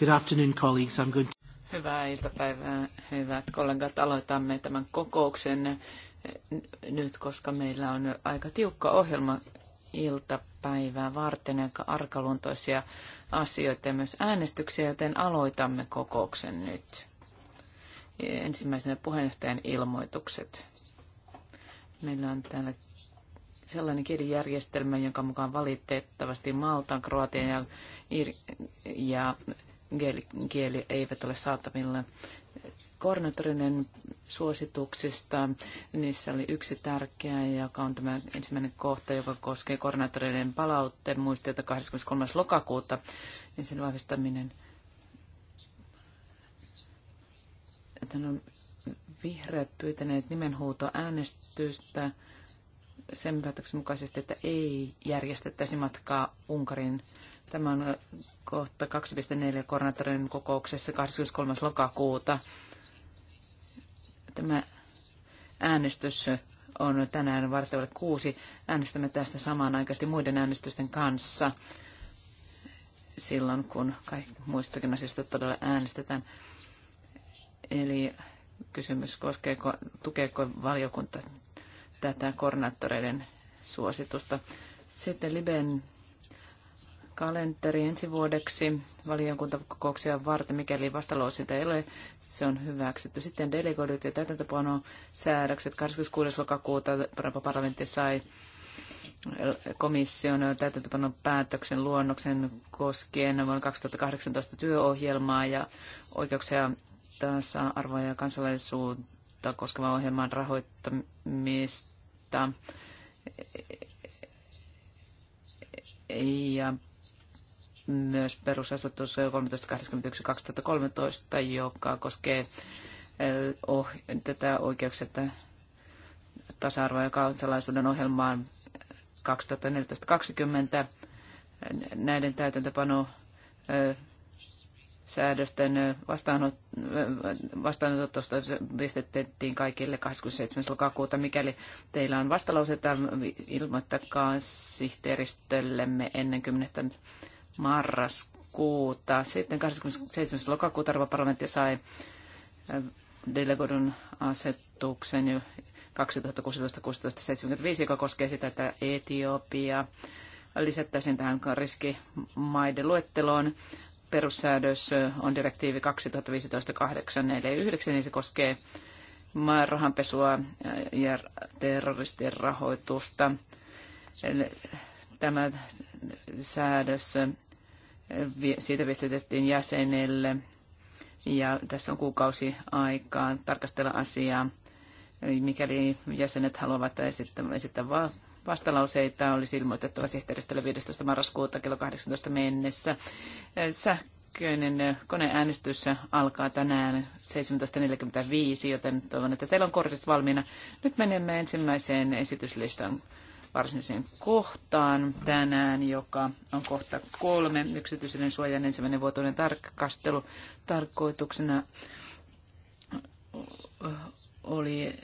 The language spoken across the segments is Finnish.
Good afternoon, colleagues. I'm going to... Hyvää iltapäivää, hyvät kollegat. Aloitamme tämän kokouksen nyt, koska meillä on aika tiukka ohjelma iltapäivää varten, aika arkaluontoisia asioita ja myös äänestyksiä, joten aloitamme kokouksen nyt. Ensimmäisenä puheenjohtajan ilmoitukset. Meillä on täällä sellainen kielijärjestelmä, jonka mukaan valitettavasti Maltan, Kroatian ja, ja kieli eivät ole saatavilla. Koordinaattorinen suosituksista, niissä oli yksi tärkeä, joka on tämä ensimmäinen kohta, joka koskee koordinaattorinen palautteen muistiota 23. lokakuuta niin sen vahvistaminen. Tänne on vihreät pyytäneet nimenhuuto äänestystä sen päätöksen mukaisesti, että ei järjestettäisi matkaa Unkarin. Tämä on kohta 2.4 koordinaattorin kokouksessa 23. lokakuuta. Tämä äänestys on tänään vartavalle kuusi. Äänestämme tästä samaan aikaan muiden äänestysten kanssa silloin, kun kaikki muistakin asioista todella äänestetään. Eli kysymys koskeeko, tukeeko valiokunta tätä koordinaattoreiden suositusta. Sitten Liben kalenteri ensi vuodeksi valiokuntakokouksia varten, mikäli vastalauseita ei ole, se on hyväksytty. Sitten delegoidut ja täytäntöpano säädökset 26. lokakuuta parlamentti sai komission täytäntöpano päätöksen luonnoksen koskien vuonna 2018 työohjelmaa ja oikeuksia tässä arvoja ja kansalaisuutta koskevan ohjelman rahoittamista ja myös perusasetus 1381-2013, joka koskee eh, oh, tätä oikeuksia tasa-arvoa ja kansalaisuuden ohjelmaan 2014-2020. Näiden täytäntöpano eh, säädösten eh, vastaanotosta pistettiin kaikille 27. lokakuuta. Mikäli teillä on vastalauseita, ilmoittakaa sihteeristöllemme ennen 10 marraskuuta. Sitten 27. lokakuuta Euroopan parlamentti sai delegoidun asetuksen 2016-1675, joka koskee sitä, että Etiopia lisättäisiin tähän riskimaiden luetteloon. Perussäädös on direktiivi 2015-849, niin se koskee maanrahanpesua ja terroristien rahoitusta. Tämä säädös. Siitä viestitettiin jäsenelle ja tässä on kuukausi aikaa tarkastella asiaa. Mikäli jäsenet haluavat esittää, esittää vastalauseita, olisi ilmoitettava sihteeristölle 15. marraskuuta kello 18 mennessä. Sähköinen koneäänestys alkaa tänään 17.45, joten toivon, että teillä on kortit valmiina. Nyt menemme ensimmäiseen esityslistan varsinaiseen kohtaan tänään, joka on kohta kolme, yksityisen suojan ensimmäinen vuotuinen tarkastelu. Tarkoituksena oli,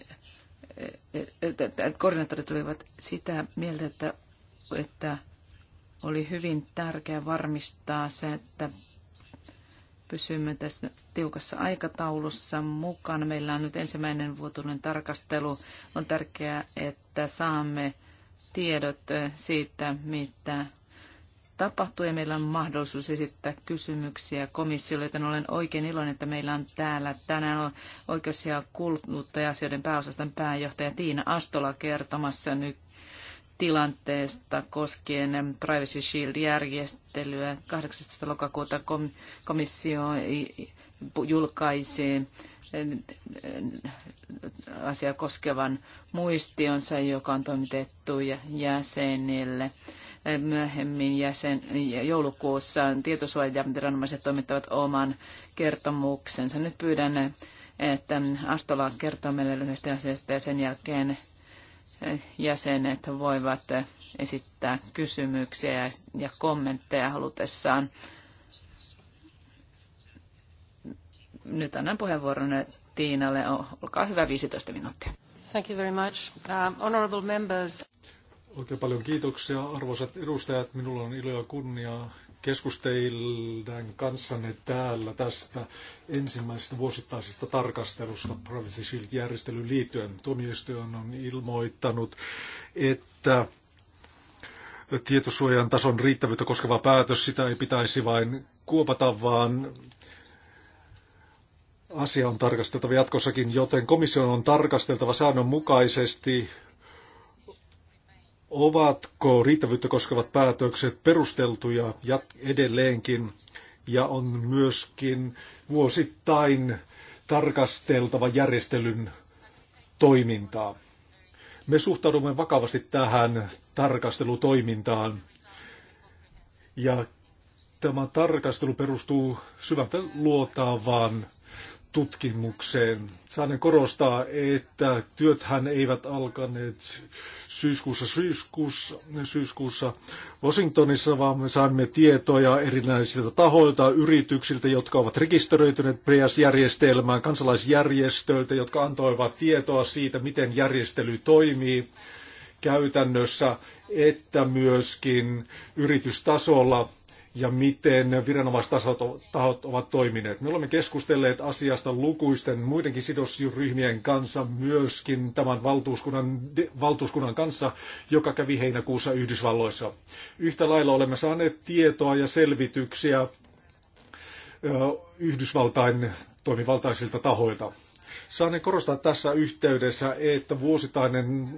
että koordinaattorit olivat sitä mieltä, että, että oli hyvin tärkeää varmistaa se, että pysymme tässä tiukassa aikataulussa mukana. Meillä on nyt ensimmäinen vuotuinen tarkastelu. On tärkeää, että saamme tiedot siitä, mitä tapahtuu ja meillä on mahdollisuus esittää kysymyksiä komissiolle, joten olen oikein iloinen, että meillä on täällä tänään oikeus- ja kuluttaja-asioiden pääosaston pääjohtaja Tiina Astola kertomassa nyt tilanteesta koskien Privacy Shield-järjestelyä. 18. lokakuuta komissio julkaisee. Eh, asia koskevan muistionsa, joka on toimitettu jäsenille. Eh, myöhemmin jäsen, joulukuussa tietosuojaviranomaiset toimittavat oman kertomuksensa. Nyt pyydän, että Astola kertoo meille lyhyesti asiasta ja sen jälkeen eh, jäsenet voivat esittää kysymyksiä ja kommentteja halutessaan Nyt annan puheenvuoron Tiinalle. Olkaa hyvä, 15 minuuttia. Thank you very much. Uh, honorable members. Oikein paljon kiitoksia, arvoisat edustajat. Minulla on ilo ja kunnia keskusteillaan kanssanne täällä tästä ensimmäisestä vuosittaisesta tarkastelusta Privacy Shield-järjestelyyn liittyen. Tuomioistuin on ilmoittanut, että tietosuojan tason riittävyyttä koskeva päätös, sitä ei pitäisi vain kuopata, vaan Asia on tarkasteltava jatkossakin, joten komission on tarkasteltava säännönmukaisesti, ovatko riittävyyttä koskevat päätökset perusteltuja ja edelleenkin, ja on myöskin vuosittain tarkasteltava järjestelyn toimintaa. Me suhtaudumme vakavasti tähän tarkastelutoimintaan ja tämä tarkastelu perustuu syvältä luotaavaan tutkimukseen. Saanen korostaa, että työthän eivät alkaneet syyskuussa, syyskuussa, syyskuussa Washingtonissa, vaan me saimme tietoja erinäisiltä tahoilta, yrityksiltä, jotka ovat rekisteröityneet PREAS-järjestelmään, kansalaisjärjestöiltä, jotka antoivat tietoa siitä, miten järjestely toimii käytännössä, että myöskin yritystasolla ja miten viranomaistahot ovat toimineet. Me olemme keskustelleet asiasta lukuisten muidenkin sidosryhmien kanssa, myöskin tämän valtuuskunnan, valtuuskunnan kanssa, joka kävi heinäkuussa Yhdysvalloissa. Yhtä lailla olemme saaneet tietoa ja selvityksiä Yhdysvaltain toimivaltaisilta tahoilta. Saanen korostaa tässä yhteydessä, että vuosittainen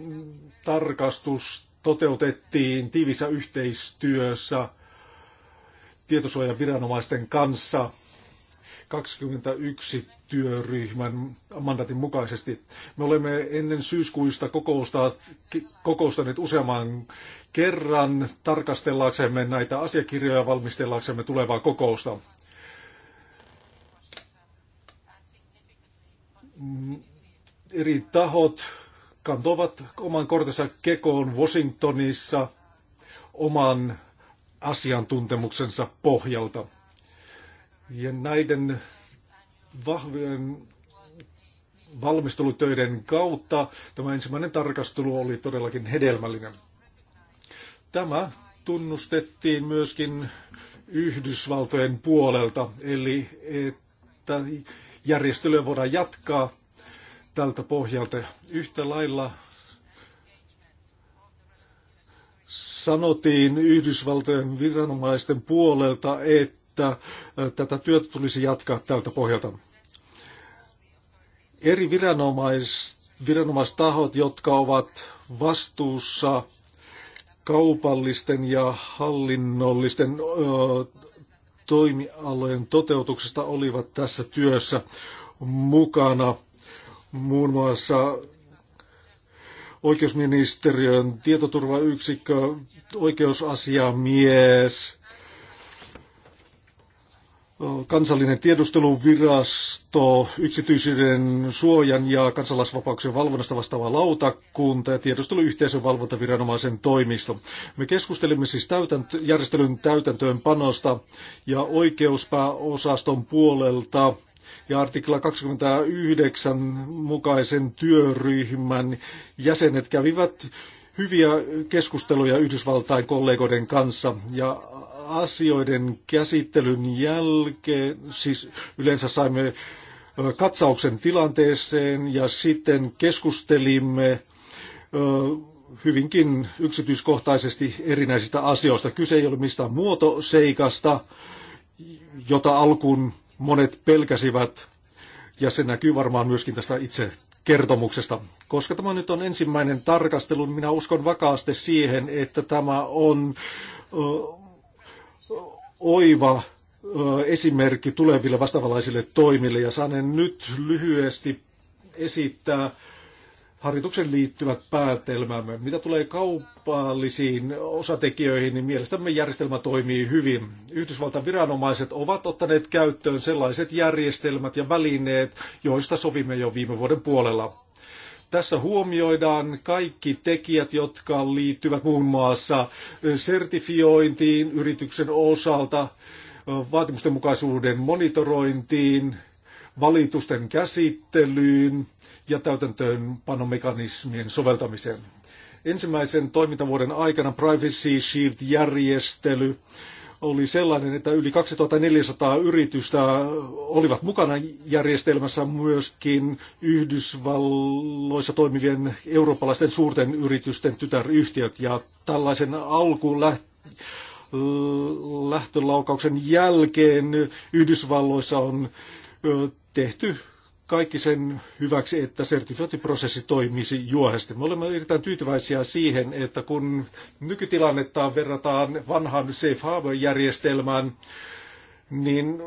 tarkastus toteutettiin tiivissä yhteistyössä tietosuojaviranomaisten kanssa 21 työryhmän mandatin mukaisesti. Me olemme ennen syyskuista kokousta, kokoustaneet useamman kerran tarkastellaksemme näitä asiakirjoja valmistellaksemme tulevaa kokousta. Eri tahot kantoivat oman kortensa kekoon Washingtonissa oman asiantuntemuksensa pohjalta. Ja näiden vahvojen valmistelutöiden kautta tämä ensimmäinen tarkastelu oli todellakin hedelmällinen. Tämä tunnustettiin myöskin Yhdysvaltojen puolelta, eli että järjestelyä voidaan jatkaa tältä pohjalta. Yhtä lailla sanottiin Yhdysvaltojen viranomaisten puolelta, että äh, tätä työtä tulisi jatkaa tältä pohjalta. Eri viranomais, viranomaistahot, jotka ovat vastuussa kaupallisten ja hallinnollisten ö, toimialojen toteutuksesta, olivat tässä työssä mukana. Muun muassa oikeusministeriön tietoturvayksikkö, oikeusasiamies, kansallinen tiedusteluvirasto, yksityisyyden suojan ja kansalaisvapauksien valvonnasta vastaava lautakunta ja tiedusteluyhteisön valvontaviranomaisen toimisto. Me keskustelimme siis täytäntö, järjestelyn täytäntöönpanosta ja oikeuspääosaston puolelta ja artikla 29 mukaisen työryhmän jäsenet kävivät hyviä keskusteluja Yhdysvaltain kollegoiden kanssa ja asioiden käsittelyn jälkeen, siis yleensä saimme katsauksen tilanteeseen ja sitten keskustelimme hyvinkin yksityiskohtaisesti erinäisistä asioista. Kyse ei ole mistään muotoseikasta, jota alkuun monet pelkäsivät, ja se näkyy varmaan myöskin tästä itse kertomuksesta. Koska tämä nyt on ensimmäinen tarkastelu, niin minä uskon vakaasti siihen, että tämä on oiva esimerkki tuleville vastaavanlaisille toimille, ja saan nyt lyhyesti esittää harjoituksen liittyvät päätelmämme. Mitä tulee kaupallisiin osatekijöihin, niin mielestämme järjestelmä toimii hyvin. Yhdysvaltain viranomaiset ovat ottaneet käyttöön sellaiset järjestelmät ja välineet, joista sovimme jo viime vuoden puolella. Tässä huomioidaan kaikki tekijät, jotka liittyvät muun muassa sertifiointiin yrityksen osalta, vaatimustenmukaisuuden monitorointiin, valitusten käsittelyyn, ja täytäntöönpanomekanismien soveltamiseen. Ensimmäisen toimintavuoden aikana Privacy Shield-järjestely oli sellainen, että yli 2400 yritystä olivat mukana järjestelmässä myöskin Yhdysvalloissa toimivien eurooppalaisten suurten yritysten tytäryhtiöt. Ja tällaisen alkuun lähtölaukauksen jälkeen Yhdysvalloissa on tehty kaikki sen hyväksi, että sertifiointiprosessi toimisi juohesti. Me olemme erittäin tyytyväisiä siihen, että kun nykytilannetta verrataan vanhan Safe Harbor-järjestelmään, niin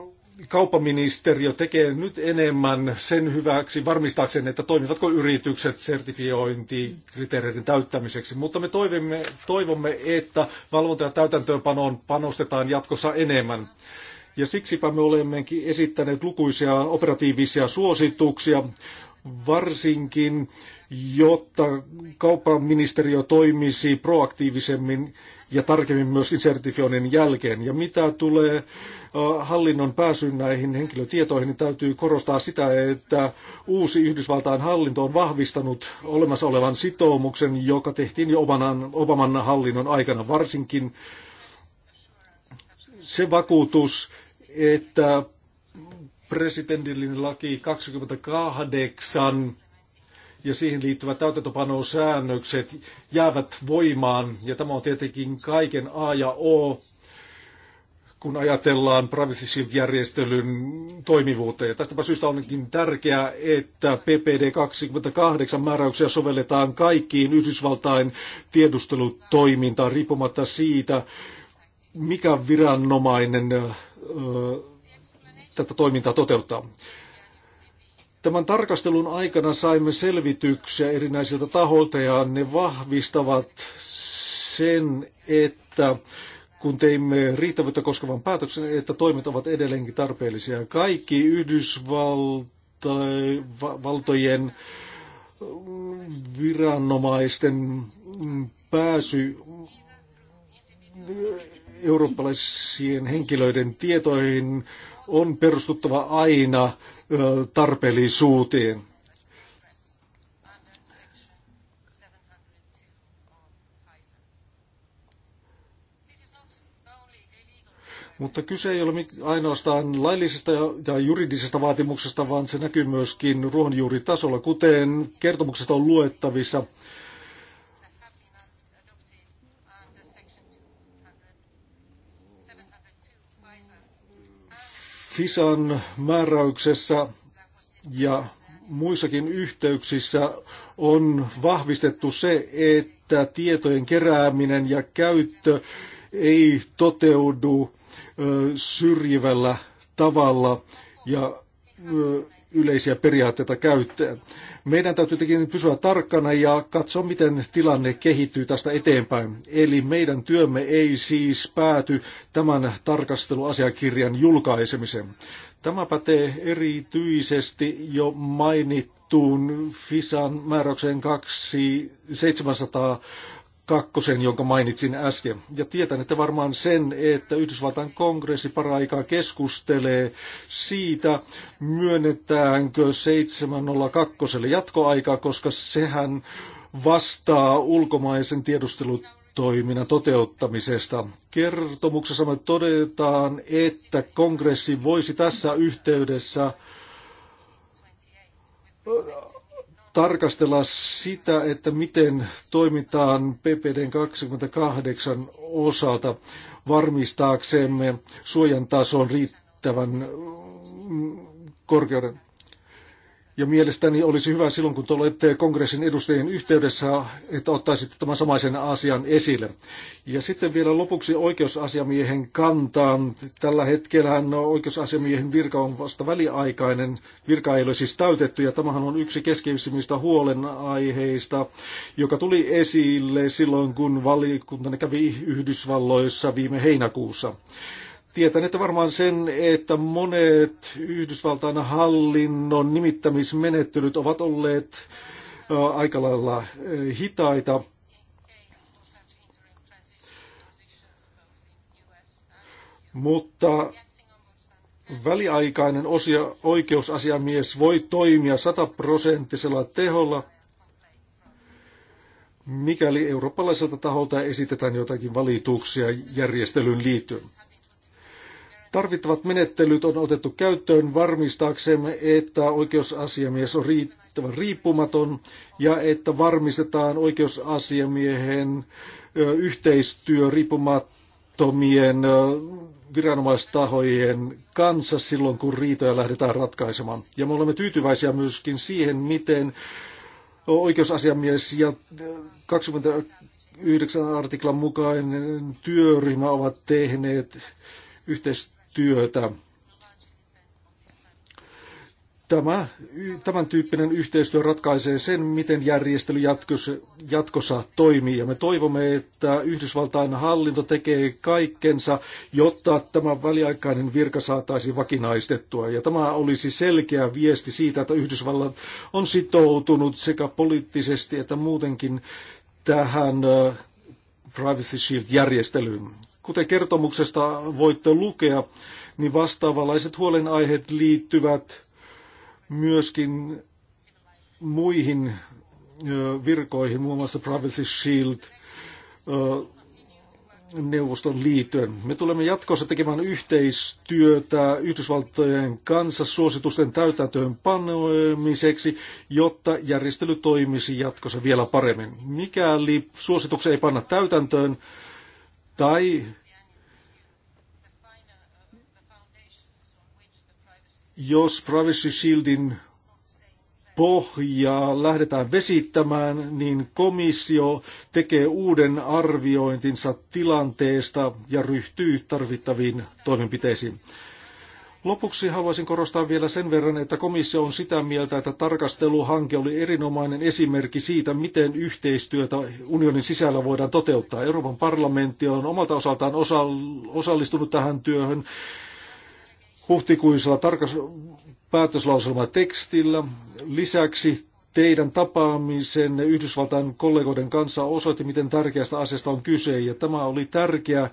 kauppaministeriö tekee nyt enemmän sen hyväksi varmistaakseen, että toimivatko yritykset sertifiointikriteereiden täyttämiseksi. Mutta me toivomme, toivomme että valvonta- ja täytäntöönpanoon panostetaan jatkossa enemmän. Ja siksipä me olemmekin esittäneet lukuisia operatiivisia suosituksia, varsinkin jotta kauppaministeriö toimisi proaktiivisemmin ja tarkemmin myöskin sertifioinnin jälkeen. Ja mitä tulee hallinnon pääsyyn näihin henkilötietoihin, niin täytyy korostaa sitä, että uusi Yhdysvaltain hallinto on vahvistanut olemassa olevan sitoumuksen, joka tehtiin jo Obaman, Obaman hallinnon aikana varsinkin se vakuutus, että presidentillinen laki 28 ja siihen liittyvät täytäntöpanosäännökset jäävät voimaan, ja tämä on tietenkin kaiken A ja O, kun ajatellaan Privacy Shield-järjestelyn toimivuutta. Ja tästäpä syystä onkin tärkeää, että PPD 28 määräyksiä sovelletaan kaikkiin Yhdysvaltain tiedustelutoimintaan riippumatta siitä, mikä viranomainen ö, tätä toimintaa toteuttaa. Tämän tarkastelun aikana saimme selvityksiä erinäisiltä tahoilta ja ne vahvistavat sen, että kun teimme riittävyyttä koskevan päätöksen, että toimet ovat edelleenkin tarpeellisia. Kaikki Yhdysvaltojen mm, viranomaisten mm, pääsy eurooppalaisien henkilöiden tietoihin on perustuttava aina tarpeellisuuteen. Mutta kyse ei ole ainoastaan laillisesta ja juridisesta vaatimuksesta, vaan se näkyy myöskin ruohonjuuritasolla, kuten kertomuksesta on luettavissa. FISAN määräyksessä ja muissakin yhteyksissä on vahvistettu se, että tietojen kerääminen ja käyttö ei toteudu syrjivällä tavalla ja yleisiä periaatteita käyttöön. Meidän täytyy tietenkin pysyä tarkkana ja katsoa, miten tilanne kehittyy tästä eteenpäin. Eli meidän työmme ei siis pääty tämän tarkasteluasiakirjan julkaisemiseen. Tämä pätee erityisesti jo mainittuun FISAn määräykseen 2700 kakkosen, jonka mainitsin äsken. Ja tietän, että varmaan sen, että Yhdysvaltain kongressi paraikaa keskustelee siitä, myönnetäänkö 702 jatkoaikaa, koska sehän vastaa ulkomaisen tiedustelut toiminnan toteuttamisesta. Kertomuksessa me todetaan, että kongressi voisi tässä yhteydessä tarkastella sitä, että miten toimitaan PPD 28 osalta varmistaaksemme suojan tason riittävän mm, korkeuden. Ja mielestäni olisi hyvä silloin, kun te olette kongressin edustajien yhteydessä, että ottaisitte tämän samaisen asian esille. Ja sitten vielä lopuksi oikeusasiamiehen kantaan. Tällä hetkellä oikeusasiamiehen virka on vasta väliaikainen, virka ei ole siis täytetty, ja tämähän on yksi keskeisimmistä huolenaiheista, joka tuli esille silloin, kun valiokunta kävi Yhdysvalloissa viime heinäkuussa että varmaan sen, että monet Yhdysvaltain hallinnon nimittämismenettelyt ovat olleet aika lailla hitaita. Mutta väliaikainen osia, oikeusasiamies voi toimia sataprosenttisella teholla, mikäli eurooppalaiselta taholta esitetään jotakin valituksia järjestelyyn liittyen. Tarvittavat menettelyt on otettu käyttöön varmistaaksemme, että oikeusasiamies on riittävän riippumaton ja että varmistetaan oikeusasiamiehen yhteistyö riippumattomien viranomaistahojen kanssa silloin, kun riitoja lähdetään ratkaisemaan. Ja me olemme tyytyväisiä myöskin siihen, miten oikeusasiamies ja 29 artiklan mukainen työryhmä ovat tehneet yhteistyötä työtä. Tämä, tämän tyyppinen yhteistyö ratkaisee sen, miten järjestely jatkossa, jatkossa toimii. Ja me toivomme, että Yhdysvaltain hallinto tekee kaikkensa, jotta tämä väliaikainen virka saataisiin vakinaistettua. Ja tämä olisi selkeä viesti siitä, että Yhdysvallat on sitoutunut sekä poliittisesti että muutenkin tähän äh, Privacy Shield-järjestelyyn. Kuten kertomuksesta voitte lukea, niin vastaavanlaiset huolenaiheet liittyvät myöskin muihin virkoihin, muun muassa Privacy Shield neuvoston liittyen. Me tulemme jatkossa tekemään yhteistyötä Yhdysvaltojen kanssa suositusten täytäntöön jotta järjestely toimisi jatkossa vielä paremmin. Mikäli suosituksia ei panna täytäntöön, tai jos Privacy Shieldin pohjaa lähdetään vesittämään, niin komissio tekee uuden arviointinsa tilanteesta ja ryhtyy tarvittaviin toimenpiteisiin. Lopuksi haluaisin korostaa vielä sen verran, että komissio on sitä mieltä, että tarkasteluhanke oli erinomainen esimerkki siitä, miten yhteistyötä unionin sisällä voidaan toteuttaa. Euroopan parlamentti on omalta osaltaan osallistunut tähän työhön huhtikuisella tarkas päätöslauselmatekstillä. Lisäksi teidän tapaamisenne Yhdysvaltain kollegoiden kanssa osoitti, miten tärkeästä asiasta on kyse, ja tämä oli tärkeä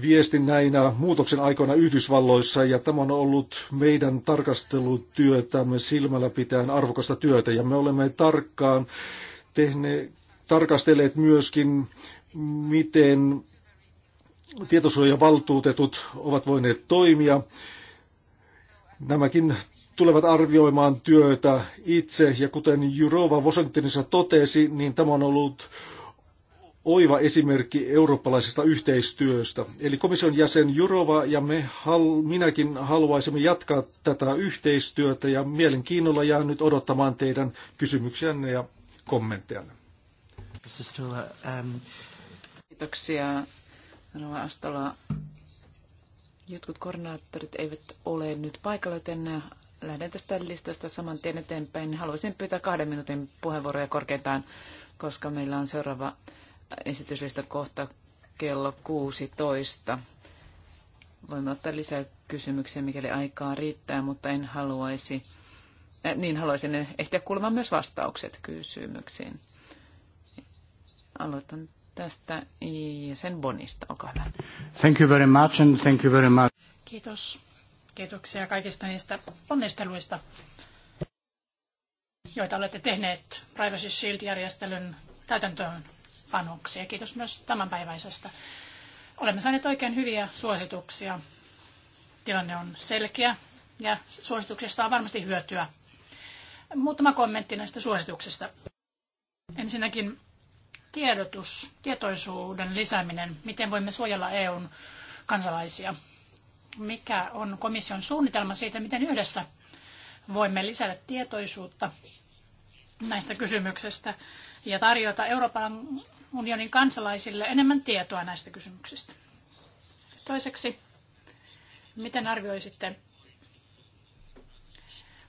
viestin näinä muutoksen aikoina Yhdysvalloissa ja tämä on ollut meidän tarkastelutyötämme silmällä pitäen arvokasta työtä ja me olemme tarkkaan tehne, tarkastelleet myöskin, miten tietosuojavaltuutetut ovat voineet toimia. Nämäkin tulevat arvioimaan työtä itse ja kuten Jurova Washingtonissa totesi, niin tämä on ollut oiva esimerkki eurooppalaisesta yhteistyöstä. Eli komission jäsen Jurova ja me hal, minäkin haluaisimme jatkaa tätä yhteistyötä ja mielenkiinnolla jään nyt odottamaan teidän kysymyksiänne ja kommenttejanne. Um, Kiitoksia. Rova Astola. Jotkut koordinaattorit eivät ole nyt paikalla, joten lähden tästä listasta saman tien eteenpäin. Haluaisin pyytää kahden minuutin puheenvuoroja korkeintaan, koska meillä on seuraava esityslista kohta kello 16. Voimme ottaa lisää kysymyksiä, mikäli aikaa riittää, mutta en haluaisi, äh, niin haluaisin ehkä kuulla myös vastaukset kysymyksiin. Aloitan tästä ja sen Bonista, olkaa hyvä. Thank you very much and thank you very much. Kiitos. Kiitoksia kaikista niistä onnisteluista, joita olette tehneet Privacy Shield-järjestelyn täytäntöön vanhuksia. Kiitos myös tämänpäiväisestä. Olemme saaneet oikein hyviä suosituksia. Tilanne on selkeä ja suosituksesta on varmasti hyötyä. Muutama kommentti näistä suosituksista. Ensinnäkin tiedotus, tietoisuuden lisääminen, miten voimme suojella EUn kansalaisia. Mikä on komission suunnitelma siitä, miten yhdessä voimme lisätä tietoisuutta näistä kysymyksistä ja tarjota Euroopan unionin kansalaisille enemmän tietoa näistä kysymyksistä? Toiseksi, miten arvioisitte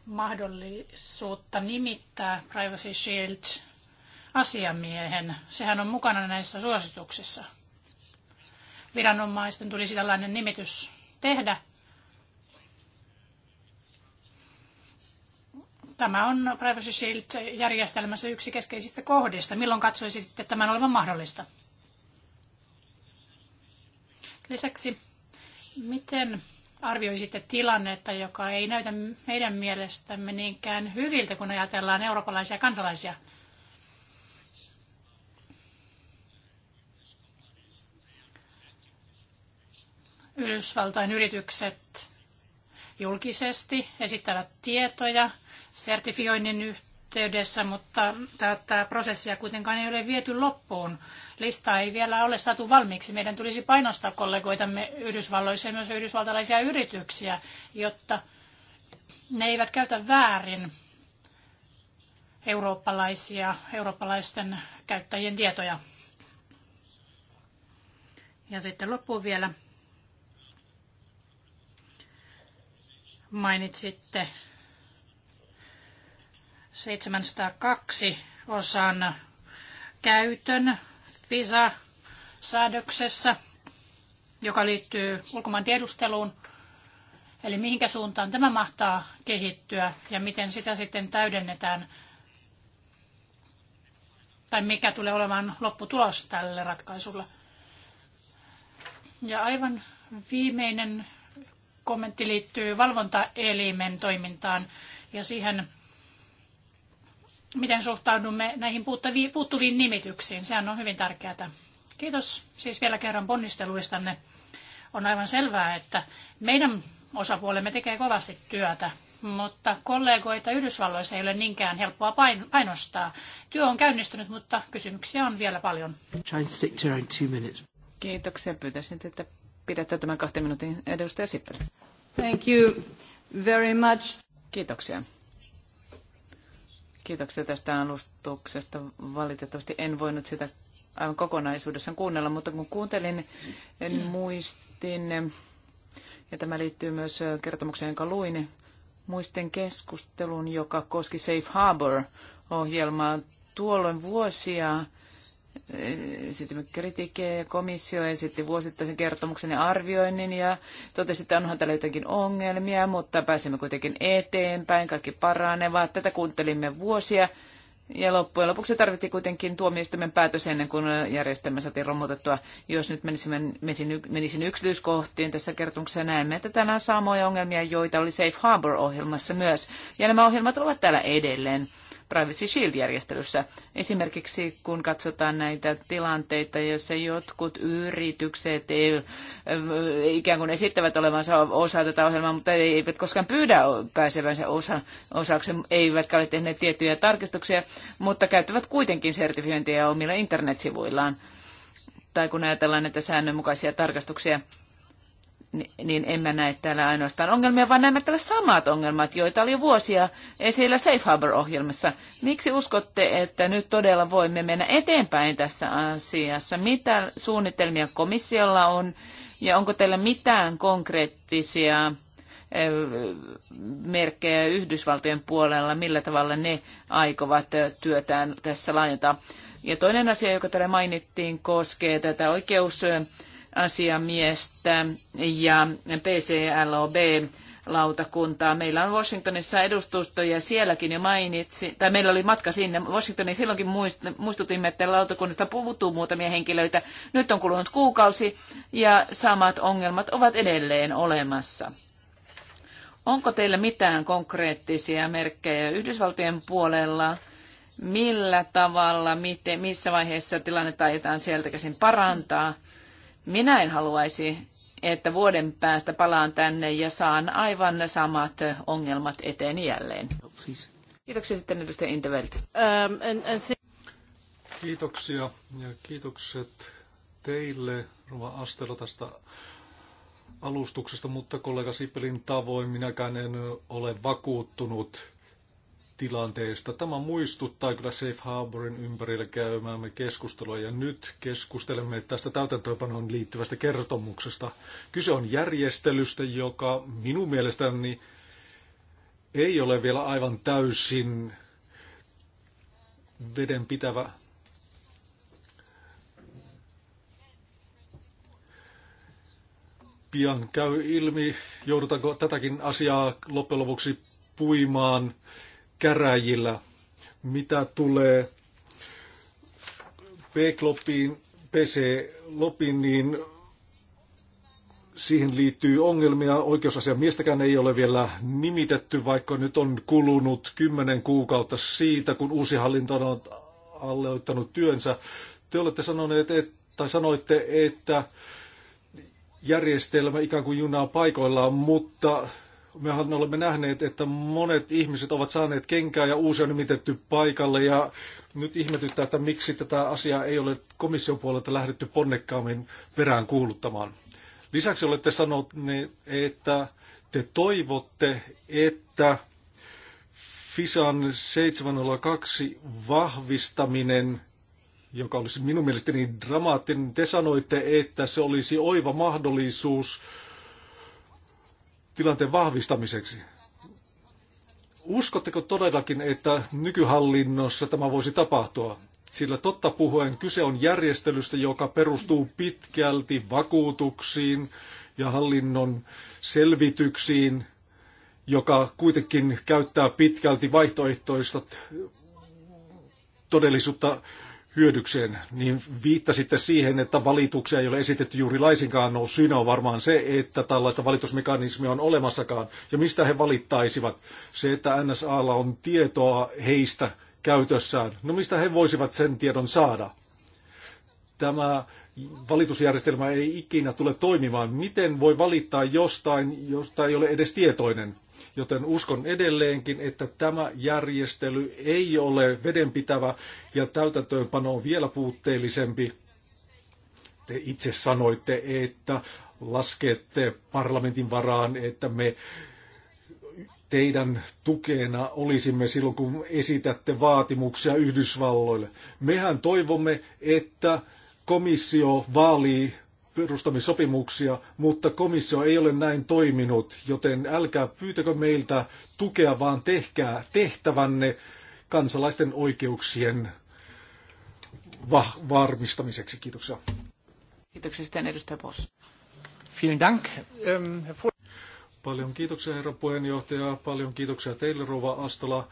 mahdollisuutta nimittää Privacy Shield asiamiehen? Sehän on mukana näissä suosituksissa. Viranomaisten tulisi tällainen nimitys tehdä Tämä on Privacy Shield-järjestelmässä yksi keskeisistä kohdista. Milloin katsoisitte tämän olevan mahdollista? Lisäksi, miten arvioisitte tilannetta, joka ei näytä meidän mielestämme niinkään hyviltä, kun ajatellaan eurooppalaisia kansalaisia? Yhdysvaltain yritykset julkisesti, esittävät tietoja sertifioinnin yhteydessä, mutta tätä prosessia kuitenkaan ei ole viety loppuun. Listaa ei vielä ole saatu valmiiksi. Meidän tulisi painostaa kollegoitamme Yhdysvalloissa ja myös yhdysvaltalaisia yrityksiä, jotta ne eivät käytä väärin eurooppalaisia, eurooppalaisten käyttäjien tietoja. Ja sitten loppuun vielä Mainitsitte 702 osan käytön VISA-säädöksessä, joka liittyy ulkomaan tiedusteluun. Eli mihinkä suuntaan tämä mahtaa kehittyä ja miten sitä sitten täydennetään tai mikä tulee olemaan lopputulos tälle ratkaisulle. Ja aivan viimeinen kommentti liittyy valvontaelimen toimintaan ja siihen, miten suhtaudumme näihin puuttuviin nimityksiin. Sehän on hyvin tärkeää. Kiitos siis vielä kerran ponnisteluistanne. On aivan selvää, että meidän osapuolemme tekee kovasti työtä, mutta kollegoita Yhdysvalloissa ei ole niinkään helppoa painostaa. Työ on käynnistynyt, mutta kysymyksiä on vielä paljon. Kiitoksia. Pyytäisin että pidättää tämän kahden minuutin edustaja Thank you very much. Kiitoksia. Kiitoksia tästä alustuksesta. Valitettavasti en voinut sitä aivan kokonaisuudessaan kuunnella, mutta kun kuuntelin, en muistin, ja tämä liittyy myös kertomukseen, jonka luin, muisten keskustelun, joka koski Safe Harbor-ohjelmaa. Tuolloin vuosia esitimme kritiikkiä ja komissio esitti vuosittaisen kertomuksen ja arvioinnin ja totesi, että onhan täällä jotenkin ongelmia, mutta pääsimme kuitenkin eteenpäin, kaikki paranevat. Tätä kuuntelimme vuosia ja loppujen lopuksi tarvittiin kuitenkin tuomioistuimen päätös ennen kuin järjestelmä saatiin romutettua. Jos nyt menisimme, menisin yksityiskohtiin tässä kertomuksessa, näemme, että täällä on samoja ongelmia, joita oli Safe Harbor-ohjelmassa myös. Ja nämä ohjelmat ovat täällä edelleen. Privacy Shield-järjestelyssä. Esimerkiksi kun katsotaan näitä tilanteita, joissa jotkut yritykset ei, ikään kuin esittävät olevansa osa tätä ohjelmaa, mutta eivät koskaan pyydä pääsevänsä osa, osaksi, eivätkä ole tehneet tiettyjä tarkistuksia, mutta käyttävät kuitenkin sertifiointia omilla internetsivuillaan. Tai kun ajatellaan näitä säännönmukaisia tarkastuksia, niin mä näe täällä ainoastaan ongelmia, vaan näemme täällä samat ongelmat, joita oli jo vuosia esillä Safe Harbor-ohjelmassa. Miksi uskotte, että nyt todella voimme mennä eteenpäin tässä asiassa? Mitä suunnitelmia komissiolla on ja onko teillä mitään konkreettisia merkkejä Yhdysvaltojen puolella, millä tavalla ne aikovat työtään tässä laajentaa? Ja toinen asia, joka täällä mainittiin, koskee tätä oikeus asiamiestä ja PCLOB lautakuntaa. Meillä on Washingtonissa edustusto ja sielläkin jo mainitsi, tai meillä oli matka sinne Washingtoniin, silloinkin muistutimme, että lautakunnasta puuttuu muutamia henkilöitä. Nyt on kulunut kuukausi ja samat ongelmat ovat edelleen olemassa. Onko teillä mitään konkreettisia merkkejä Yhdysvaltojen puolella? Millä tavalla, miten, missä vaiheessa tilannetta aiotaan sieltä käsin parantaa? Mm minä en haluaisi, että vuoden päästä palaan tänne ja saan aivan samat ongelmat eteen jälleen. Kiitoksia sitten edustaja Intervelt. Ähm, Kiitoksia ja kiitokset teille, Rova Astelo, tästä alustuksesta, mutta kollega Sipelin tavoin minäkään en ole vakuuttunut tilanteesta. Tämä muistuttaa kyllä Safe Harborin ympärillä käymäämme keskustelua ja nyt keskustelemme tästä täytäntöönpanoon liittyvästä kertomuksesta. Kyse on järjestelystä, joka minun mielestäni ei ole vielä aivan täysin vedenpitävä. Pian käy ilmi, joudutaanko tätäkin asiaa loppujen lopuksi puimaan käräjillä. Mitä tulee b kloppiin PC-lopin, niin siihen liittyy ongelmia. Oikeusasiamiestäkään ei ole vielä nimitetty, vaikka nyt on kulunut kymmenen kuukautta siitä, kun uusi hallinto on aloittanut työnsä. Te olette sanoneet, että, tai sanoitte, että järjestelmä ikään kuin junaa paikoillaan, mutta mehän olemme nähneet, että monet ihmiset ovat saaneet kenkää ja uusi on nimitetty paikalle ja nyt ihmetyttää, että miksi tätä asiaa ei ole komission puolelta lähdetty ponnekkaammin perään kuuluttamaan. Lisäksi olette sanoneet, että te toivotte, että FISAN 702 vahvistaminen joka olisi minun mielestäni dramaattinen. Te sanoitte, että se olisi oiva mahdollisuus tilanteen vahvistamiseksi. Uskotteko todellakin, että nykyhallinnossa tämä voisi tapahtua? Sillä totta puhuen kyse on järjestelystä, joka perustuu pitkälti vakuutuksiin ja hallinnon selvityksiin, joka kuitenkin käyttää pitkälti vaihtoehtoista todellisuutta hyödykseen, niin viittasitte siihen, että valituksia ei ole esitetty juuri laisinkaan. No syynä on varmaan se, että tällaista valitusmekanismia on olemassakaan. Ja mistä he valittaisivat? Se, että NSAlla on tietoa heistä käytössään. No mistä he voisivat sen tiedon saada? tämä valitusjärjestelmä ei ikinä tule toimimaan. Miten voi valittaa jostain, josta ei ole edes tietoinen? Joten uskon edelleenkin, että tämä järjestely ei ole vedenpitävä ja täytäntöönpano on vielä puutteellisempi. Te itse sanoitte, että laskette parlamentin varaan, että me teidän tukena olisimme silloin, kun esitätte vaatimuksia Yhdysvalloille. Mehän toivomme, että komissio vaalii perustamissopimuksia, mutta komissio ei ole näin toiminut, joten älkää pyytäkö meiltä tukea, vaan tehkää tehtävänne kansalaisten oikeuksien va- varmistamiseksi. Kiitoksia. Kiitoksia sitten edustaja Boss. Vielen Dank. Ähm, paljon kiitoksia herra puheenjohtaja, paljon kiitoksia teille rouva Astola.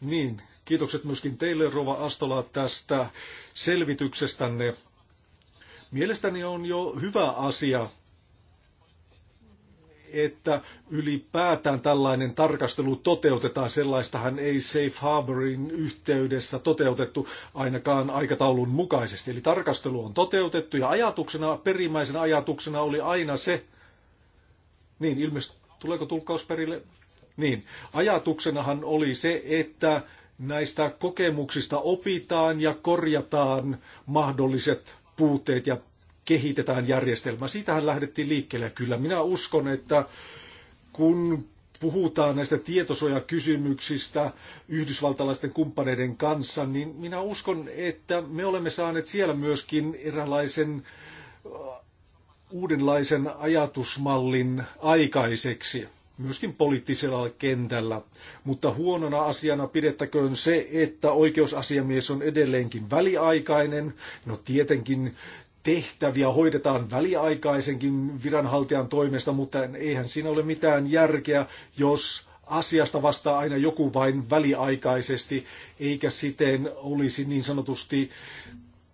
Niin, Kiitokset myöskin teille, Rova Astola, tästä selvityksestänne. Mielestäni on jo hyvä asia, että ylipäätään tällainen tarkastelu toteutetaan. Sellaistahan ei Safe Harborin yhteydessä toteutettu ainakaan aikataulun mukaisesti. Eli tarkastelu on toteutettu ja ajatuksena, perimmäisen ajatuksena oli aina se, niin ilmeisesti, tuleeko tulkkaus perille? Niin, ajatuksenahan oli se, että Näistä kokemuksista opitaan ja korjataan mahdolliset puutteet ja kehitetään järjestelmä. Siitähän lähdettiin liikkeelle. Kyllä minä uskon, että kun puhutaan näistä tietosuojakysymyksistä yhdysvaltalaisten kumppaneiden kanssa, niin minä uskon, että me olemme saaneet siellä myöskin eräänlaisen äh, uudenlaisen ajatusmallin aikaiseksi myöskin poliittisella kentällä. Mutta huonona asiana pidettäköön se, että oikeusasiamies on edelleenkin väliaikainen. No tietenkin tehtäviä hoidetaan väliaikaisenkin viranhaltijan toimesta, mutta eihän siinä ole mitään järkeä, jos asiasta vastaa aina joku vain väliaikaisesti, eikä siten olisi niin sanotusti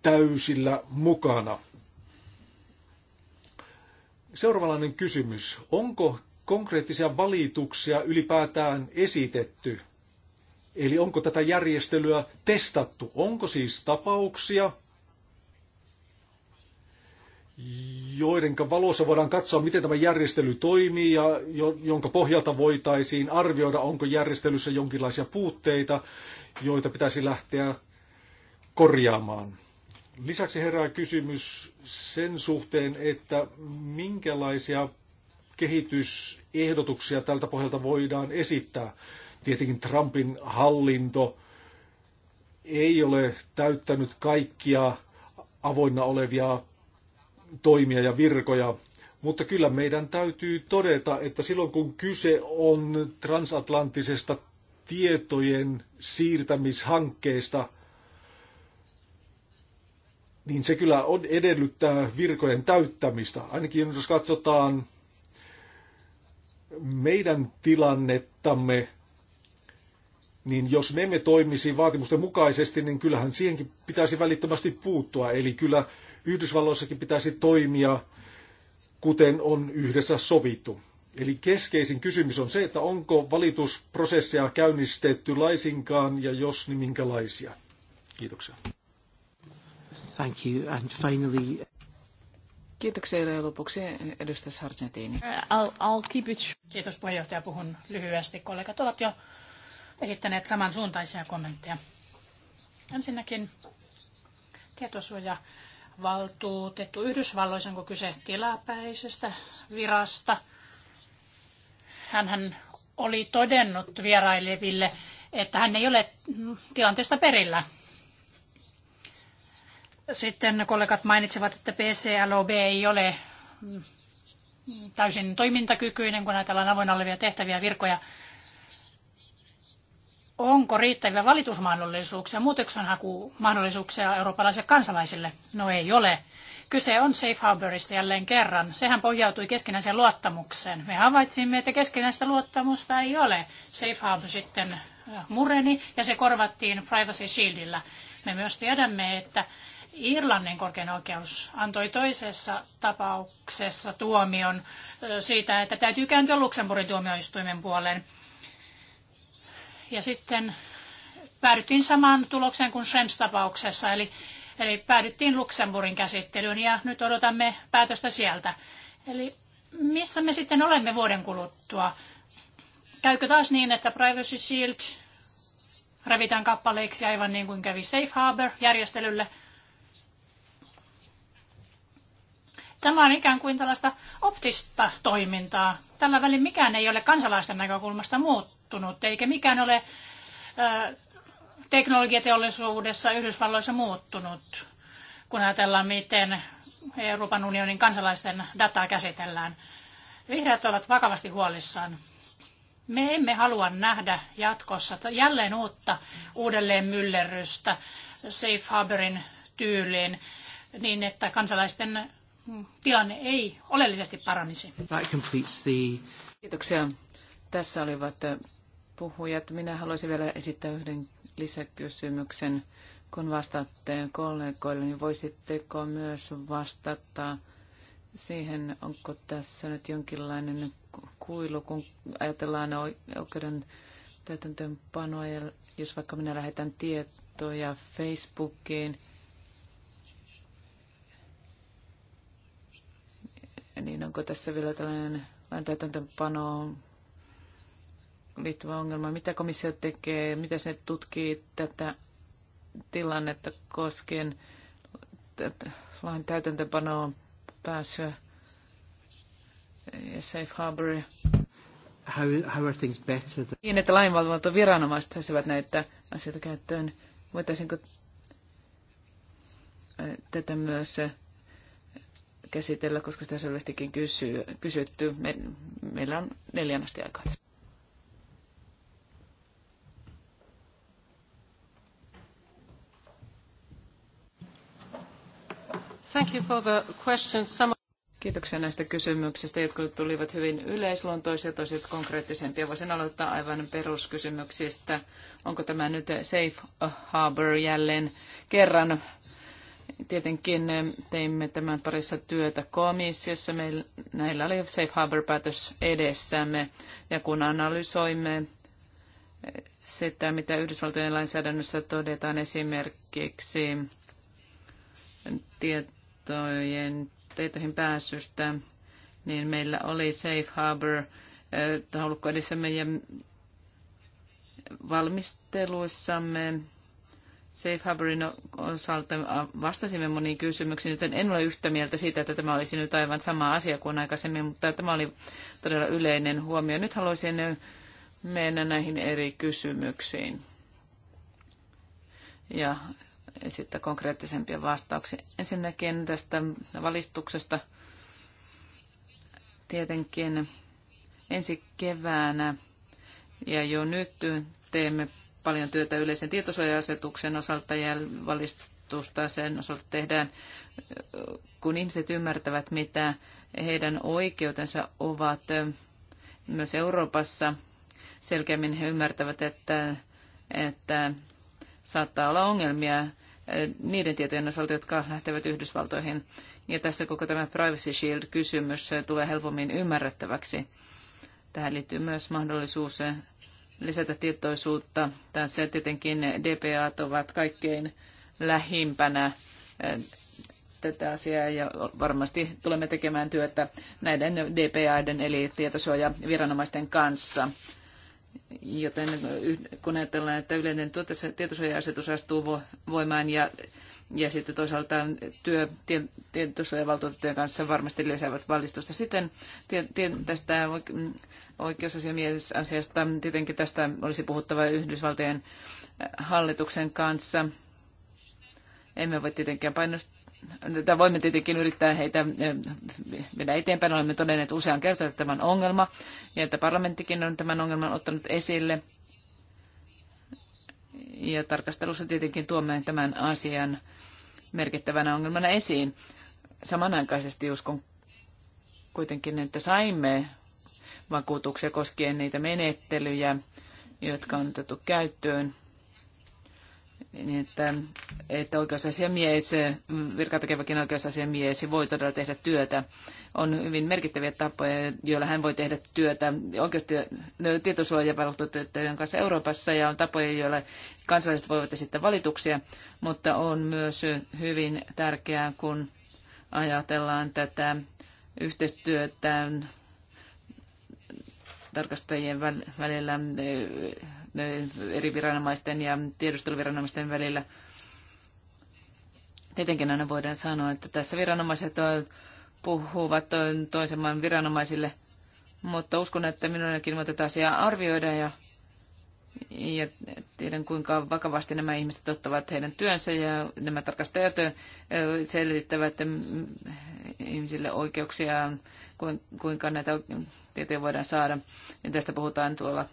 täysillä mukana. Seuraavanlainen kysymys. Onko konkreettisia valituksia ylipäätään esitetty? Eli onko tätä järjestelyä testattu? Onko siis tapauksia, joiden valossa voidaan katsoa, miten tämä järjestely toimii ja jonka pohjalta voitaisiin arvioida, onko järjestelyssä jonkinlaisia puutteita, joita pitäisi lähteä korjaamaan. Lisäksi herää kysymys sen suhteen, että minkälaisia kehitysehdotuksia tältä pohjalta voidaan esittää. Tietenkin Trumpin hallinto ei ole täyttänyt kaikkia avoinna olevia toimia ja virkoja, mutta kyllä meidän täytyy todeta, että silloin kun kyse on transatlanttisesta tietojen siirtämishankkeesta, niin se kyllä on edellyttää virkojen täyttämistä. Ainakin jos katsotaan meidän tilannettamme, niin jos me emme toimisi vaatimusten mukaisesti, niin kyllähän siihenkin pitäisi välittömästi puuttua. Eli kyllä Yhdysvalloissakin pitäisi toimia, kuten on yhdessä sovittu. Eli keskeisin kysymys on se, että onko valitusprosessia käynnistetty laisinkaan ja jos, niin minkälaisia. Kiitoksia. Thank you. And finally... Kiitoksia ja lopuksi edustaja Sargentini. I'll, I'll keep it. Kiitos puheenjohtaja, puhun lyhyesti. Kollegat ovat jo esittäneet samansuuntaisia kommentteja. Ensinnäkin tietosuoja valtuutettu Yhdysvalloissa, onko kyse tilapäisestä virasta. Hän oli todennut vieraileville, että hän ei ole tilanteesta perillä. Sitten kollegat mainitsivat, että PCLOB ei ole täysin toimintakykyinen, kun ajatellaan avoin olevia tehtäviä virkoja. Onko riittäviä valitusmahdollisuuksia, muutoksenhakumahdollisuuksia eurooppalaisille kansalaisille? No ei ole. Kyse on safe harborista jälleen kerran. Sehän pohjautui keskinäiseen luottamukseen. Me havaitsimme, että keskinäistä luottamusta ei ole. Safe harbor sitten mureni ja se korvattiin privacy shieldillä. Me myös tiedämme, että Irlannin korkein oikeus antoi toisessa tapauksessa tuomion siitä, että täytyy kääntyä Luxemburgin tuomioistuimen puoleen. Ja sitten päädyttiin samaan tulokseen kuin Schrems-tapauksessa, eli, eli päädyttiin Luxemburgin käsittelyyn ja nyt odotamme päätöstä sieltä. Eli missä me sitten olemme vuoden kuluttua? Käykö taas niin, että Privacy Shield revitään kappaleiksi aivan niin kuin kävi Safe Harbor-järjestelylle – Tämä on ikään kuin tällaista optista toimintaa. Tällä välin mikään ei ole kansalaisten näkökulmasta muuttunut, eikä mikään ole ö, teknologiateollisuudessa Yhdysvalloissa muuttunut, kun ajatellaan, miten Euroopan unionin kansalaisten dataa käsitellään. Vihreät ovat vakavasti huolissaan. Me emme halua nähdä jatkossa jälleen uutta uudelleen myllerrystä Safe Harborin tyyliin, niin että kansalaisten Mm, tilanne ei oleellisesti paranisi. Kiitoksia. Tässä olivat äh, puhujat. Minä haluaisin vielä esittää yhden lisäkysymyksen. Kun vastaatte kollegoille, niin voisitteko myös vastata siihen, onko tässä nyt jonkinlainen kuilu, kun ajatellaan oikeuden täytäntöönpanoa, ja jos vaikka minä lähetän tietoja Facebookiin, niin onko tässä vielä tällainen lain täytäntöönpanoon liittyvä ongelma? Mitä komissio tekee? Mitä se tutkii tätä tilannetta koskien lain täytäntöönpanoon pääsyä ja safe harbor. How, how are things better? Niin, että viranomaiset saisivat näitä asioita käyttöön. Voitaisinko tätä myös käsitellä, koska sitä selvästikin kysyy, kysytty. Me, meillä on neljän asti aikaa tässä. Thank you for the question. Some... Kiitoksia näistä kysymyksistä. jotka tulivat hyvin yleisluontoisia, toiset konkreettisempia. Voisin aloittaa aivan peruskysymyksistä. Onko tämä nyt Safe Harbor jälleen kerran Tietenkin eh, teimme tämän parissa työtä komissiossa. Meillä, näillä oli Safe Harbor-päätös edessämme. Ja kun analysoimme eh, sitä, mitä Yhdysvaltojen lainsäädännössä todetaan esimerkiksi tietojen, tietoihin pääsystä, niin meillä oli Safe Harbor eh, taulukko edessämme ja valmisteluissamme Safe Harborin osalta vastasimme moniin kysymyksiin, joten en ole yhtä mieltä siitä, että tämä olisi nyt aivan sama asia kuin aikaisemmin, mutta tämä oli todella yleinen huomio. Nyt haluaisin mennä näihin eri kysymyksiin ja esittää konkreettisempia vastauksia. Ensinnäkin tästä valistuksesta tietenkin ensi keväänä ja jo nyt teemme paljon työtä yleisen tietosuoja-asetuksen osalta ja valistusta sen osalta tehdään, kun ihmiset ymmärtävät, mitä heidän oikeutensa ovat myös Euroopassa. Selkeämmin he ymmärtävät, että, että saattaa olla ongelmia niiden tietojen osalta, jotka lähtevät Yhdysvaltoihin. Ja tässä koko tämä Privacy Shield-kysymys tulee helpommin ymmärrettäväksi. Tähän liittyy myös mahdollisuus lisätä tietoisuutta. Tässä tietenkin DPA ovat kaikkein lähimpänä eh, tätä asiaa ja varmasti tulemme tekemään työtä näiden DPAiden eli tietosuojaviranomaisten kanssa. Joten kun ajatellaan, että yleinen tietosuoja-asetus astuu voimaan ja ja sitten toisaalta työ, tietosuojavaltuutettujen kanssa varmasti lisäävät valistusta. Sitten tästä mm, oikeusasiamiesasiasta, tietenkin tästä olisi puhuttava Yhdysvaltojen äh, hallituksen kanssa. Emme voi tietenkään painostaa Tätä voimme tietenkin yrittää heitä mennä äh, eteenpäin. Olemme todenneet usean kertaan, että tämä on ongelma ja että parlamenttikin on tämän ongelman ottanut esille – ja tarkastelussa tietenkin tuomme tämän asian merkittävänä ongelmana esiin. Samanaikaisesti uskon kuitenkin, että saimme vakuutuksia koskien niitä menettelyjä, jotka on otettu käyttöön niin että, että oikeusasiamies, virkatekeväkin oikeusasiamies voi todella tehdä työtä. On hyvin merkittäviä tapoja, joilla hän voi tehdä työtä no, tietosuojavaltuutettujen kanssa Euroopassa ja on tapoja, joilla kansalaiset voivat esittää valituksia, mutta on myös hyvin tärkeää, kun ajatellaan tätä yhteistyötä tarkastajien välillä Eh, eri viranomaisten ja tiedusteluviranomaisten välillä. Tietenkin aina voidaan sanoa, että tässä viranomaiset eh, puhuvat eh, toisen maan viranomaisille, mutta uskon, että minunkin voivat tätä asiaa arvioida ja ja tiedän kuinka vakavasti nämä ihmiset ottavat heidän työnsä ja nämä tarkastajat selvittävät ihmisille oikeuksia, kuinka näitä tietoja voidaan saada. Ja tästä puhutaan tuolla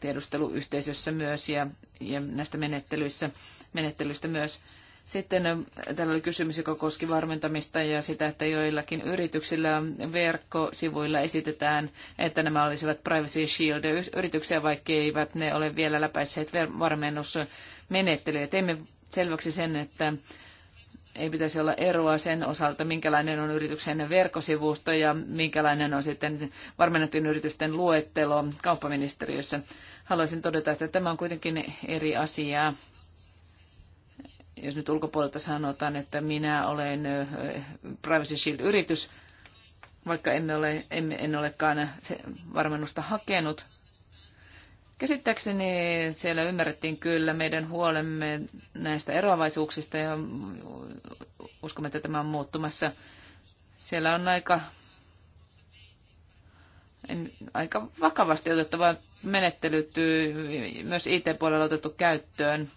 tiedusteluyhteisössä myös ja, ja näistä menettelyissä, menettelyistä myös. Sitten äh, täällä oli kysymys, joka koski varmentamista ja sitä, että joillakin yrityksillä verkkosivuilla esitetään, että nämä olisivat Privacy Shield-yrityksiä, vaikka eivät ne ole vielä läpäisseet varmennusmenettelyä. Teimme selväksi sen, että ei pitäisi olla eroa sen osalta, minkälainen on yrityksen verkkosivusto ja minkälainen on sitten varmennettujen yritysten luettelo kauppaministeriössä. Haluaisin todeta, että tämä on kuitenkin eri asiaa jos nyt ulkopuolelta sanotaan, että minä olen Privacy Shield-yritys, vaikka emme ole, emme, en olekaan varmennusta hakenut. Käsittääkseni siellä ymmärrettiin kyllä meidän huolemme näistä eroavaisuuksista ja uskomme, että tämä on muuttumassa. Siellä on aika, en, aika vakavasti otettava menettelyt myös IT-puolella otettu käyttöön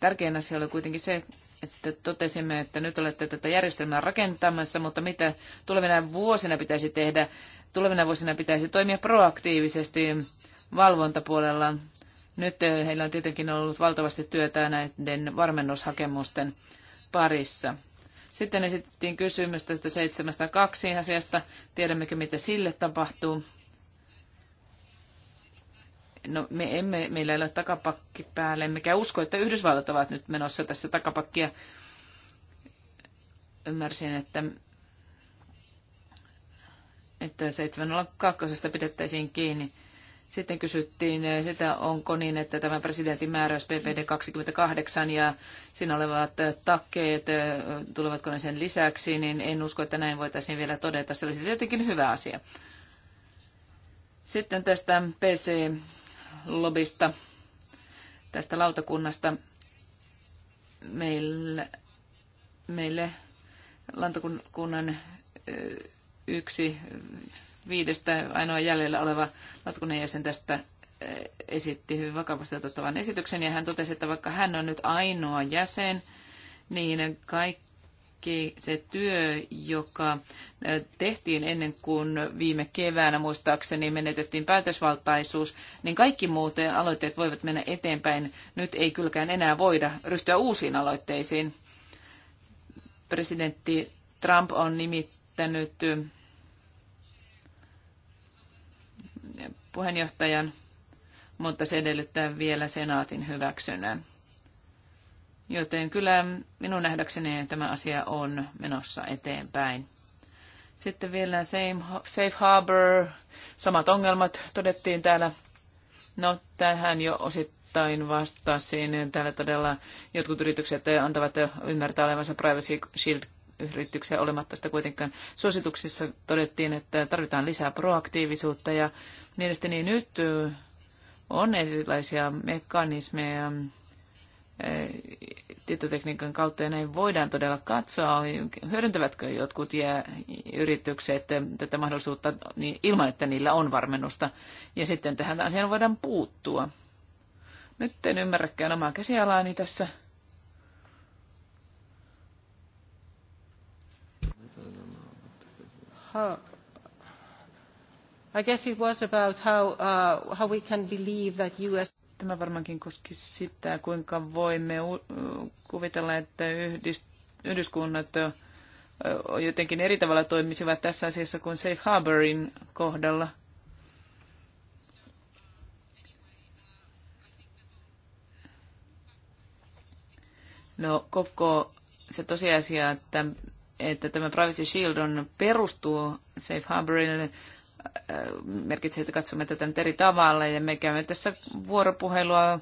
tärkein asia oli kuitenkin se, että totesimme, että nyt olette tätä järjestelmää rakentamassa, mutta mitä tulevina vuosina pitäisi tehdä? Tulevina vuosina pitäisi toimia proaktiivisesti valvontapuolella. Nyt eh, heillä on tietenkin ollut valtavasti työtä näiden varmennushakemusten parissa. Sitten esitettiin kysymys tästä 7.2 asiasta. Tiedämmekö, mitä sille tapahtuu? No, me emme, meillä ei ole takapakki päälle, emmekä usko, että Yhdysvallat ovat nyt menossa tässä takapakkia. Ymmärsin, että, että 702 pidettäisiin kiinni. Sitten kysyttiin sitä, onko niin, että tämä presidentin määräys PPD 28 ja siinä olevat takkeet, tulevatko ne sen lisäksi, niin en usko, että näin voitaisiin vielä todeta. Se olisi tietenkin hyvä asia. Sitten tästä PC lobista, tästä lautakunnasta. Meille, meille lautakunnan yksi viidestä ainoa jäljellä oleva lautakunnan jäsen tästä esitti hyvin vakavasti otettavan esityksen ja hän totesi, että vaikka hän on nyt ainoa jäsen, niin kaikki kaikki se työ, joka tehtiin ennen kuin viime keväänä muistaakseni menetettiin päätösvaltaisuus, niin kaikki muut aloitteet voivat mennä eteenpäin. Nyt ei kylläkään enää voida ryhtyä uusiin aloitteisiin. Presidentti Trump on nimittänyt puheenjohtajan, mutta se edellyttää vielä senaatin hyväksynnän. Joten kyllä minun nähdäkseni tämä asia on menossa eteenpäin. Sitten vielä Safe Harbor, samat ongelmat todettiin täällä. No, tähän jo osittain vastasin. Täällä todella jotkut yritykset antavat ymmärtää olevansa Privacy Shield yrityksiä olematta sitä kuitenkaan. Suosituksissa todettiin, että tarvitaan lisää proaktiivisuutta ja mielestäni nyt on erilaisia mekanismeja tietotekniikan kautta ja näin voidaan todella katsoa, hyödyntävätkö jotkut ja yritykset tätä mahdollisuutta niin ilman, että niillä on varmennusta. Ja sitten tähän asiaan voidaan puuttua. Nyt en ymmärräkään omaa käsialaani tässä. How, I guess it was about how, uh, how we can believe that US Tämä varmaankin koski sitä, kuinka voimme kuvitella, että yhdyskunnat jotenkin eri tavalla toimisivat tässä asiassa kuin Safe Harborin kohdalla. No, koko se tosiasia, että, että tämä Privacy Shield on, perustuu Safe Harborille, Äh, merkitsee, että katsomme tätä nyt eri tavalla ja me käymme tässä vuoropuhelua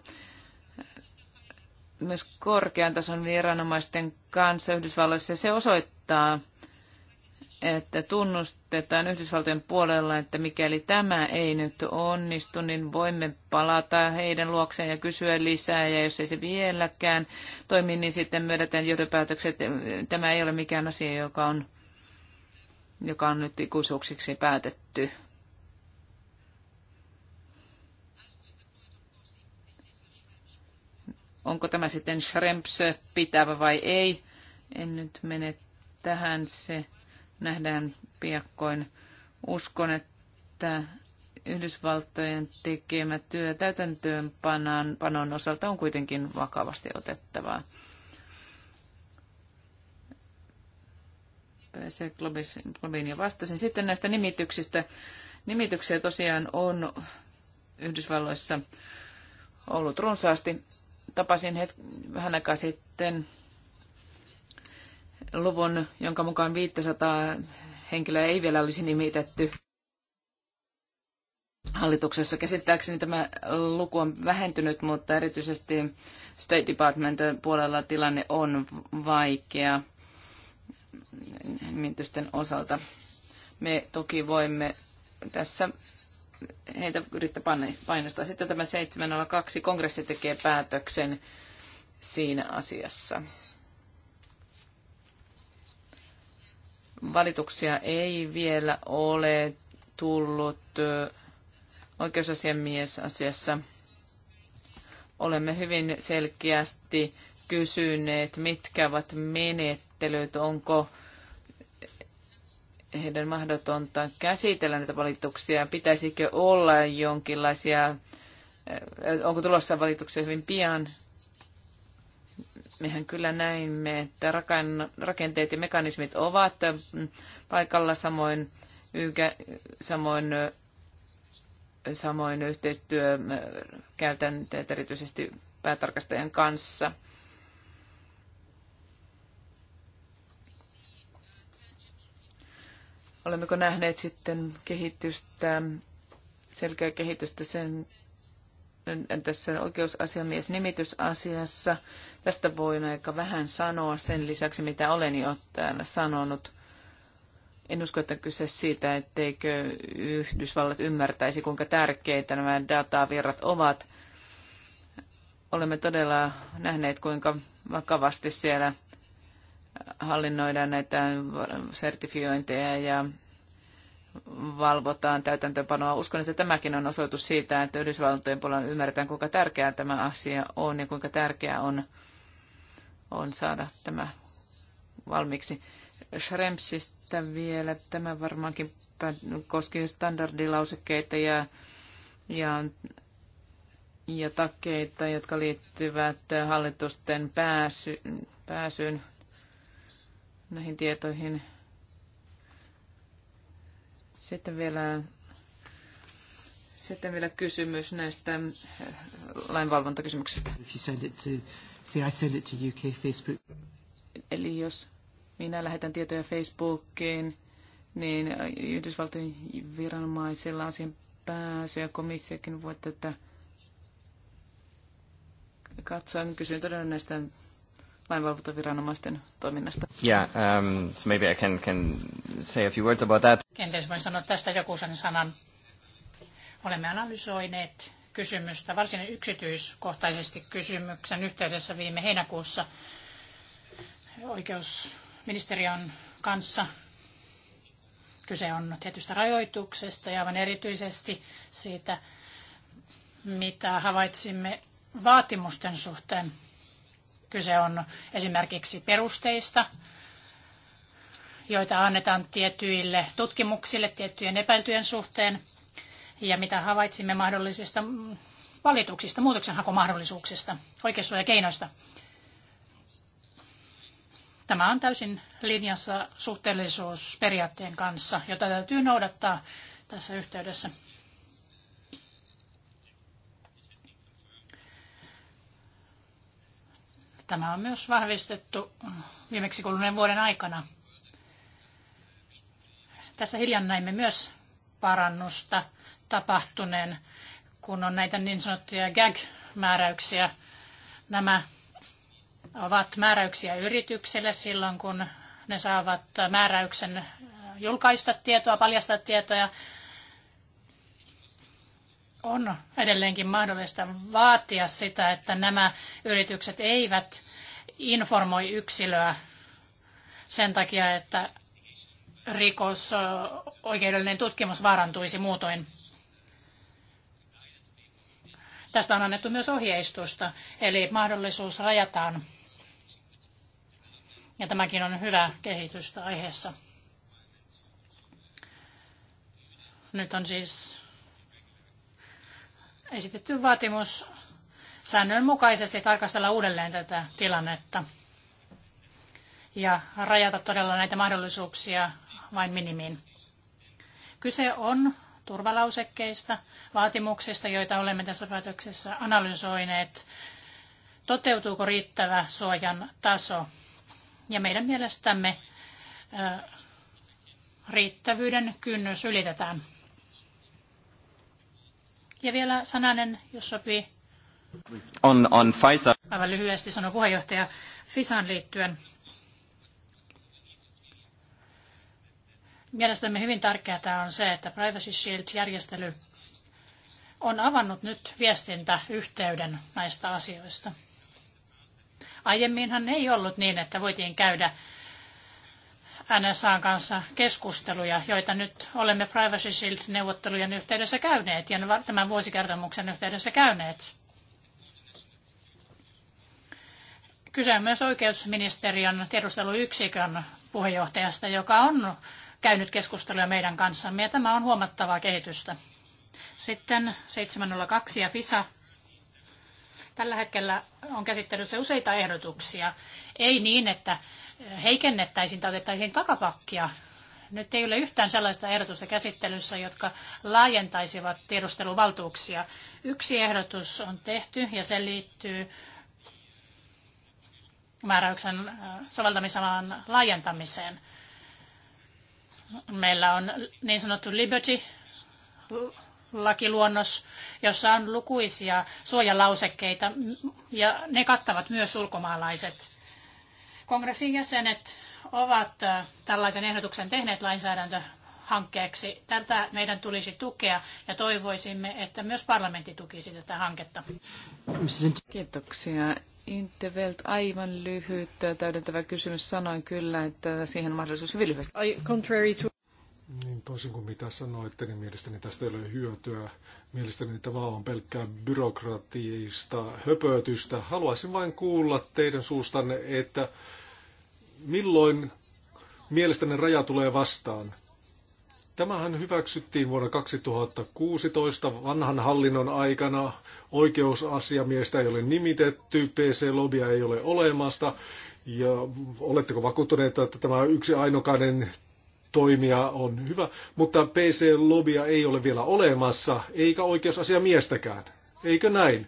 myös korkean tason viranomaisten kanssa Yhdysvalloissa ja se osoittaa, että tunnustetaan Yhdysvaltojen puolella, että mikäli tämä ei nyt onnistu, niin voimme palata heidän luokseen ja kysyä lisää. Ja jos ei se vieläkään toimi, niin sitten myödetään johtopäätökset. Tämä ei ole mikään asia, joka on joka on nyt ikuisuuksiksi päätetty. Onko tämä sitten Schrems pitävä vai ei? En nyt mene tähän. Se nähdään piakkoin. Uskon, että Yhdysvaltojen tekemä työ täytäntöönpanon osalta on kuitenkin vakavasti otettavaa. PC Globin jo vastasin. Sitten näistä nimityksistä. Nimityksiä tosiaan on Yhdysvalloissa ollut runsaasti. Tapasin het- vähän aikaa sitten luvun, jonka mukaan 500 henkilöä ei vielä olisi nimitetty hallituksessa. Käsittääkseni tämä luku on vähentynyt, mutta erityisesti State Department puolella tilanne on vaikea nimitysten osalta. Me toki voimme tässä heitä yrittää painostaa. Sitten tämä 702 kongressi tekee päätöksen siinä asiassa. Valituksia ei vielä ole tullut oikeusasiamies asiassa. Olemme hyvin selkeästi kysyneet, mitkä ovat menettelyt, onko heidän mahdotonta käsitellä näitä valituksia? Pitäisikö olla jonkinlaisia, eh, onko tulossa valituksia hyvin pian? Mehän kyllä näimme, että rakenteet ja mekanismit ovat paikalla samoin, ykä, samoin, samoin yhteistyökäytänteet eh, erityisesti päätarkastajan kanssa – Olemmeko nähneet sitten kehitystä, selkeä kehitystä sen tässä oikeusasiamies nimitysasiassa. Tästä voin aika vähän sanoa sen lisäksi, mitä olen jo täällä sanonut. En usko, että kyse siitä, etteikö Yhdysvallat ymmärtäisi, kuinka tärkeitä nämä datavirrat ovat. Olemme todella nähneet, kuinka vakavasti siellä hallinnoidaan näitä sertifiointeja ja valvotaan täytäntöpanoa. Uskon, että tämäkin on osoitus siitä, että Yhdysvaltojen puolella ymmärretään, kuinka tärkeää tämä asia on ja kuinka tärkeää on, on saada tämä valmiiksi. Schrempsistä vielä. Tämä varmaankin koskee standardilausekkeita ja, ja, ja takkeita, jotka liittyvät hallitusten pääsy, pääsyyn näihin tietoihin. Sitten vielä, sitten vielä kysymys näistä äh, lainvalvontakysymyksistä. Eli jos minä lähetän tietoja Facebookiin, niin äh, Yhdysvaltojen viranomaisilla on siihen pääsy ja komissiokin voi tätä katsoa. Kysyn todella näistä lainvalvontaviranomaisten toiminnasta. Yeah, um, so maybe I can, can say a few words about that. Kenties voin sanoa tästä joku sen sanan. Olemme analysoineet kysymystä varsin yksityiskohtaisesti kysymyksen yhteydessä viime heinäkuussa oikeusministeriön kanssa. Kyse on tietystä rajoituksesta ja aivan erityisesti siitä, mitä havaitsimme vaatimusten suhteen Kyse on esimerkiksi perusteista, joita annetaan tietyille tutkimuksille tiettyjen epäiltyjen suhteen ja mitä havaitsimme mahdollisista valituksista, muutoksenhakumahdollisuuksista, oikeussuojakeinoista. Tämä on täysin linjassa suhteellisuusperiaatteen kanssa, jota täytyy noudattaa tässä yhteydessä. Tämä on myös vahvistettu viimeksi kuluneen vuoden aikana. Tässä hiljan näimme myös parannusta tapahtuneen, kun on näitä niin sanottuja gag-määräyksiä. Nämä ovat määräyksiä yrityksille silloin, kun ne saavat määräyksen julkaista tietoa, paljastaa tietoja on edelleenkin mahdollista vaatia sitä, että nämä yritykset eivät informoi yksilöä sen takia, että rikos, oikeudellinen tutkimus vaarantuisi muutoin. Tästä on annettu myös ohjeistusta, eli mahdollisuus rajataan. Ja tämäkin on hyvä kehitystä aiheessa. Nyt on siis esitetty vaatimus säännönmukaisesti tarkastella uudelleen tätä tilannetta ja rajata todella näitä mahdollisuuksia vain minimiin. Kyse on turvalausekkeista, vaatimuksista, joita olemme tässä päätöksessä analysoineet. Toteutuuko riittävä suojan taso? Ja meidän mielestämme riittävyyden kynnys ylitetään. Ja vielä sananen, jos sopii. On, on FISA. Aivan lyhyesti sanoi puheenjohtaja FISAan liittyen. Mielestämme hyvin tärkeää on se, että Privacy Shield-järjestely on avannut nyt viestintäyhteyden näistä asioista. Aiemminhan ei ollut niin, että voitiin käydä NSAn kanssa keskusteluja, joita nyt olemme Privacy Shield-neuvottelujen yhteydessä käyneet ja tämän vuosikertomuksen yhteydessä käyneet. Kyse on myös oikeusministeriön tiedusteluyksikön puheenjohtajasta, joka on käynyt keskusteluja meidän kanssamme ja tämä on huomattavaa kehitystä. Sitten 702 ja FISA. Tällä hetkellä on käsittelyssä useita ehdotuksia. Ei niin, että heikennettäisiin tai otettaisiin takapakkia. Nyt ei ole yhtään sellaista ehdotusta käsittelyssä, jotka laajentaisivat tiedusteluvaltuuksia. Yksi ehdotus on tehty ja se liittyy määräyksen äh, soveltamisalan laajentamiseen. Meillä on niin sanottu Liberty lakiluonnos, jossa on lukuisia suojalausekkeita ja ne kattavat myös ulkomaalaiset. Kongressin jäsenet ovat äh, tällaisen ehdotuksen tehneet lainsäädäntöhankkeeksi. Tätä meidän tulisi tukea ja toivoisimme, että myös parlamentti tukisi tätä hanketta. Kiitoksia. Intervelt, aivan lyhyt täydentävä kysymys. Sanoin kyllä, että siihen mahdollisuus hyvin lyhyesti. I, contrary to... Niin toisin kuin mitä sanoitte, niin mielestäni tästä ei ole hyötyä. Mielestäni tämä on pelkkää byrokratiista höpötystä. Haluaisin vain kuulla teidän suustanne, että milloin mielestäni raja tulee vastaan. Tämähän hyväksyttiin vuonna 2016 vanhan hallinnon aikana. Oikeusasiamiestä ei ole nimitetty, PC-lobia ei ole olemasta. Ja oletteko vakuuttuneita, että tämä yksi ainokainen toimia on hyvä, mutta PC-lobia ei ole vielä olemassa, eikä oikeusasiamiestäkään. Eikö näin?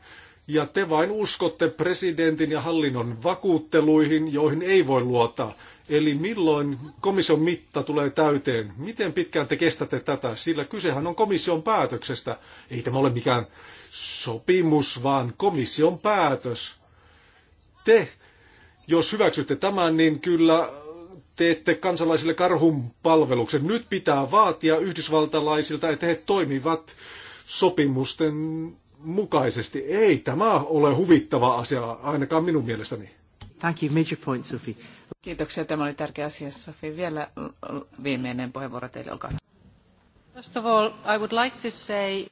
Ja te vain uskotte presidentin ja hallinnon vakuutteluihin, joihin ei voi luottaa. Eli milloin komission mitta tulee täyteen? Miten pitkään te kestätte tätä? Sillä kysehän on komission päätöksestä. Ei tämä ole mikään sopimus, vaan komission päätös. Te, jos hyväksytte tämän, niin kyllä teette kansalaisille karhun palveluksen. Nyt pitää vaatia yhdysvaltalaisilta, että he toimivat sopimusten mukaisesti. Ei tämä ole huvittava asia, ainakaan minun mielestäni. Thank you. Major point, Sophie. Kiitoksia. Tämä oli tärkeä asia, Sofi. Vielä viimeinen puheenvuoro teille, olkaa First of all, I would like to say...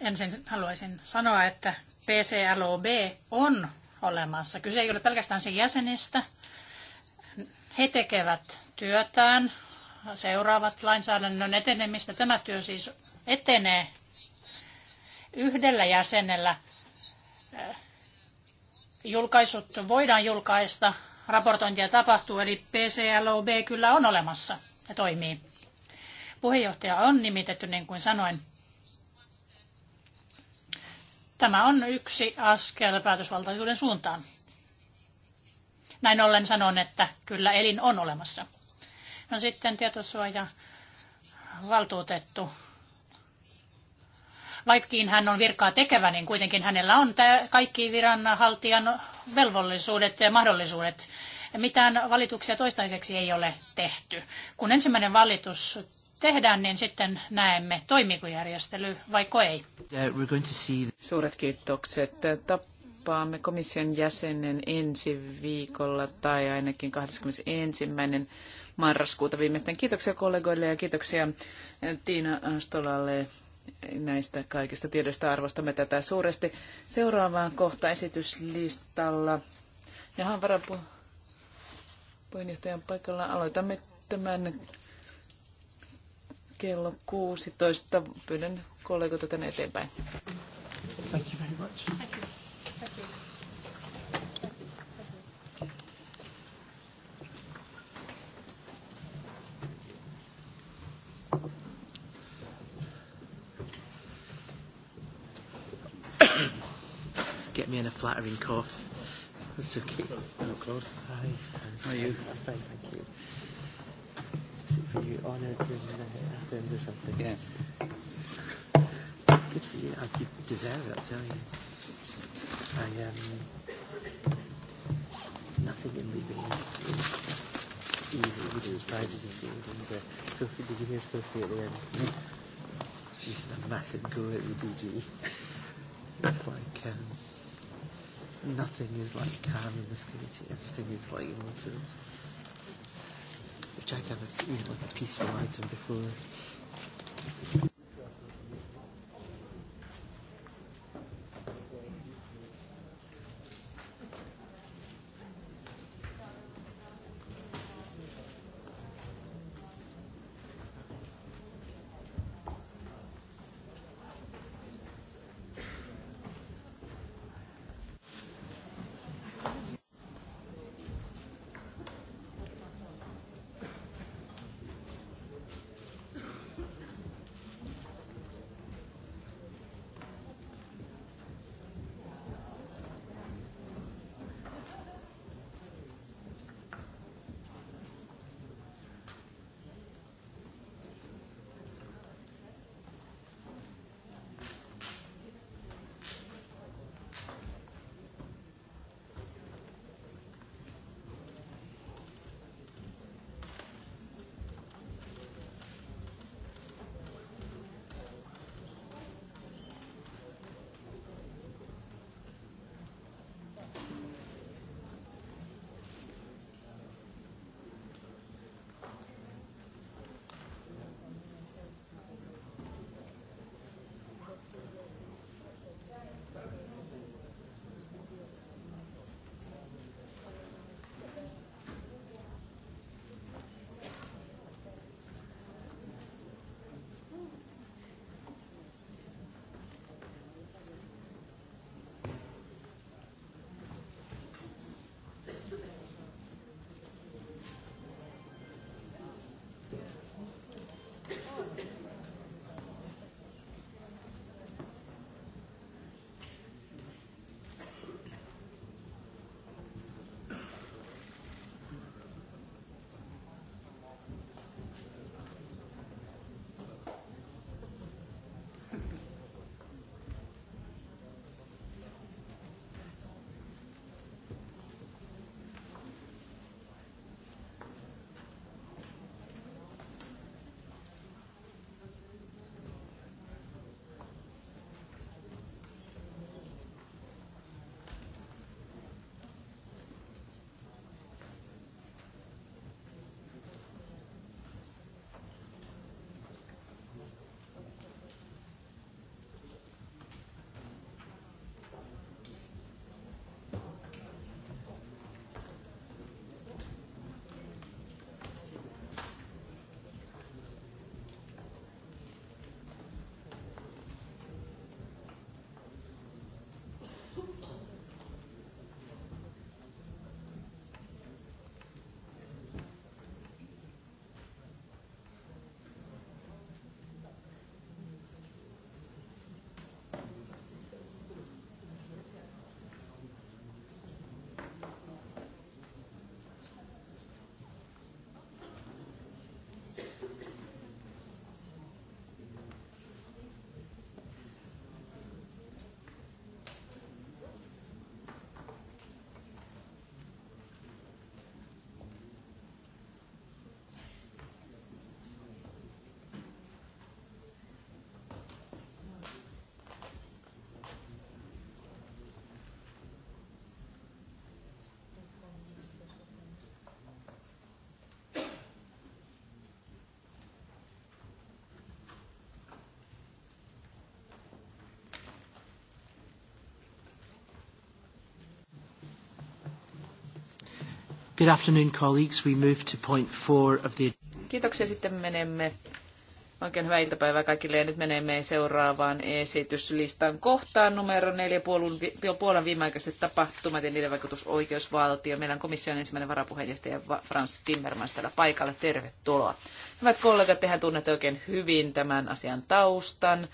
Ensin haluaisin sanoa, että PCLOB on olemassa. Kyse ei ole pelkästään sen jäsenistä, he tekevät työtään, seuraavat lainsäädännön etenemistä. Tämä työ siis etenee yhdellä jäsenellä. Julkaisut voidaan julkaista, raportointia tapahtuu, eli PCLOB kyllä on olemassa ja toimii. Puheenjohtaja on nimitetty, niin kuin sanoin. Tämä on yksi askel päätösvaltaisuuden suuntaan. Näin ollen sanon, että kyllä elin on olemassa. No sitten tietosuoja valtuutettu. vaikkiin hän on virkaa tekevä, niin kuitenkin hänellä on tämä kaikki viranhaltijan velvollisuudet ja mahdollisuudet. Mitään valituksia toistaiseksi ei ole tehty. Kun ensimmäinen valitus tehdään, niin sitten näemme, toimiiko järjestely vai ei. Uh, Suuret kiitokset tapaamme komission jäsenen ensi viikolla tai ainakin 21. marraskuuta viimeisten. Kiitoksia kollegoille ja kiitoksia eh, Tiina Astolalle näistä kaikista tiedoista. Arvostamme tätä suuresti. Seuraavaan kohta esityslistalla. Jahan varapuheenjohtajan paikalla aloitamme tämän kello 16. Pyydän kollegoita tänne eteenpäin. Thank you very much. get me in a flattering cough. That's okay. Hello, Claude. Hi. How are you? I'm fine, thank you. for you honoured in uh, Athens or something? Yes. Good for you. I, you deserve it, I tell you. I um, nothing in leaving is easy. We as private issues. And uh, Sophie, did you hear Sophie at the end? Mm. She's a massive go at the DG. It's like um, nothing is like calm in this committee. Everything is like you want to. We tried to have a, you know, like a peaceful item before. Good afternoon, colleagues. We move to point four of the... Kiitoksia. Sitten menemme. Oikein hyvää iltapäivää kaikille ja nyt menemme seuraavaan esityslistan kohtaan numero neljä puolun, Puolan viimeaikaiset tapahtumat ja niiden vaikutus oikeusvaltio. Meillä on komission ensimmäinen varapuheenjohtaja Frans Timmermans täällä paikalla. Tervetuloa. Hyvät kollegat, tehän tunnette oikein hyvin tämän asian taustan.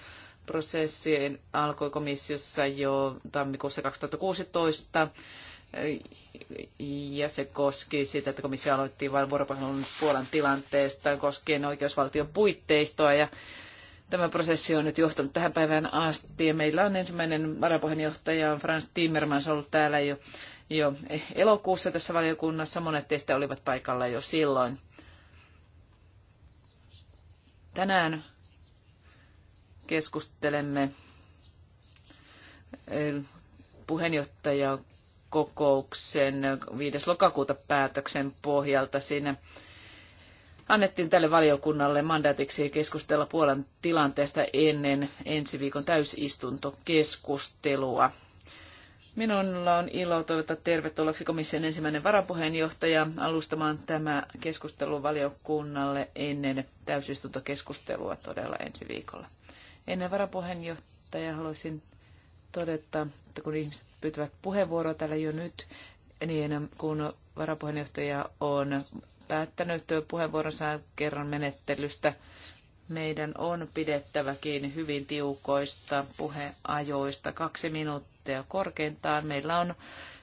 Prosessi alkoi komissiossa jo tammikuussa 2016 ja se koski sitä, että komissio aloitti vain vuoropuhelun Puolan tilanteesta koskien oikeusvaltion puitteistoa ja tämä prosessi on nyt johtanut tähän päivään asti ja meillä on ensimmäinen varapuheenjohtaja Frans Timmermans ollut täällä jo, jo elokuussa tässä valiokunnassa. Monet teistä olivat paikalla jo silloin. Tänään keskustelemme eh, puheenjohtaja kokouksen 5. lokakuuta päätöksen pohjalta. Siinä annettiin tälle valiokunnalle mandaatiksi keskustella Puolan tilanteesta ennen ensi viikon täysistuntokeskustelua. Minulla on ilo toivottaa tervetulleeksi komission ensimmäinen varapuheenjohtaja alustamaan tämä keskustelu valiokunnalle ennen täysistuntokeskustelua todella ensi viikolla. Ennen varapuheenjohtaja haluaisin todeta, että kun ihmiset pyytävät puheenvuoroa täällä jo nyt, niin kun varapuheenjohtaja on päättänyt puheenvuoronsa kerran menettelystä, meidän on pidettävä kiinni hyvin tiukoista puheajoista. Kaksi minuuttia korkeintaan. Meillä on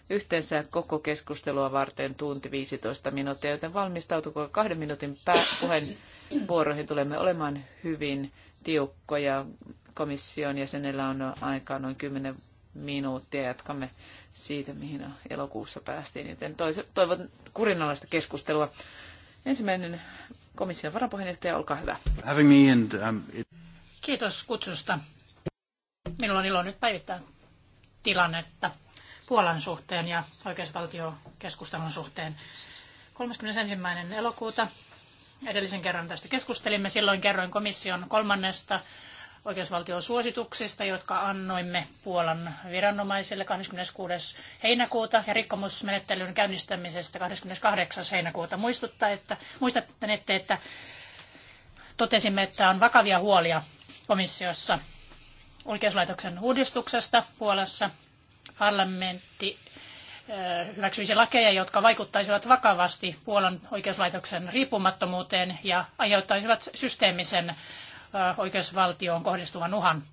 yhteensä koko keskustelua varten tunti 15 minuuttia, joten valmistautukaa kahden minuutin puheenvuoroihin. Tulemme olemaan hyvin tiukkoja komission jäsenellä on aikaa noin 10 minuuttia. Jatkamme siitä, mihin elokuussa päästiin, joten toivon kurinalaista keskustelua. Ensimmäinen komission varapuheenjohtaja, olkaa hyvä. Um, Kiitos kutsusta. Minulla on ilo nyt päivittää tilannetta Puolan suhteen ja oikeusvaltiokeskustelun suhteen. 31. elokuuta edellisen kerran tästä keskustelimme. Silloin kerroin komission kolmannesta oikeusvaltion suosituksista, jotka annoimme Puolan viranomaisille 26. heinäkuuta ja rikkomusmenettelyn käynnistämisestä 28. heinäkuuta. Muistuttaa, että, muistattanette, että totesimme, että on vakavia huolia komissiossa oikeuslaitoksen uudistuksesta Puolassa. Parlamentti hyväksyisi lakeja, jotka vaikuttaisivat vakavasti Puolan oikeuslaitoksen riippumattomuuteen ja aiheuttaisivat systeemisen Äh, oikeusvaltioon kohdistuvan uhan.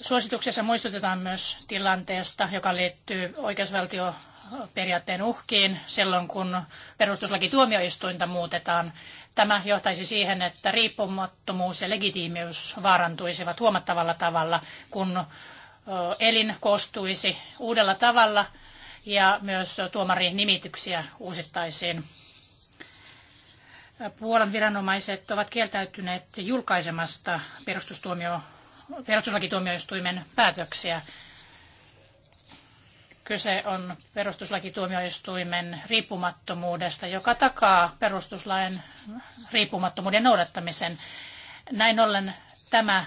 Suosituksessa muistutetaan myös tilanteesta, joka liittyy oikeusvaltioperiaatteen uhkiin silloin, kun perustuslakituomioistuinta muutetaan. Tämä johtaisi siihen, että riippumattomuus ja legitiimiys vaarantuisivat huomattavalla tavalla, kun elin koostuisi uudella tavalla ja myös tuomarin nimityksiä uusittaisiin. Puolan viranomaiset ovat kieltäytyneet julkaisemasta perustuslakituomioistuimen päätöksiä. Kyse on perustuslakituomioistuimen riippumattomuudesta, joka takaa perustuslain riippumattomuuden noudattamisen. Näin ollen tämä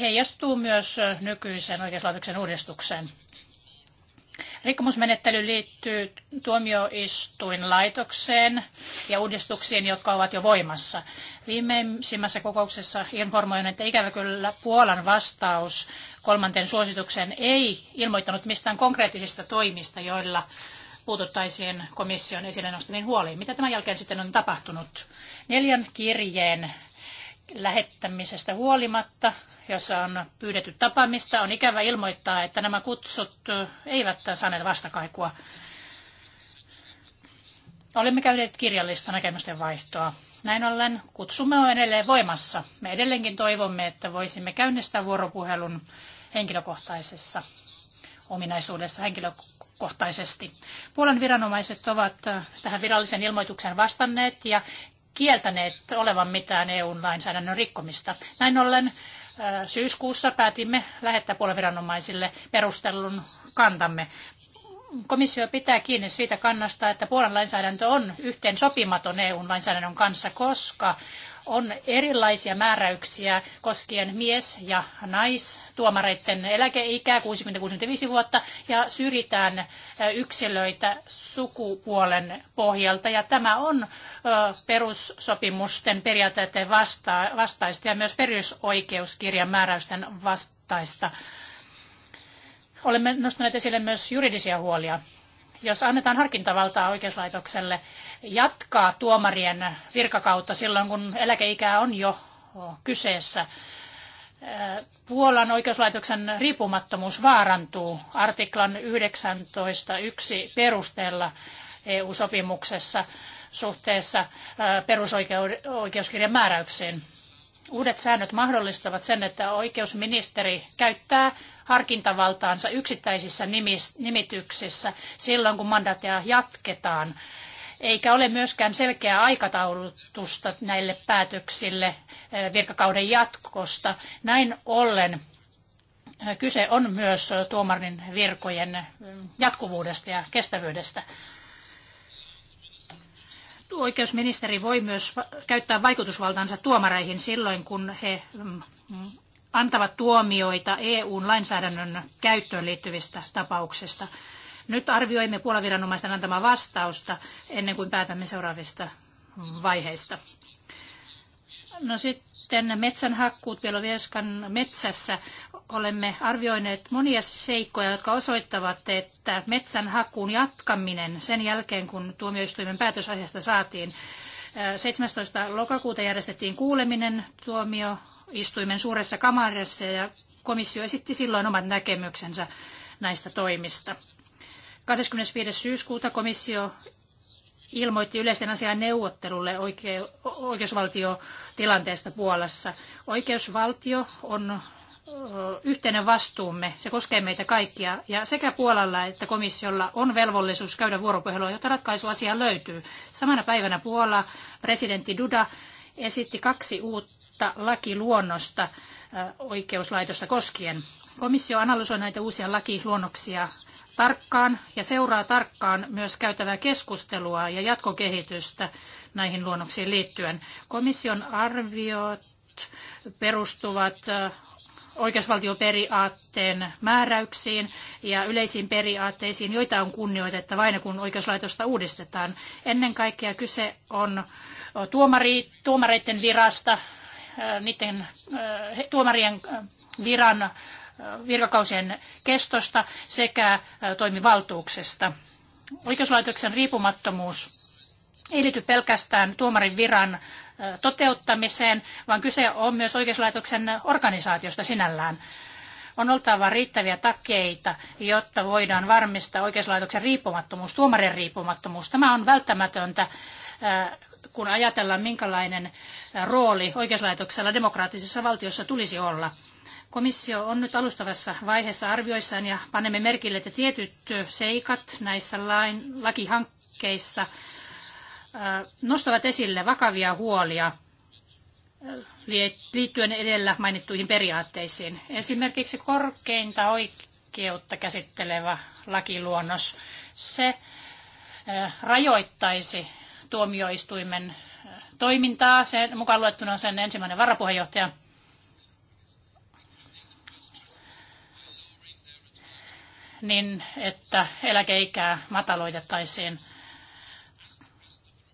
heijastuu myös nykyisen oikeuslaitoksen uudistukseen. Rikkomusmenettely liittyy tuomioistuinlaitokseen ja uudistuksiin, jotka ovat jo voimassa. Viimeisimmässä kokouksessa informoin, että ikävä kyllä Puolan vastaus kolmanteen suositukseen ei ilmoittanut mistään konkreettisista toimista, joilla puututtaisiin komission esille nostamiin huoliin. Mitä tämän jälkeen sitten on tapahtunut? Neljän kirjeen lähettämisestä huolimatta jossa on pyydetty tapaamista. On ikävä ilmoittaa, että nämä kutsut eivät saaneet vastakaikua. Olemme käyneet kirjallista näkemysten vaihtoa. Näin ollen kutsumme on edelleen voimassa. Me edelleenkin toivomme, että voisimme käynnistää vuoropuhelun henkilökohtaisessa ominaisuudessa henkilökohtaisesti. Puolan viranomaiset ovat tähän virallisen ilmoituksen vastanneet ja kieltäneet olevan mitään eu lainsäädännön rikkomista. Näin ollen syyskuussa päätimme lähettää puolaviranomaisille perustellun kantamme. Komissio pitää kiinni siitä kannasta, että Puolan lainsäädäntö on yhteen sopimaton EUn lainsäädännön kanssa, koska on erilaisia määräyksiä koskien mies- ja naistuomareiden eläkeikää 60-65 vuotta ja syrjitään yksilöitä sukupuolen pohjalta. Ja tämä on perussopimusten periaatteiden vasta- vastaista ja myös perusoikeuskirjan määräysten vastaista. Olemme nostaneet esille myös juridisia huolia jos annetaan harkintavaltaa oikeuslaitokselle jatkaa tuomarien virkakautta silloin, kun eläkeikä on jo kyseessä, eh, Puolan oikeuslaitoksen riippumattomuus vaarantuu artiklan 19.1 perusteella EU-sopimuksessa suhteessa eh, perusoikeuskirjan määräyksiin. Uudet säännöt mahdollistavat sen, että oikeusministeri käyttää harkintavaltaansa yksittäisissä nimityksissä silloin, kun mandaattia jatketaan. Eikä ole myöskään selkeää aikataulutusta näille päätöksille virkakauden jatkosta. Näin ollen kyse on myös tuomarin virkojen jatkuvuudesta ja kestävyydestä oikeusministeri voi myös käyttää vaikutusvaltaansa tuomareihin silloin, kun he mm, antavat tuomioita EUn lainsäädännön käyttöön liittyvistä tapauksista. Nyt arvioimme puolaviranomaisten antamaa vastausta ennen kuin päätämme seuraavista vaiheista. No sitten metsänhakkuut Pielovieskan metsässä olemme arvioineet monia seikkoja, jotka osoittavat, että metsän hakuun jatkaminen sen jälkeen, kun tuomioistuimen päätös saatiin, 17. lokakuuta järjestettiin kuuleminen tuomioistuimen suuressa kamarissa ja komissio esitti silloin omat näkemyksensä näistä toimista. 25. syyskuuta komissio ilmoitti yleisten asian neuvottelulle oikeusvaltiotilanteesta Puolassa. Oikeusvaltio on yhteinen vastuumme. Se koskee meitä kaikkia. Ja sekä Puolalla että komissiolla on velvollisuus käydä vuoropuhelua, jotta ratkaisu asiaan löytyy. Samana päivänä Puola presidentti Duda esitti kaksi uutta lakiluonnosta äh, oikeuslaitosta koskien. Komissio analysoi näitä uusia lakiluonnoksia tarkkaan ja seuraa tarkkaan myös käytävää keskustelua ja jatkokehitystä näihin luonnoksiin liittyen. Komission arviot perustuvat äh, oikeusvaltioperiaatteen määräyksiin ja yleisiin periaatteisiin, joita on kunnioitettava aina kun oikeuslaitosta uudistetaan. Ennen kaikkea kyse on tuomari, tuomareiden virasta, äh, niiden äh, tuomarien äh, viran virkakausien kestosta sekä toimivaltuuksesta. Oikeuslaitoksen riippumattomuus ei liity pelkästään tuomarin viran toteuttamiseen, vaan kyse on myös oikeuslaitoksen organisaatiosta sinällään. On oltava riittäviä takeita, jotta voidaan varmistaa oikeuslaitoksen riippumattomuus, tuomarin riippumattomuus. Tämä on välttämätöntä, äh, kun ajatellaan, minkälainen äh, rooli oikeuslaitoksella demokraattisessa valtiossa tulisi olla. Komissio on nyt alustavassa vaiheessa arvioissaan ja panemme merkille, että tietyt seikat näissä lain, lakihankkeissa nostavat esille vakavia huolia liittyen edellä mainittuihin periaatteisiin. Esimerkiksi korkeinta oikeutta käsittelevä lakiluonnos, se rajoittaisi tuomioistuimen toimintaa, sen, mukaan luettuna sen ensimmäinen varapuheenjohtaja. niin että eläkeikää mataloitettaisiin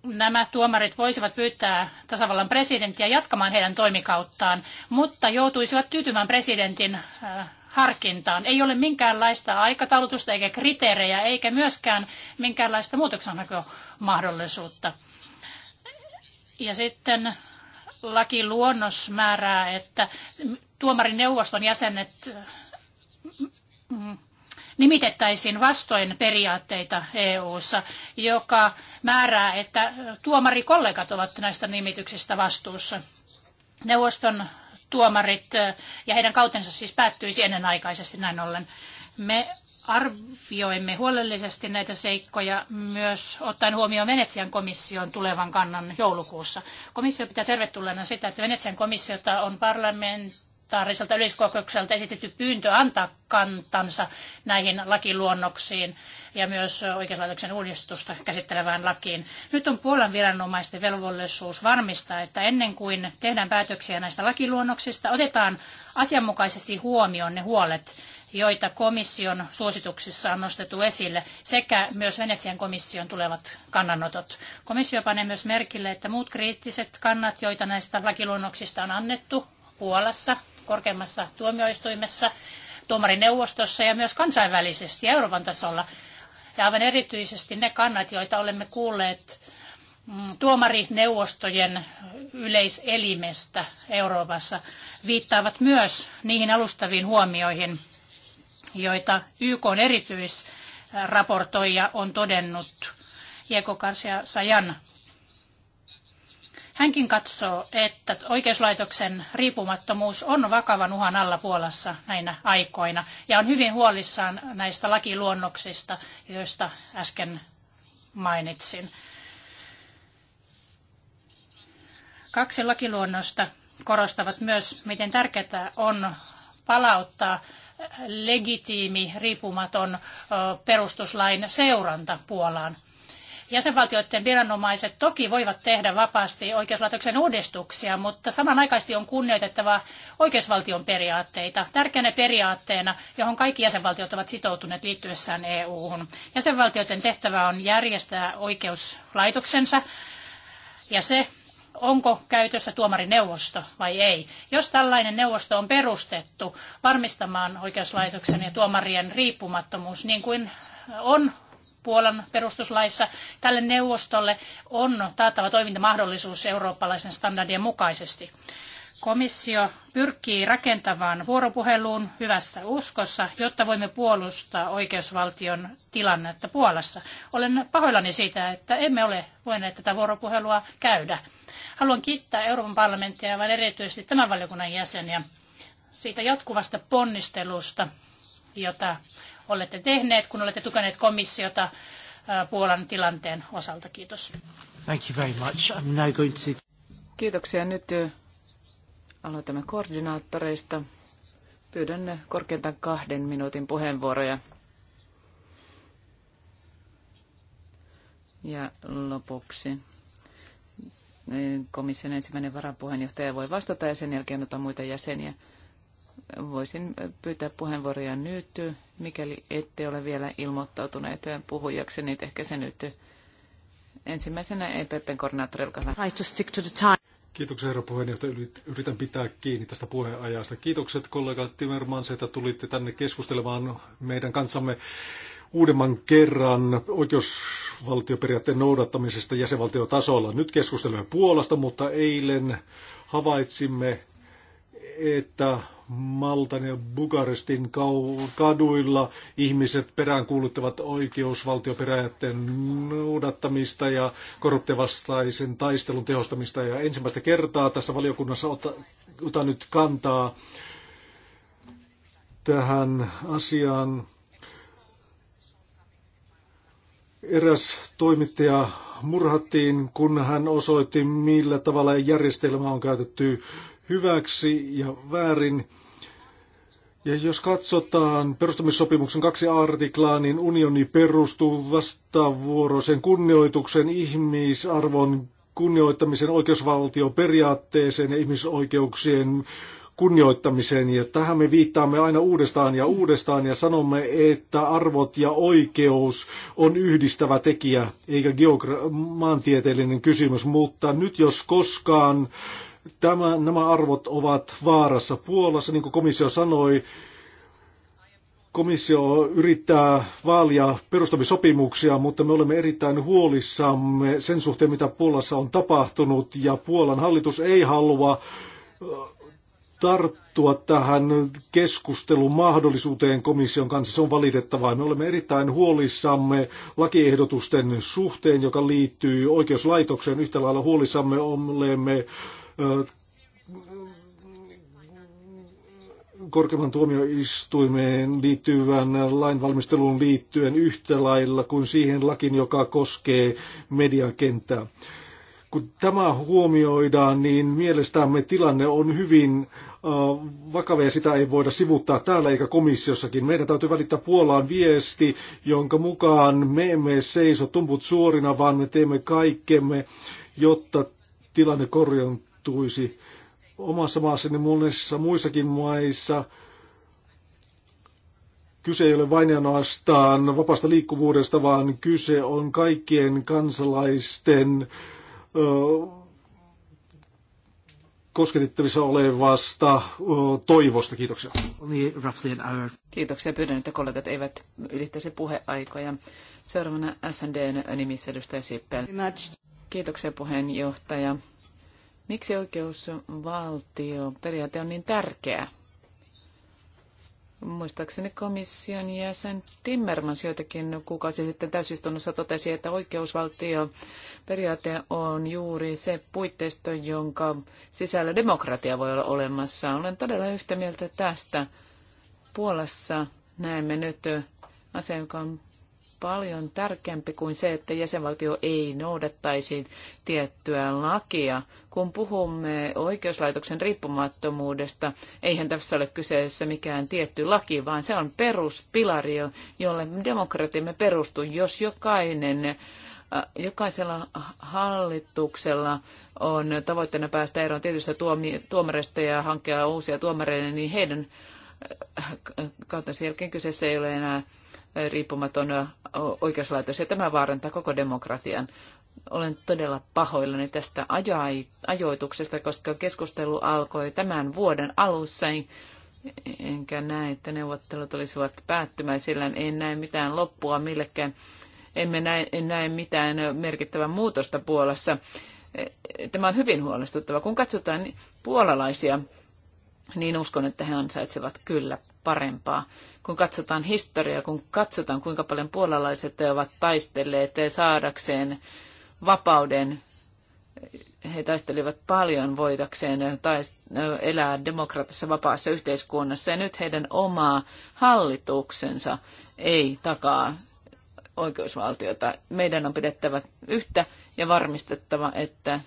nämä tuomarit voisivat pyytää tasavallan presidenttiä jatkamaan heidän toimikauttaan, mutta joutuisivat tyytymään presidentin äh, harkintaan. Ei ole minkäänlaista aikataulutusta eikä kriteerejä eikä myöskään minkäänlaista muutoksenhakumahdollisuutta. Ja sitten lakiluonnos määrää, että tuomarineuvoston jäsenet äh, mm, nimitettäisiin vastoin periaatteita EU:ssa, joka määrää, että tuomarikollegat ovat näistä nimityksistä vastuussa. Neuvoston tuomarit ja heidän kautensa siis päättyisi ennenaikaisesti näin ollen. Me arvioimme huolellisesti näitä seikkoja myös ottaen huomioon Venetsian komission tulevan kannan joulukuussa. Komissio pitää tervetulleena sitä, että Venetsian komissiota on parlamentin parlamentaariselta yleiskokoukselta esitetty pyyntö antaa kantansa näihin lakiluonnoksiin ja myös oikeuslaitoksen uudistusta käsittelevään lakiin. Nyt on Puolan viranomaisten velvollisuus varmistaa, että ennen kuin tehdään päätöksiä näistä lakiluonnoksista, otetaan asianmukaisesti huomioon ne huolet, joita komission suosituksissa on nostettu esille, sekä myös Venetsian komission tulevat kannanotot. Komissio panee myös merkille, että muut kriittiset kannat, joita näistä lakiluonnoksista on annettu Puolassa, korkeimmassa tuomioistuimessa, tuomarineuvostossa ja myös kansainvälisesti Euroopan tasolla. Ja aivan erityisesti ne kannat, joita olemme kuulleet mm, tuomarineuvostojen yleiselimestä Euroopassa, viittaavat myös niihin alustaviin huomioihin, joita YK on erityisraportoija on todennut Jekokarsia Karsia Sajan Hänkin katsoo, että oikeuslaitoksen riippumattomuus on vakavan uhan alla Puolassa näinä aikoina ja on hyvin huolissaan näistä lakiluonnoksista, joista äsken mainitsin. Kaksi lakiluonnosta korostavat myös, miten tärkeää on palauttaa legitiimi, riippumaton perustuslain seuranta Puolaan. Jäsenvaltioiden viranomaiset toki voivat tehdä vapaasti oikeuslaitoksen uudistuksia, mutta samanaikaisesti on kunnioitettava oikeusvaltion periaatteita tärkeänä periaatteena, johon kaikki jäsenvaltiot ovat sitoutuneet liittyessään EU-hun. Jäsenvaltioiden tehtävä on järjestää oikeuslaitoksensa ja se, onko käytössä tuomarineuvosto vai ei. Jos tällainen neuvosto on perustettu varmistamaan oikeuslaitoksen ja tuomarien riippumattomuus, niin kuin on Puolan perustuslaissa. Tälle neuvostolle on taattava toimintamahdollisuus eurooppalaisen standardien mukaisesti. Komissio pyrkii rakentavaan vuoropuheluun hyvässä uskossa, jotta voimme puolustaa oikeusvaltion tilannetta Puolassa. Olen pahoillani siitä, että emme ole voineet tätä vuoropuhelua käydä. Haluan kiittää Euroopan parlamenttia ja erityisesti tämän valiokunnan jäseniä siitä jatkuvasta ponnistelusta, jota olette tehneet, kun olette tukeneet komissiota Puolan tilanteen osalta. Kiitos. Thank you very much. I'm now going to... Kiitoksia. Nyt aloitamme koordinaattoreista. Pyydän korkeintaan kahden minuutin puheenvuoroja. Ja lopuksi komission ensimmäinen varapuheenjohtaja voi vastata ja sen jälkeen ottaa muita jäseniä. Voisin pyytää puheenvuoroja nyt, mikäli ette ole vielä ilmoittautuneet puhujaksi, niin ehkä se nyt ensimmäisenä EPPn koordinaattori, olkaa hyvä. Kiitoksia herra puheenjohtaja. Yritän pitää kiinni tästä puheenajasta. Kiitokset kollega Timmermans, että tulitte tänne keskustelemaan meidän kanssamme uudemman kerran oikeusvaltioperiaatteen noudattamisesta jäsenvaltiotasolla. Nyt keskustelemme Puolasta, mutta eilen havaitsimme, että Maltan ja Bukarestin kaduilla ihmiset peräänkuuluttavat oikeusvaltioperiaatteen noudattamista ja korruptevastaisen taistelun tehostamista. Ja ensimmäistä kertaa tässä valiokunnassa ota, otan nyt kantaa tähän asiaan. Eräs toimittaja murhattiin, kun hän osoitti, millä tavalla järjestelmä on käytetty hyväksi ja väärin. Ja jos katsotaan perustamissopimuksen kaksi artiklaa, niin unioni perustuu vastavuoroisen kunnioituksen, ihmisarvon kunnioittamisen, oikeusvaltioperiaatteeseen ja ihmisoikeuksien kunnioittamiseen. Ja tähän me viittaamme aina uudestaan ja uudestaan ja sanomme, että arvot ja oikeus on yhdistävä tekijä, eikä geogra- maantieteellinen kysymys. Mutta nyt jos koskaan äh, Tämä, nämä arvot ovat vaarassa Puolassa, niin kuin komissio sanoi. Komissio yrittää vaalia perustamisopimuksia, mutta me olemme erittäin huolissamme sen suhteen, mitä Puolassa on tapahtunut, ja Puolan hallitus ei halua äh, tarttua tähän keskustelun mahdollisuuteen komission kanssa. Se on valitettavaa. Me olemme erittäin huolissamme lakiehdotusten suhteen, joka liittyy oikeuslaitokseen. Yhtä lailla huolissamme olemme korkeimman tuomioistuimeen liittyvän lainvalmisteluun liittyen yhtä lailla kuin siihen lakin, joka koskee mediakenttää. Kun tämä huomioidaan, niin mielestämme tilanne on hyvin vakava ja sitä ei voida sivuttaa täällä eikä komissiossakin. Meidän täytyy välittää Puolaan viesti, jonka mukaan me emme seiso tumput suorina, vaan me teemme kaikkemme, jotta tilanne korjan, tapahtuisi. Omassa maassani ja monissa muissakin maissa kyse ei ole vain ainoastaan vapaasta liikkuvuudesta, vaan kyse on kaikkien kansalaisten ö, kosketettavissa olevasta ö, toivosta. Kiitoksia. Kiitoksia. Pyydän, että kollegat eivät ylittäisi puheaikoja. Seuraavana SNDn nimissä edustaja Sippel. Kiitoksia puheenjohtaja. Miksi oikeusvaltioperiaate on niin tärkeä? Muistaakseni komission jäsen Timmermans joitakin kuukausi sitten täysistunnossa totesi, että oikeusvaltioperiaate on juuri se puitteisto, jonka sisällä demokratia voi olla olemassa. Olen todella yhtä mieltä tästä. Puolassa näemme nyt asian, joka on paljon tärkeämpi kuin se, että jäsenvaltio ei noudattaisi tiettyä lakia. Kun puhumme oikeuslaitoksen riippumattomuudesta, eihän tässä ole kyseessä mikään tietty laki, vaan se on peruspilari, jolle demokratiamme perustuu, jos jokainen äh, jokaisella hallituksella on tavoitteena päästä eroon tietystä tuomareista ja hankkia uusia tuomareita, niin heidän äh, kautta sen jälkeen kyseessä ei ole enää riippumaton oikeuslaitos, ja tämä vaarantaa koko demokratian. Olen todella pahoillani tästä ajoituksesta, koska keskustelu alkoi tämän vuoden alussa, enkä näe, että neuvottelut olisivat sillä En näe mitään loppua millekään. Emme näe, en näe mitään merkittävää muutosta Puolassa. Tämä on hyvin huolestuttava. Kun katsotaan puolalaisia, niin uskon, että he ansaitsevat kyllä parempaa. Kun katsotaan historiaa, kun katsotaan kuinka paljon puolalaiset ovat taistelleet saadakseen vapauden, he taistelivat paljon voidakseen elää demokraattisessa vapaassa yhteiskunnassa ja nyt heidän oma hallituksensa ei takaa oikeusvaltiota. Meidän on pidettävä yhtä ja varmistettava, että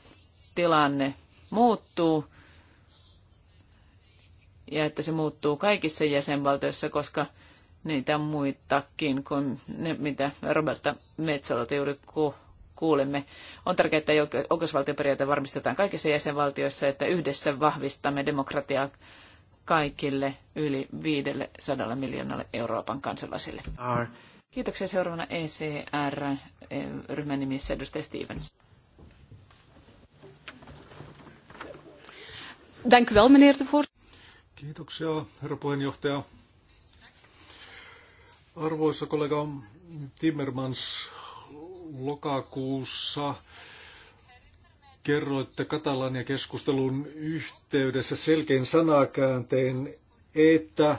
tilanne muuttuu ja että se muuttuu kaikissa jäsenvaltioissa, koska niitä on muitakin kuin ne, mitä Roberta Metsolta juuri ku- kuulemme. On tärkeää, että oikeusvaltioperiaate varmistetaan kaikissa jäsenvaltioissa, että yhdessä vahvistamme demokratiaa kaikille yli 500 miljoonalle Euroopan kansalaisille. Kiitoksia seuraavana ECR-ryhmän eh, nimissä edustaja Stevens. Dank u wel, meneer de Kiitoksia, herra puheenjohtaja. Arvoisa kollega Timmermans, lokakuussa kerroitte Katalania keskustelun yhteydessä selkein sanakääntein, että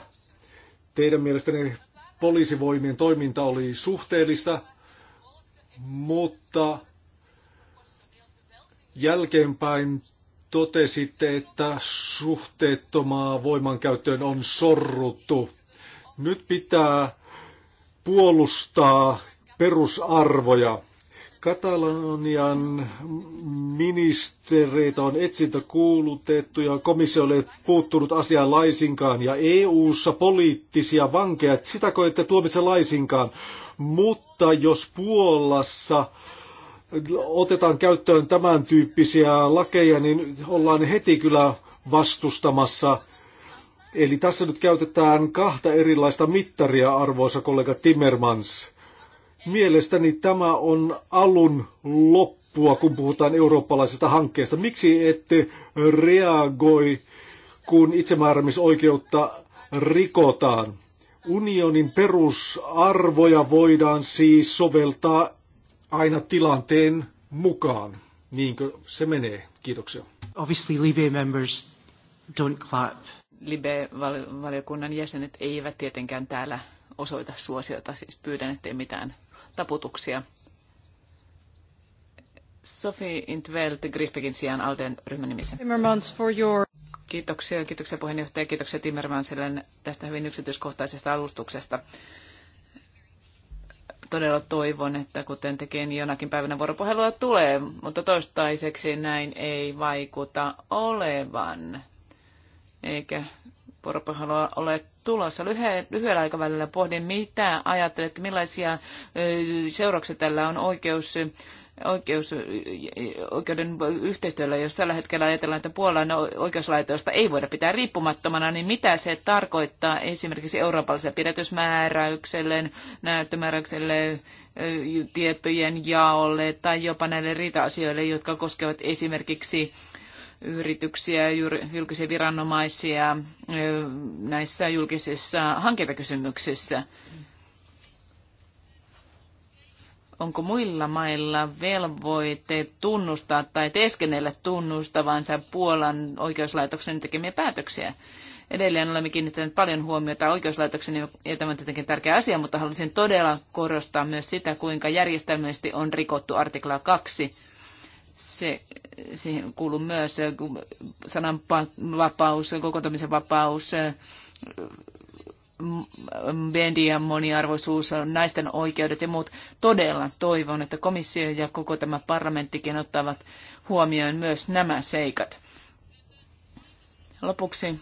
teidän mielestänne poliisivoimien toiminta oli suhteellista, mutta jälkeenpäin totesitte, että suhteettomaa voimankäyttöön on sorruttu. Nyt pitää puolustaa perusarvoja. Katalonian ministereitä on etsintä kuulutettu ja komissio ei puuttunut asiaan laisinkaan. Ja EU-ssa poliittisia vankeja, sitäkö koette tuomitse laisinkaan. Mutta jos Puolassa otetaan käyttöön tämän tyyppisiä lakeja, niin ollaan heti kyllä vastustamassa. Eli tässä nyt käytetään kahta erilaista mittaria, arvoisa kollega Timmermans. Mielestäni tämä on alun loppua, kun puhutaan eurooppalaisesta hankkeesta. Miksi ette reagoi, kun itsemääräämisoikeutta rikotaan? Unionin perusarvoja voidaan siis soveltaa aina tilanteen mukaan. Niinkö se menee? Kiitoksia. Obviously Libe members don't clap. Libe-valiokunnan jäsenet eivät tietenkään täällä osoita suosiota, siis pyydän, ettei mitään taputuksia. Sophie Intveld Griffekin sijaan Alden ryhmän nimissä. Timmermans for your... Kiitoksia, kiitoksia puheenjohtaja, kiitoksia Timmermansille tästä hyvin yksityiskohtaisesta alustuksesta todella toivon, että kuten tekin jonakin päivänä vuoropuhelua tulee, mutta toistaiseksi näin ei vaikuta olevan, eikä vuoropuhelua ole tulossa. Lyhy- lyhyellä aikavälillä pohdin, mitä ajattelet, millaisia seurauksia tällä on oikeus oikeus, oikeuden yhteistyöllä, jos tällä hetkellä ajatellaan, että Puolan oikeuslaitosta ei voida pitää riippumattomana, niin mitä se tarkoittaa esimerkiksi eurooppalaiselle pidätysmääräykselle, näyttömääräykselle, tietojen jaolle tai jopa näille riita-asioille, jotka koskevat esimerkiksi yrityksiä, julkisia viranomaisia näissä julkisissa hankintakysymyksissä onko muilla mailla velvoite tunnustaa tai teeskennellä tunnustavansa Puolan oikeuslaitoksen tekemiä päätöksiä. Edelleen olemme kiinnittäneet paljon huomiota oikeuslaitoksen, ja tämä on tietenkin tärkeä asia, mutta haluaisin todella korostaa myös sitä, kuinka järjestelmällisesti on rikottu artiklaa 2. Se, siihen kuuluu myös sananvapaus, kokoontumisen vapaus, median moniarvoisuus, naisten oikeudet ja muut. Todella toivon, että komissio ja koko tämä parlamenttikin ottavat huomioon myös nämä seikat. Lopuksi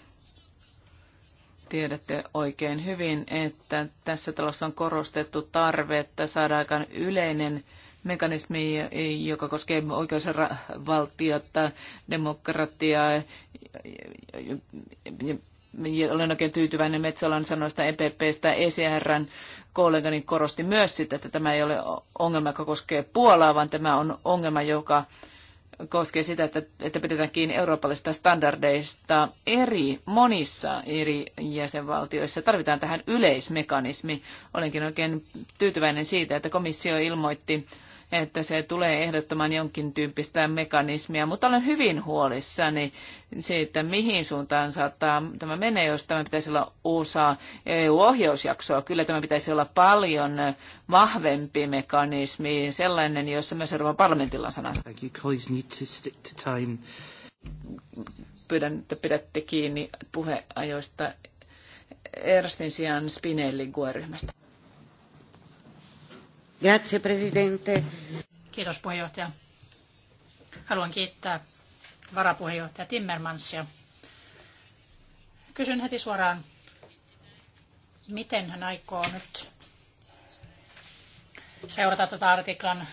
tiedätte oikein hyvin, että tässä talossa on korostettu tarve, että saadaan aikaan yleinen mekanismi, joka koskee oikeusvaltiota, demokratiaa ja olen oikein tyytyväinen Metsolan sanoista EPPstä. ECRn kollegani korosti myös sitä, että tämä ei ole ongelma, joka koskee Puolaa, vaan tämä on ongelma, joka koskee sitä, että, että pidetään kiinni eurooppalaisista standardeista eri monissa eri jäsenvaltioissa. Tarvitaan tähän yleismekanismi. Olenkin oikein tyytyväinen siitä, että komissio ilmoitti että se tulee ehdottoman jonkin tyyppistä mekanismia, mutta olen hyvin huolissani siitä, mihin suuntaan saattaa tämä menee, jos tämä pitäisi olla osa EU-ohjausjaksoa. Kyllä tämä pitäisi olla paljon vahvempi mekanismi, sellainen, jossa myös Euroopan parlamentilla on sana. Pyydän, että pidätte kiinni puheajoista Erstin sijaan Spinellin ryhmästä Grazie, presidente. Kiitos puheenjohtaja. Haluan kiittää varapuheenjohtaja Timmermansia. Kysyn heti suoraan, miten hän aikoo nyt seurata tätä artiklan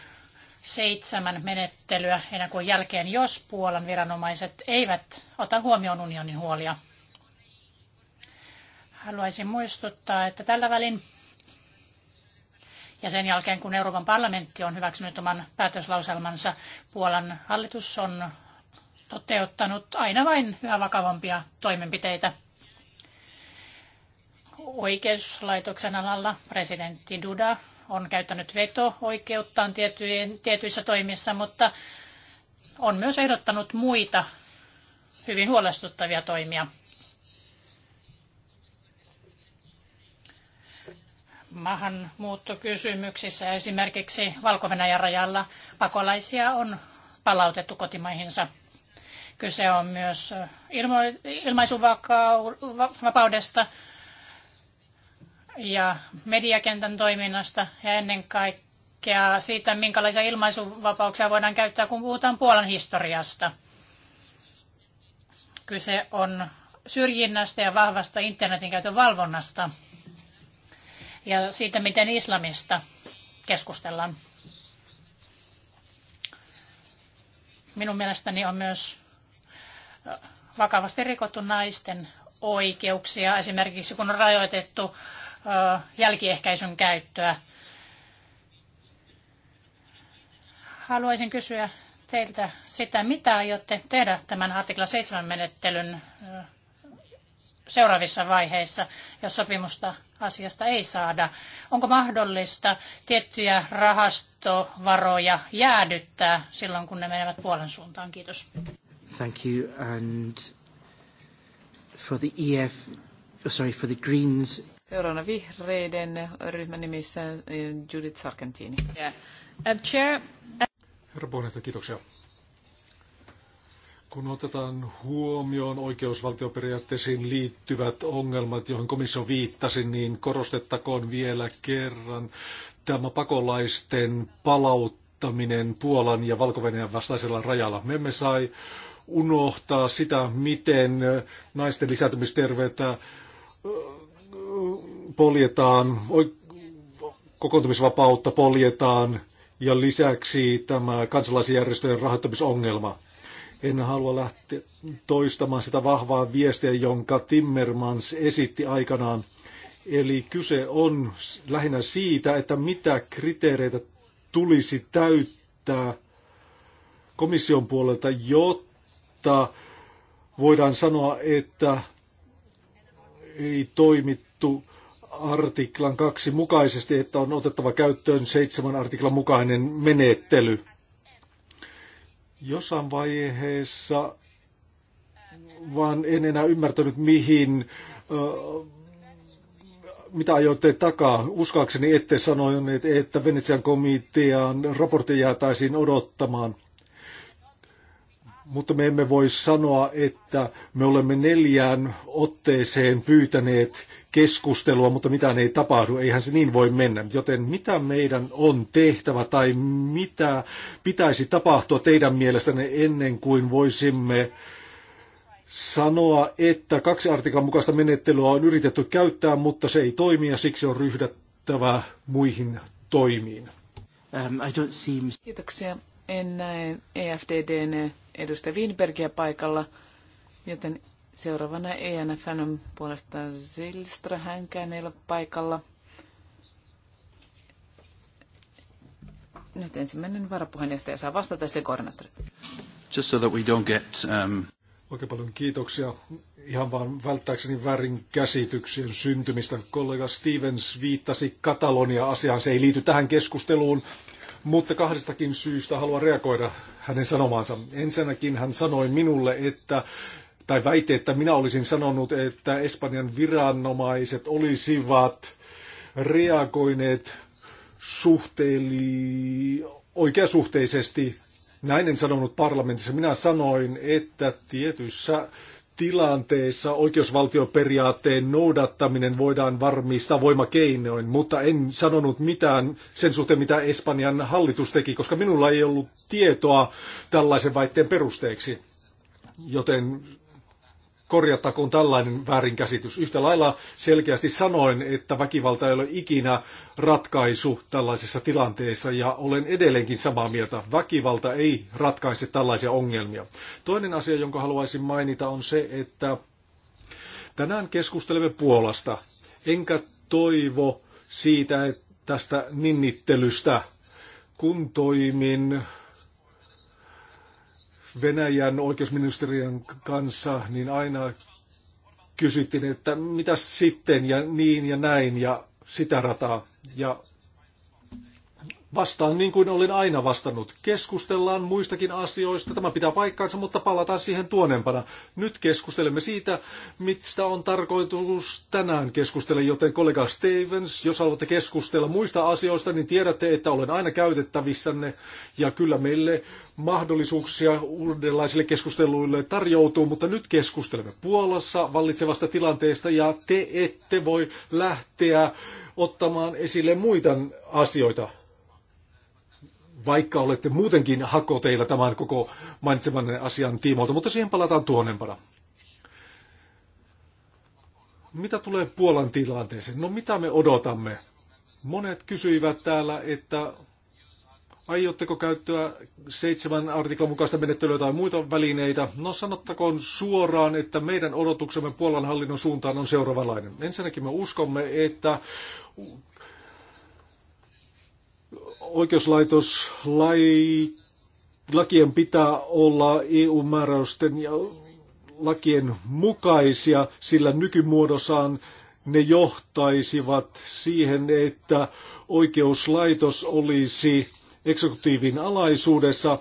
seitsemän menettelyä ennen kuin jälkeen, jos Puolan viranomaiset eivät ota huomioon unionin huolia. Haluaisin muistuttaa, että tällä välin ja sen jälkeen, kun Euroopan parlamentti on hyväksynyt oman päätöslauselmansa, Puolan hallitus on toteuttanut aina vain yhä vakavampia toimenpiteitä oikeuslaitoksen alalla. Presidentti Duda on käyttänyt veto-oikeuttaan tietyissä toimissa, mutta on myös ehdottanut muita hyvin huolestuttavia toimia. maahanmuuttokysymyksissä. Esimerkiksi valko rajalla pakolaisia on palautettu kotimaihinsa. Kyse on myös ilmaisuvapaudesta ja mediakentän toiminnasta ja ennen kaikkea siitä, minkälaisia ilmaisuvapauksia voidaan käyttää, kun puhutaan Puolan historiasta. Kyse on syrjinnästä ja vahvasta internetin käytön valvonnasta – ja siitä, miten islamista keskustellaan. Minun mielestäni on myös vakavasti rikottu naisten oikeuksia, esimerkiksi kun on rajoitettu jälkiehkäisyn käyttöä. Haluaisin kysyä teiltä sitä, mitä aiotte tehdä tämän artikla 7 menettelyn seuraavissa vaiheissa, jos sopimusta asiasta ei saada? Onko mahdollista tiettyjä rahastovaroja jäädyttää silloin, kun ne menevät puolen suuntaan? Kiitos. Thank you. And for the EF, oh sorry, for the Greens. Seuraavana vihreiden ryhmän nimissä eh, Judith Sargentini. Yeah. Uh, chair. Uh, Herra puheenjohtaja, kiitoksia. Kun otetaan huomioon oikeusvaltioperiaatteisiin liittyvät ongelmat, joihin komissio viittasi, niin korostettakoon vielä kerran tämä pakolaisten palauttaminen Puolan ja valko vastaisella rajalla. Me emme sai unohtaa sitä, miten naisten lisääntymisterveyttä poljetaan, kokoontumisvapautta poljetaan ja lisäksi tämä kansalaisjärjestöjen rahoittamisongelma. En halua lähteä toistamaan sitä vahvaa viestiä, jonka Timmermans esitti aikanaan. Eli kyse on lähinnä siitä, että mitä kriteereitä tulisi täyttää komission puolelta, jotta voidaan sanoa, että ei toimittu artiklan kaksi mukaisesti, että on otettava käyttöön seitsemän artiklan mukainen menettely jossain vaiheessa, vaan en enää ymmärtänyt mihin, mitä ajoitte takaa. Uskaakseni ette sanoneet, että Venetsian komitean raportti jäätäisiin odottamaan – mutta me emme voi sanoa, että me olemme neljään otteeseen pyytäneet keskustelua, mutta mitään ei tapahdu. Eihän se niin voi mennä. Joten mitä meidän on tehtävä tai mitä pitäisi tapahtua teidän mielestänne ennen kuin voisimme sanoa, että kaksi artiklan mukaista menettelyä on yritetty käyttää, mutta se ei toimi ja siksi on ryhdyttävä muihin toimiin. Um, I don't see... Kiitoksia. En näe EFDDn edustaja Winbergia paikalla, joten seuraavana ENFn on puolestaan Zilstra, hänkään ei ole paikalla. Nyt ensimmäinen varapuheenjohtaja saa vastata sitten koordinaattori. Just so that we don't get, um... Oikein paljon kiitoksia. Ihan vaan välttääkseni väärin käsityksien syntymistä. Kollega Stevens viittasi Katalonia-asiaan. Se ei liity tähän keskusteluun, mutta kahdestakin syystä haluan reagoida hänen sanomaansa. Ensinnäkin hän sanoi minulle, että tai väite, että minä olisin sanonut, että Espanjan viranomaiset olisivat reagoineet suhteeli, oikeasuhteisesti. Näin en sanonut parlamentissa. Minä sanoin, että tietyissä tilanteessa oikeusvaltioperiaatteen noudattaminen voidaan varmistaa voimakeinoin, mutta en sanonut mitään sen suhteen, mitä Espanjan hallitus teki, koska minulla ei ollut tietoa tällaisen väitteen perusteeksi. Joten korjattakoon tällainen väärinkäsitys. Yhtä lailla selkeästi sanoin, että väkivalta ei ole ikinä ratkaisu tällaisessa tilanteessa ja olen edelleenkin samaa mieltä. Väkivalta ei ratkaise tällaisia ongelmia. Toinen asia, jonka haluaisin mainita, on se, että tänään keskustelemme Puolasta. Enkä toivo siitä, että tästä ninnittelystä, kun toimin Venäjän oikeusministeriön kanssa, niin aina kysyttiin, että mitä sitten ja niin ja näin ja sitä rataa. Ja Vastaan niin kuin olin aina vastannut. Keskustellaan muistakin asioista. Tämä pitää paikkaansa, mutta palataan siihen tuonempana. Nyt keskustelemme siitä, mistä on tarkoitus tänään keskustella, joten kollega Stevens, jos haluatte keskustella muista asioista, niin tiedätte, että olen aina käytettävissänne. Ja kyllä meille mahdollisuuksia uudenlaisille keskusteluille tarjoutuu, mutta nyt keskustelemme Puolassa vallitsevasta tilanteesta ja te ette voi lähteä ottamaan esille muita asioita vaikka olette muutenkin hakoteilla tämän koko mainitsemanne asian tiimoilta, mutta siihen palataan tuonnempana. Mitä tulee Puolan tilanteeseen? No mitä me odotamme? Monet kysyivät täällä, että aiotteko käyttää seitsemän artiklan mukaista menettelyä tai muita välineitä? No sanottakoon suoraan, että meidän odotuksemme Puolan hallinnon suuntaan on seuraavanlainen. Ensinnäkin me uskomme, että oikeuslaitos lai, lakien pitää olla EU-määräysten ja lakien mukaisia, sillä nykymuodossaan ne johtaisivat siihen, että oikeuslaitos olisi eksekutiivin alaisuudessa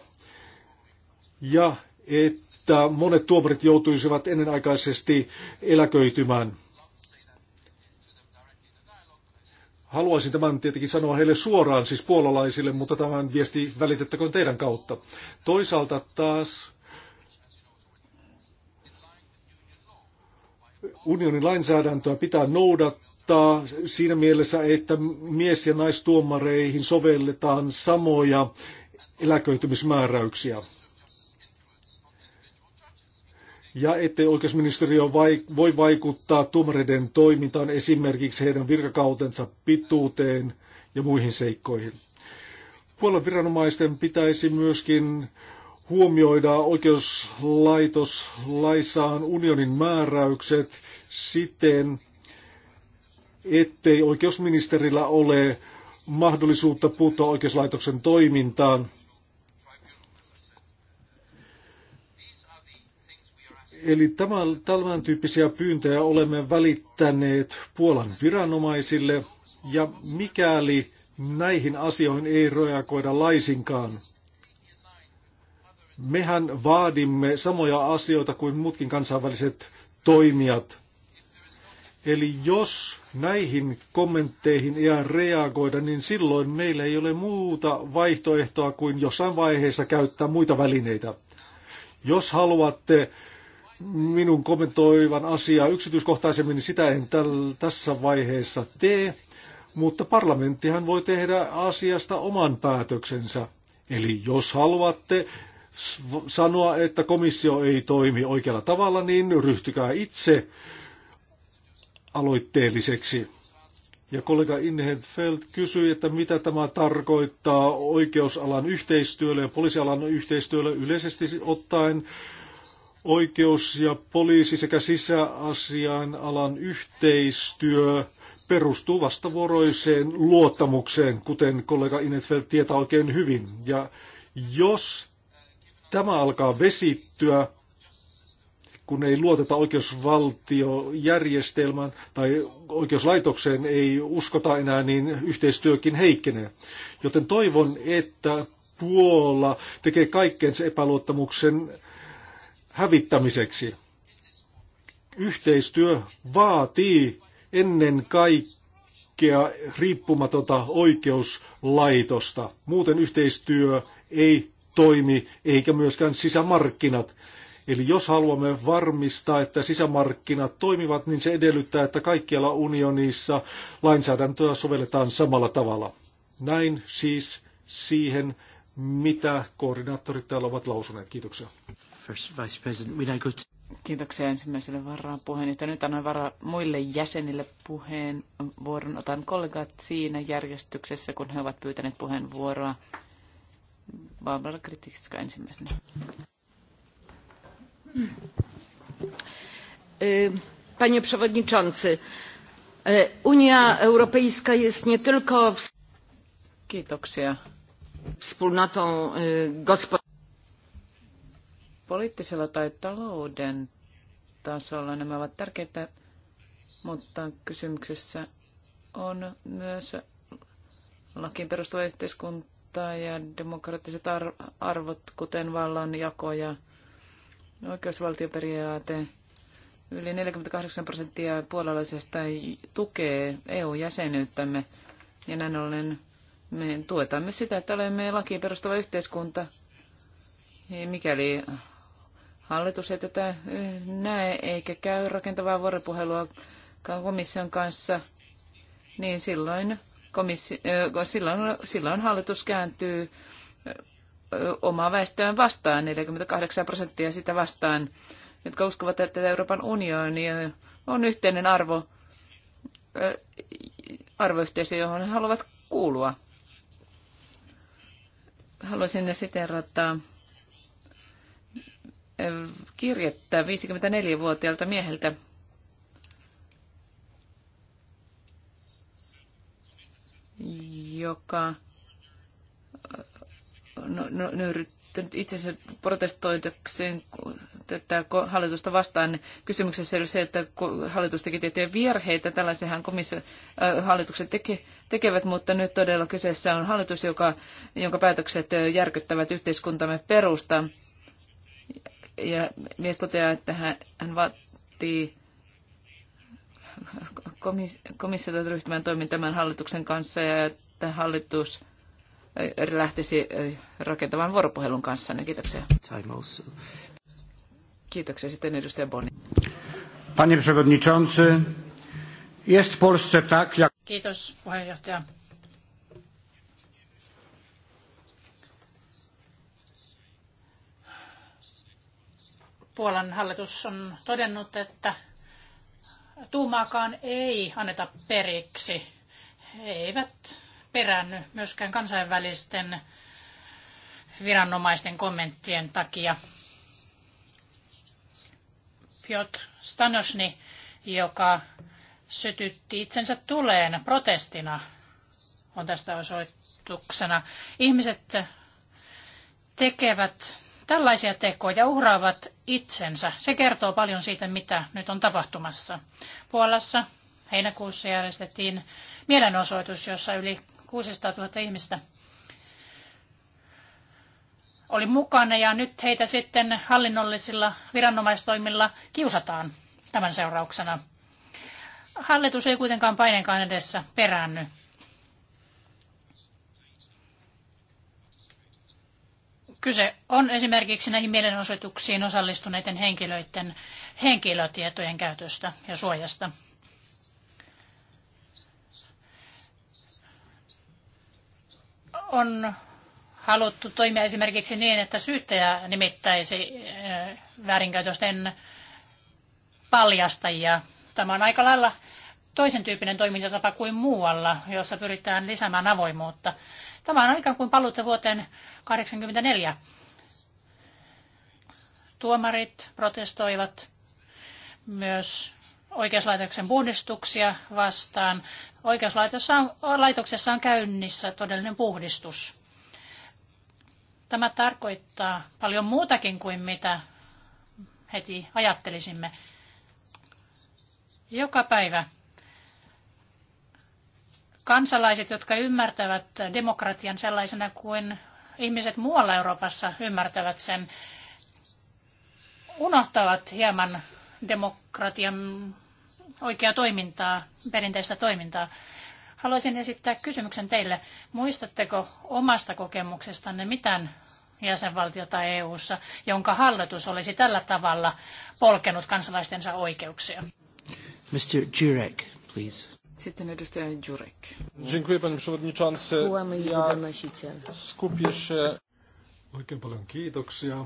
ja että monet tuomarit joutuisivat ennenaikaisesti eläköitymään. Haluaisin tämän tietenkin sanoa heille suoraan, siis puolalaisille, mutta tämän viesti välitettäköön teidän kautta. Toisaalta taas unionin lainsäädäntöä pitää noudattaa siinä mielessä, että mies- ja naistuomareihin sovelletaan samoja eläköitymismääräyksiä ja ettei oikeusministeriö voi vaikuttaa tuomareiden toimintaan esimerkiksi heidän virkakautensa pituuteen ja muihin seikkoihin. Puolen viranomaisten pitäisi myöskin huomioida oikeuslaitoslaissaan laissaan unionin määräykset siten, ettei oikeusministerillä ole mahdollisuutta puuttua oikeuslaitoksen toimintaan – Eli tämän, tämän tyyppisiä pyyntöjä olemme välittäneet Puolan viranomaisille, ja mikäli näihin asioihin ei reagoida laisinkaan, mehän vaadimme samoja asioita kuin muutkin kansainväliset toimijat. Eli jos näihin kommentteihin ei reagoida, niin silloin meillä ei ole muuta vaihtoehtoa kuin jossain vaiheessa käyttää muita välineitä. Jos haluatte minun kommentoivan asiaa yksityiskohtaisemmin, niin sitä en täl, tässä vaiheessa tee, mutta parlamenttihan voi tehdä asiasta oman päätöksensä. Eli jos haluatte sanoa, että komissio ei toimi oikealla tavalla, niin ryhtykää itse aloitteelliseksi. Ja kollega Inhenfeld kysyi, että mitä tämä tarkoittaa oikeusalan yhteistyölle ja poliisialan yhteistyölle yleisesti ottaen. Oikeus ja poliisi sekä sisäasian alan yhteistyö perustuu vastavuoroiseen luottamukseen, kuten kollega Inetfeld tietää oikein hyvin. Ja jos tämä alkaa vesittyä, kun ei luoteta oikeusvaltiojärjestelmään tai oikeuslaitokseen ei uskota enää, niin yhteistyökin heikkenee. Joten toivon, että Puola tekee kaikkensa epäluottamuksen hävittämiseksi. Yhteistyö vaatii ennen kaikkea riippumatonta oikeuslaitosta. Muuten yhteistyö ei toimi, eikä myöskään sisämarkkinat. Eli jos haluamme varmistaa, että sisämarkkinat toimivat, niin se edellyttää, että kaikkialla unionissa lainsäädäntöä sovelletaan samalla tavalla. Näin siis siihen, mitä koordinaattorit täällä ovat lausuneet. Kiitoksia. First Vice President. We now go to... Kiitoksia ensimmäiselle varapuheenjohtajalle. Nyt annan vara muille jäsenille puheenvuoron. Otan kollegat siinä järjestyksessä, kun he ovat pyytäneet puheenvuoroa. Barbara Kritikska ensimmäisenä. Panie przewodniczący, Unia Europejska jest nie tylko Kiitoksia. wspólnotą gospodarczą, poliittisella tai talouden tasolla nämä ovat tärkeitä, mutta kysymyksessä on myös lakiin perustuva yhteiskunta ja demokraattiset arvot, kuten vallanjako ja oikeusvaltioperiaate. Yli 48 prosenttia puolalaisesta tukee EU-jäsenyyttämme ja näin ollen me tuetaan myös sitä, että olemme lakiin perustuva yhteiskunta. Mikäli Hallitus ei tätä eh, näe eikä käy rakentavaa vuoropuhelua komission kanssa, niin silloin, komissi- eh, silloin, silloin hallitus kääntyy eh, omaa väestöään vastaan, 48 prosenttia sitä vastaan, jotka uskovat, että Euroopan unioni on yhteinen arvo, arvoyhteisö, johon he haluavat kuulua. Haluaisin siteerata kirjettä 54-vuotiaalta mieheltä. joka no, no, nöyryttänyt itsensä protestoidakseen tätä hallitusta vastaan. Kysymyksessä oli se, että hallitus teki tiettyjä virheitä, tällaisenhan komissio, äh, hallitukset teke, tekevät, mutta nyt todella kyseessä on hallitus, joka, jonka päätökset järkyttävät yhteiskuntamme perustaa ja mies toteaa, että hän, hän vaatii komis, komissiota ryhtymään toimin tämän hallituksen kanssa ja että hallitus äh, lähtisi äh, rakentamaan vuoropuhelun kanssa. Kiitoksia. Kiitoksia sitten edustaja Boni. Panie przewodniczący, jest w Polsce tak jak... Kiitos puheenjohtaja. Puolan hallitus on todennut, että tuumaakaan ei anneta periksi. He eivät peränny myöskään kansainvälisten viranomaisten kommenttien takia. Piotr Stanosni, joka sytytti itsensä tuleen protestina, on tästä osoituksena. Ihmiset tekevät tällaisia tekoja uhraavat itsensä. Se kertoo paljon siitä, mitä nyt on tapahtumassa. Puolassa heinäkuussa järjestettiin mielenosoitus, jossa yli 600 000 ihmistä oli mukana ja nyt heitä sitten hallinnollisilla viranomaistoimilla kiusataan tämän seurauksena. Hallitus ei kuitenkaan paineenkaan edessä peräänny. Kyse on esimerkiksi näihin mielenosoituksiin osallistuneiden henkilöiden henkilötietojen käytöstä ja suojasta. On haluttu toimia esimerkiksi niin, että syyttäjä nimittäisi eh, väärinkäytösten paljastajia. Tämä on aika lailla toisen tyyppinen toimintatapa kuin muualla, jossa pyritään lisäämään avoimuutta. Tämä on ikään kuin paluuta vuoteen 1984. Tuomarit protestoivat myös oikeuslaitoksen puhdistuksia vastaan. Oikeuslaitoksessa on käynnissä todellinen puhdistus. Tämä tarkoittaa paljon muutakin kuin mitä heti ajattelisimme. Joka päivä kansalaiset, jotka ymmärtävät demokratian sellaisena kuin ihmiset muualla Euroopassa ymmärtävät sen, unohtavat hieman demokratian oikeaa toimintaa, perinteistä toimintaa. Haluaisin esittää kysymyksen teille. Muistatteko omasta kokemuksestanne mitään jäsenvaltiota EU-ssa, jonka hallitus olisi tällä tavalla polkenut kansalaistensa oikeuksia? Mr. Jurek, please. Jurek. Dziękuję panie przewodniczący. Ja skupię się... Oikein paljon kiitoksia.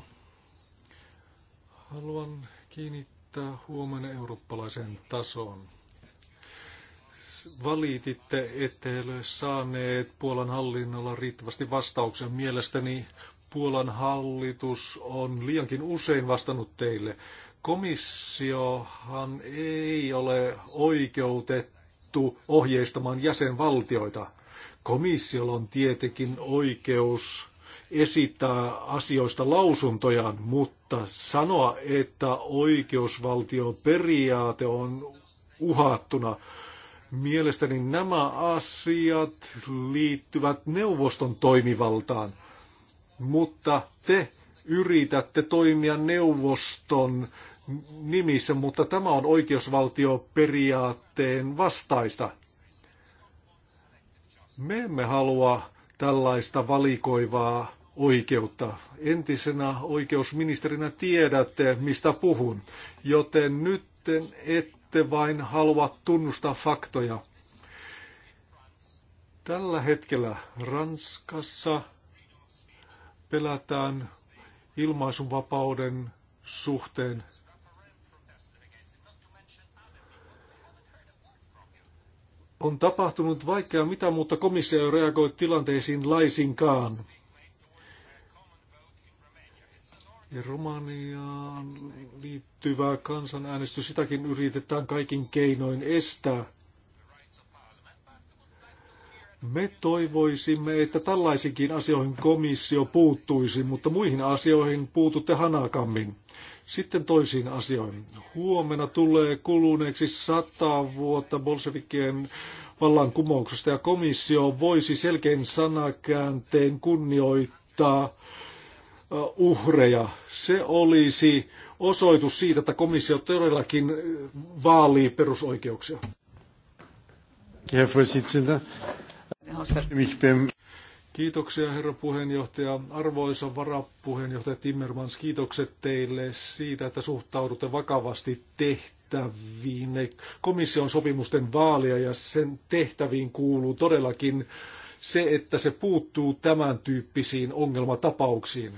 Haluan kiinnittää huomenna eurooppalaisen tasoon. Valititte, ettei ole saaneet Puolan hallinnolla riittävästi vastauksia. Mielestäni Puolan hallitus on liiankin usein vastannut teille. Komissiohan ei ole oikeutettu alettu ohjeistamaan jäsenvaltioita. Komissiolla on tietenkin oikeus esittää asioista lausuntojaan, mutta sanoa, että oikeusvaltioperiaate on uhattuna. Mielestäni nämä asiat liittyvät neuvoston toimivaltaan, mutta te yritätte toimia neuvoston nimissä, mutta tämä on oikeusvaltioperiaatteen vastaista. Me emme halua tällaista valikoivaa oikeutta. Entisenä oikeusministerinä tiedätte, mistä puhun, joten nyt ette vain halua tunnustaa faktoja. Tällä hetkellä Ranskassa pelätään ilmaisunvapauden suhteen On tapahtunut vaikka mitä, mutta komissio ei reagoi tilanteisiin laisinkaan. Ja Romaniaan liittyvä kansanäänestys, sitäkin yritetään kaikin keinoin estää. Me toivoisimme, että tällaisikin asioihin komissio puuttuisi, mutta muihin asioihin puututte hanakammin. Sitten toisiin asioihin. Huomenna tulee kuluneeksi sata vuotta bolshevikien vallankumouksesta ja komissio voisi selkein sanakäänteen kunnioittaa uhreja. Se olisi osoitus siitä, että komissio todellakin vaalii perusoikeuksia. Herr Vorsitzender, ich bin Kiitoksia herra puheenjohtaja. Arvoisa varapuheenjohtaja Timmermans, kiitokset teille siitä, että suhtaudutte vakavasti tehtäviin. Komission sopimusten vaalia ja sen tehtäviin kuuluu todellakin se, että se puuttuu tämän tyyppisiin ongelmatapauksiin.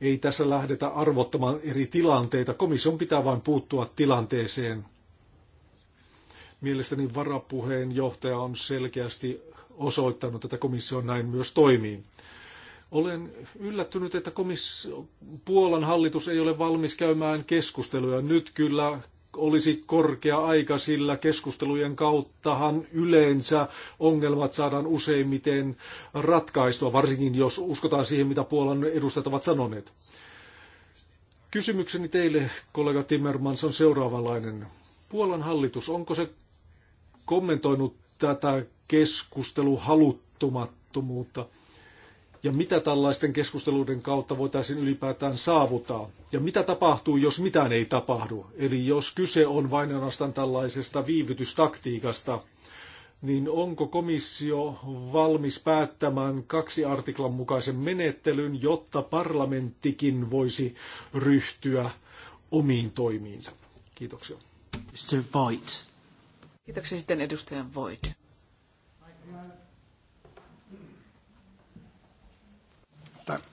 Ei tässä lähdetä arvottamaan eri tilanteita. Komission pitää vain puuttua tilanteeseen Mielestäni varapuheenjohtaja on selkeästi osoittanut, että komissio näin myös toimii. Olen yllättynyt, että komis- Puolan hallitus ei ole valmis käymään keskusteluja. Nyt kyllä olisi korkea aika, sillä keskustelujen kauttahan yleensä ongelmat saadaan useimmiten ratkaistua, varsinkin jos uskotaan siihen, mitä Puolan edustajat ovat sanoneet. Kysymykseni teille, kollega Timmermans, on seuraavanlainen. Puolan hallitus, onko se kommentoinut tätä keskusteluhaluttomattomuutta ja mitä tällaisten keskusteluiden kautta voitaisiin ylipäätään saavuttaa ja mitä tapahtuu, jos mitään ei tapahdu. Eli jos kyse on vain ainoastaan tällaisesta viivytystaktiikasta, niin onko komissio valmis päättämään kaksi artiklan mukaisen menettelyn, jotta parlamenttikin voisi ryhtyä omiin toimiinsa? Kiitoksia. Mr. Voigt. Kiitoksia sitten edustajan Void.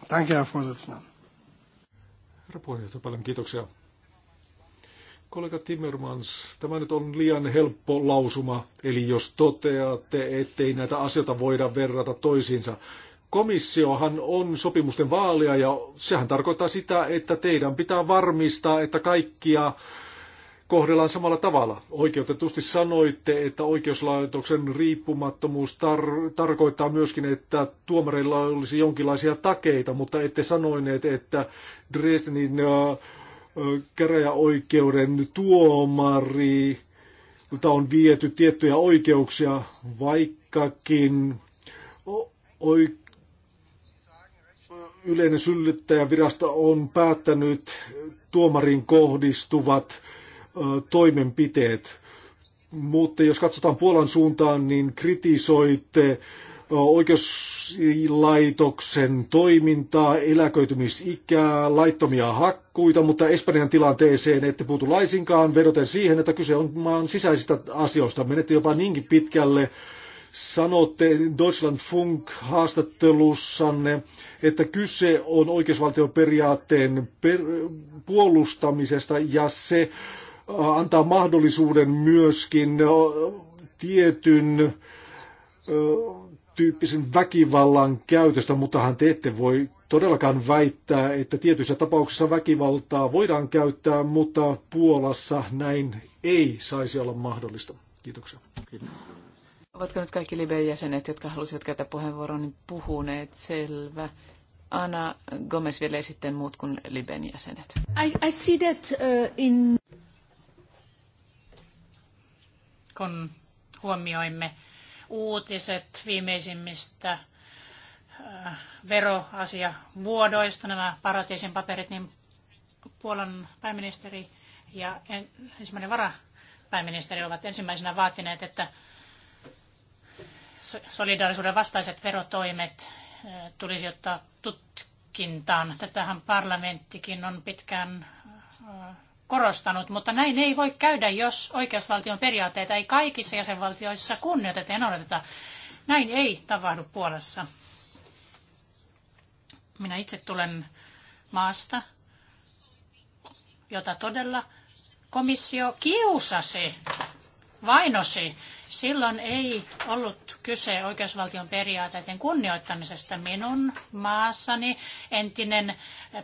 Thank you Herra puheenjohtaja, paljon kiitoksia. Kollega Timmermans, tämä nyt on liian helppo lausuma, eli jos toteatte, ettei näitä asioita voida verrata toisiinsa. Komissiohan on sopimusten vaalia ja sehän tarkoittaa sitä, että teidän pitää varmistaa, että kaikkia kohdellaan samalla tavalla. Oikeutetusti sanoitte, että oikeuslaitoksen riippumattomuus tar- tarkoittaa myöskin, että tuomareilla olisi jonkinlaisia takeita, mutta ette sanoineet, että Dresdenin äh, käräjäoikeuden tuomari on viety tiettyjä oikeuksia, vaikkakin oikeus yleinen syllyttäjävirasto on päättänyt tuomarin kohdistuvat toimenpiteet. Mutta jos katsotaan Puolan suuntaan, niin kritisoitte oikeuslaitoksen toimintaa, eläköitymisikää, laittomia hakkuita, mutta Espanjan tilanteeseen ette puutu laisinkaan, vedoten siihen, että kyse on maan sisäisistä asioista. Menette jopa niinkin pitkälle, sanotte Deutschland Funk haastattelussanne, että kyse on oikeusvaltioperiaatteen per- puolustamisesta ja se antaa mahdollisuuden myöskin tietyn tyyppisen väkivallan käytöstä, mutta te ette voi todellakaan väittää, että tietyissä tapauksissa väkivaltaa voidaan käyttää, mutta Puolassa näin ei saisi olla mahdollista. Kiitoksia. Ovatko nyt kaikki Libe-jäsenet, jotka halusivat käyttää puheenvuoron, niin puhuneet? Selvä. Anna Gomez vielä sitten muut kuin Liben jäsenet. I, I see that, uh, in kun huomioimme uutiset viimeisimmistä äh, veroasiavuodoista, nämä paratiisin paperit, niin Puolan pääministeri ja ensimmäinen varapääministeri ovat ensimmäisenä vaatineet, että solidaarisuuden vastaiset verotoimet äh, tulisi ottaa tutkintaan. Tätähän parlamenttikin on pitkään äh, korostanut, mutta näin ei voi käydä, jos oikeusvaltion periaatteita ei kaikissa jäsenvaltioissa kunnioiteta ja noudateta. Näin ei tapahdu Puolassa. Minä itse tulen maasta, jota todella komissio kiusasi, vainosi Silloin ei ollut kyse oikeusvaltion periaatteiden kunnioittamisesta. Minun maassani entinen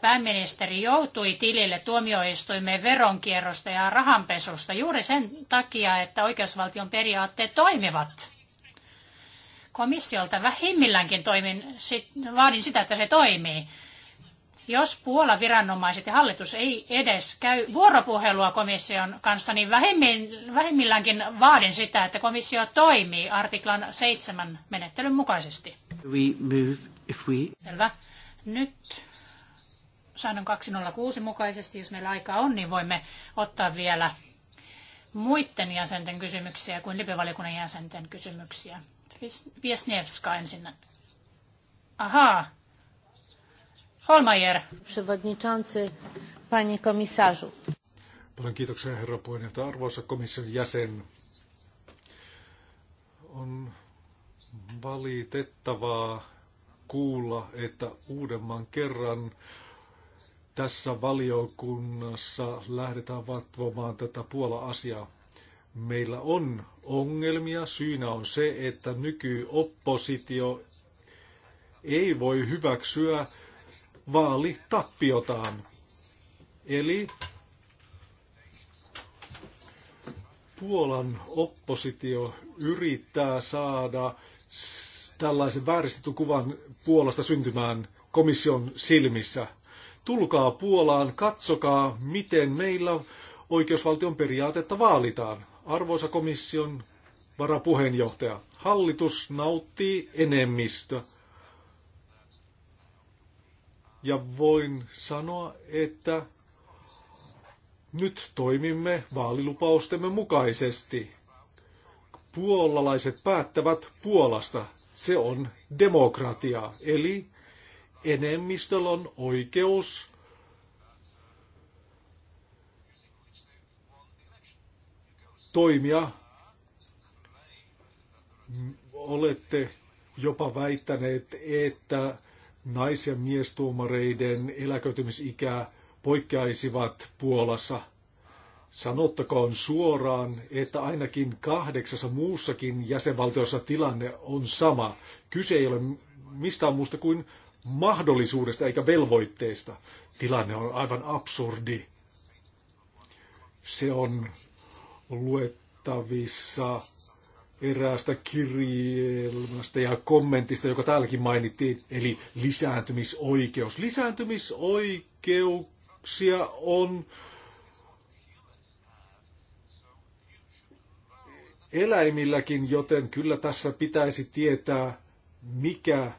pääministeri joutui tilille tuomioistuimeen veronkierrosta ja rahanpesusta juuri sen takia, että oikeusvaltion periaatteet toimivat. Komissiolta vähimmilläänkin toimin, vaadin sitä, että se toimii. Jos Puolan viranomaiset ja hallitus ei edes käy vuoropuhelua komission kanssa, niin vähimmilläänkin vaadin sitä, että komissio toimii artiklan 7 menettelyn mukaisesti. We move if we... Selvä. Nyt säännön 206 mukaisesti, jos meillä aikaa on, niin voimme ottaa vielä muiden jäsenten kysymyksiä kuin lipivaliokunnan jäsenten kysymyksiä. Viesnevska ensin. Ahaa, Holmajer. Przewodniczący, panie komisarzu. Paljon kiitoksia herra puheenjohtaja. Arvoisa komission jäsen, on valitettavaa kuulla, että uudemman kerran tässä valiokunnassa lähdetään vatvomaan tätä Puola-asiaa. Meillä on ongelmia. Syynä on se, että nykyoppositio ei voi hyväksyä vaali tappiotaan. Eli Puolan oppositio yrittää saada tällaisen vääristetyn kuvan Puolasta syntymään komission silmissä. Tulkaa Puolaan, katsokaa, miten meillä oikeusvaltion periaatetta vaalitaan. Arvoisa komission varapuheenjohtaja, hallitus nauttii enemmistö ja voin sanoa, että nyt toimimme vaalilupaustemme mukaisesti. Puolalaiset päättävät Puolasta. Se on demokratia, eli enemmistöllä on oikeus toimia. Olette jopa väittäneet, että nais- ja miestuomareiden eläköitymisikä poikkeaisivat Puolassa. Sanottakoon suoraan, että ainakin kahdeksassa muussakin jäsenvaltiossa tilanne on sama. Kyse ei ole mistään muusta kuin mahdollisuudesta eikä velvoitteesta. Tilanne on aivan absurdi. Se on luettavissa eräästä kirjelmasta ja kommentista, joka täälläkin mainittiin, eli lisääntymisoikeus. Lisääntymisoikeuksia on eläimilläkin, joten kyllä tässä pitäisi tietää, mikä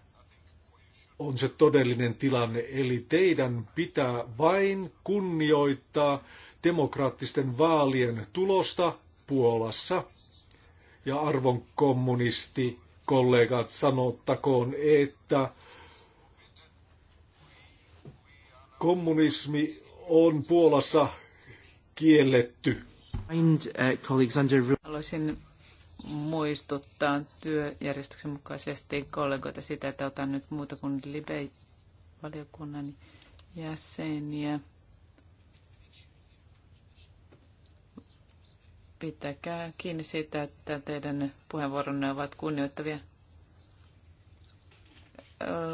on se todellinen tilanne. Eli teidän pitää vain kunnioittaa demokraattisten vaalien tulosta Puolassa ja arvon kommunisti kollegat sanottakoon, että kommunismi on Puolassa kielletty. Uh, Haluaisin muistuttaa työjärjestyksen mukaisesti kollegoita sitä, että otan nyt muuta kuin Libe-valiokunnan jäseniä pitäkää kiinni siitä, että teidän puheenvuoronne ovat kunnioittavia.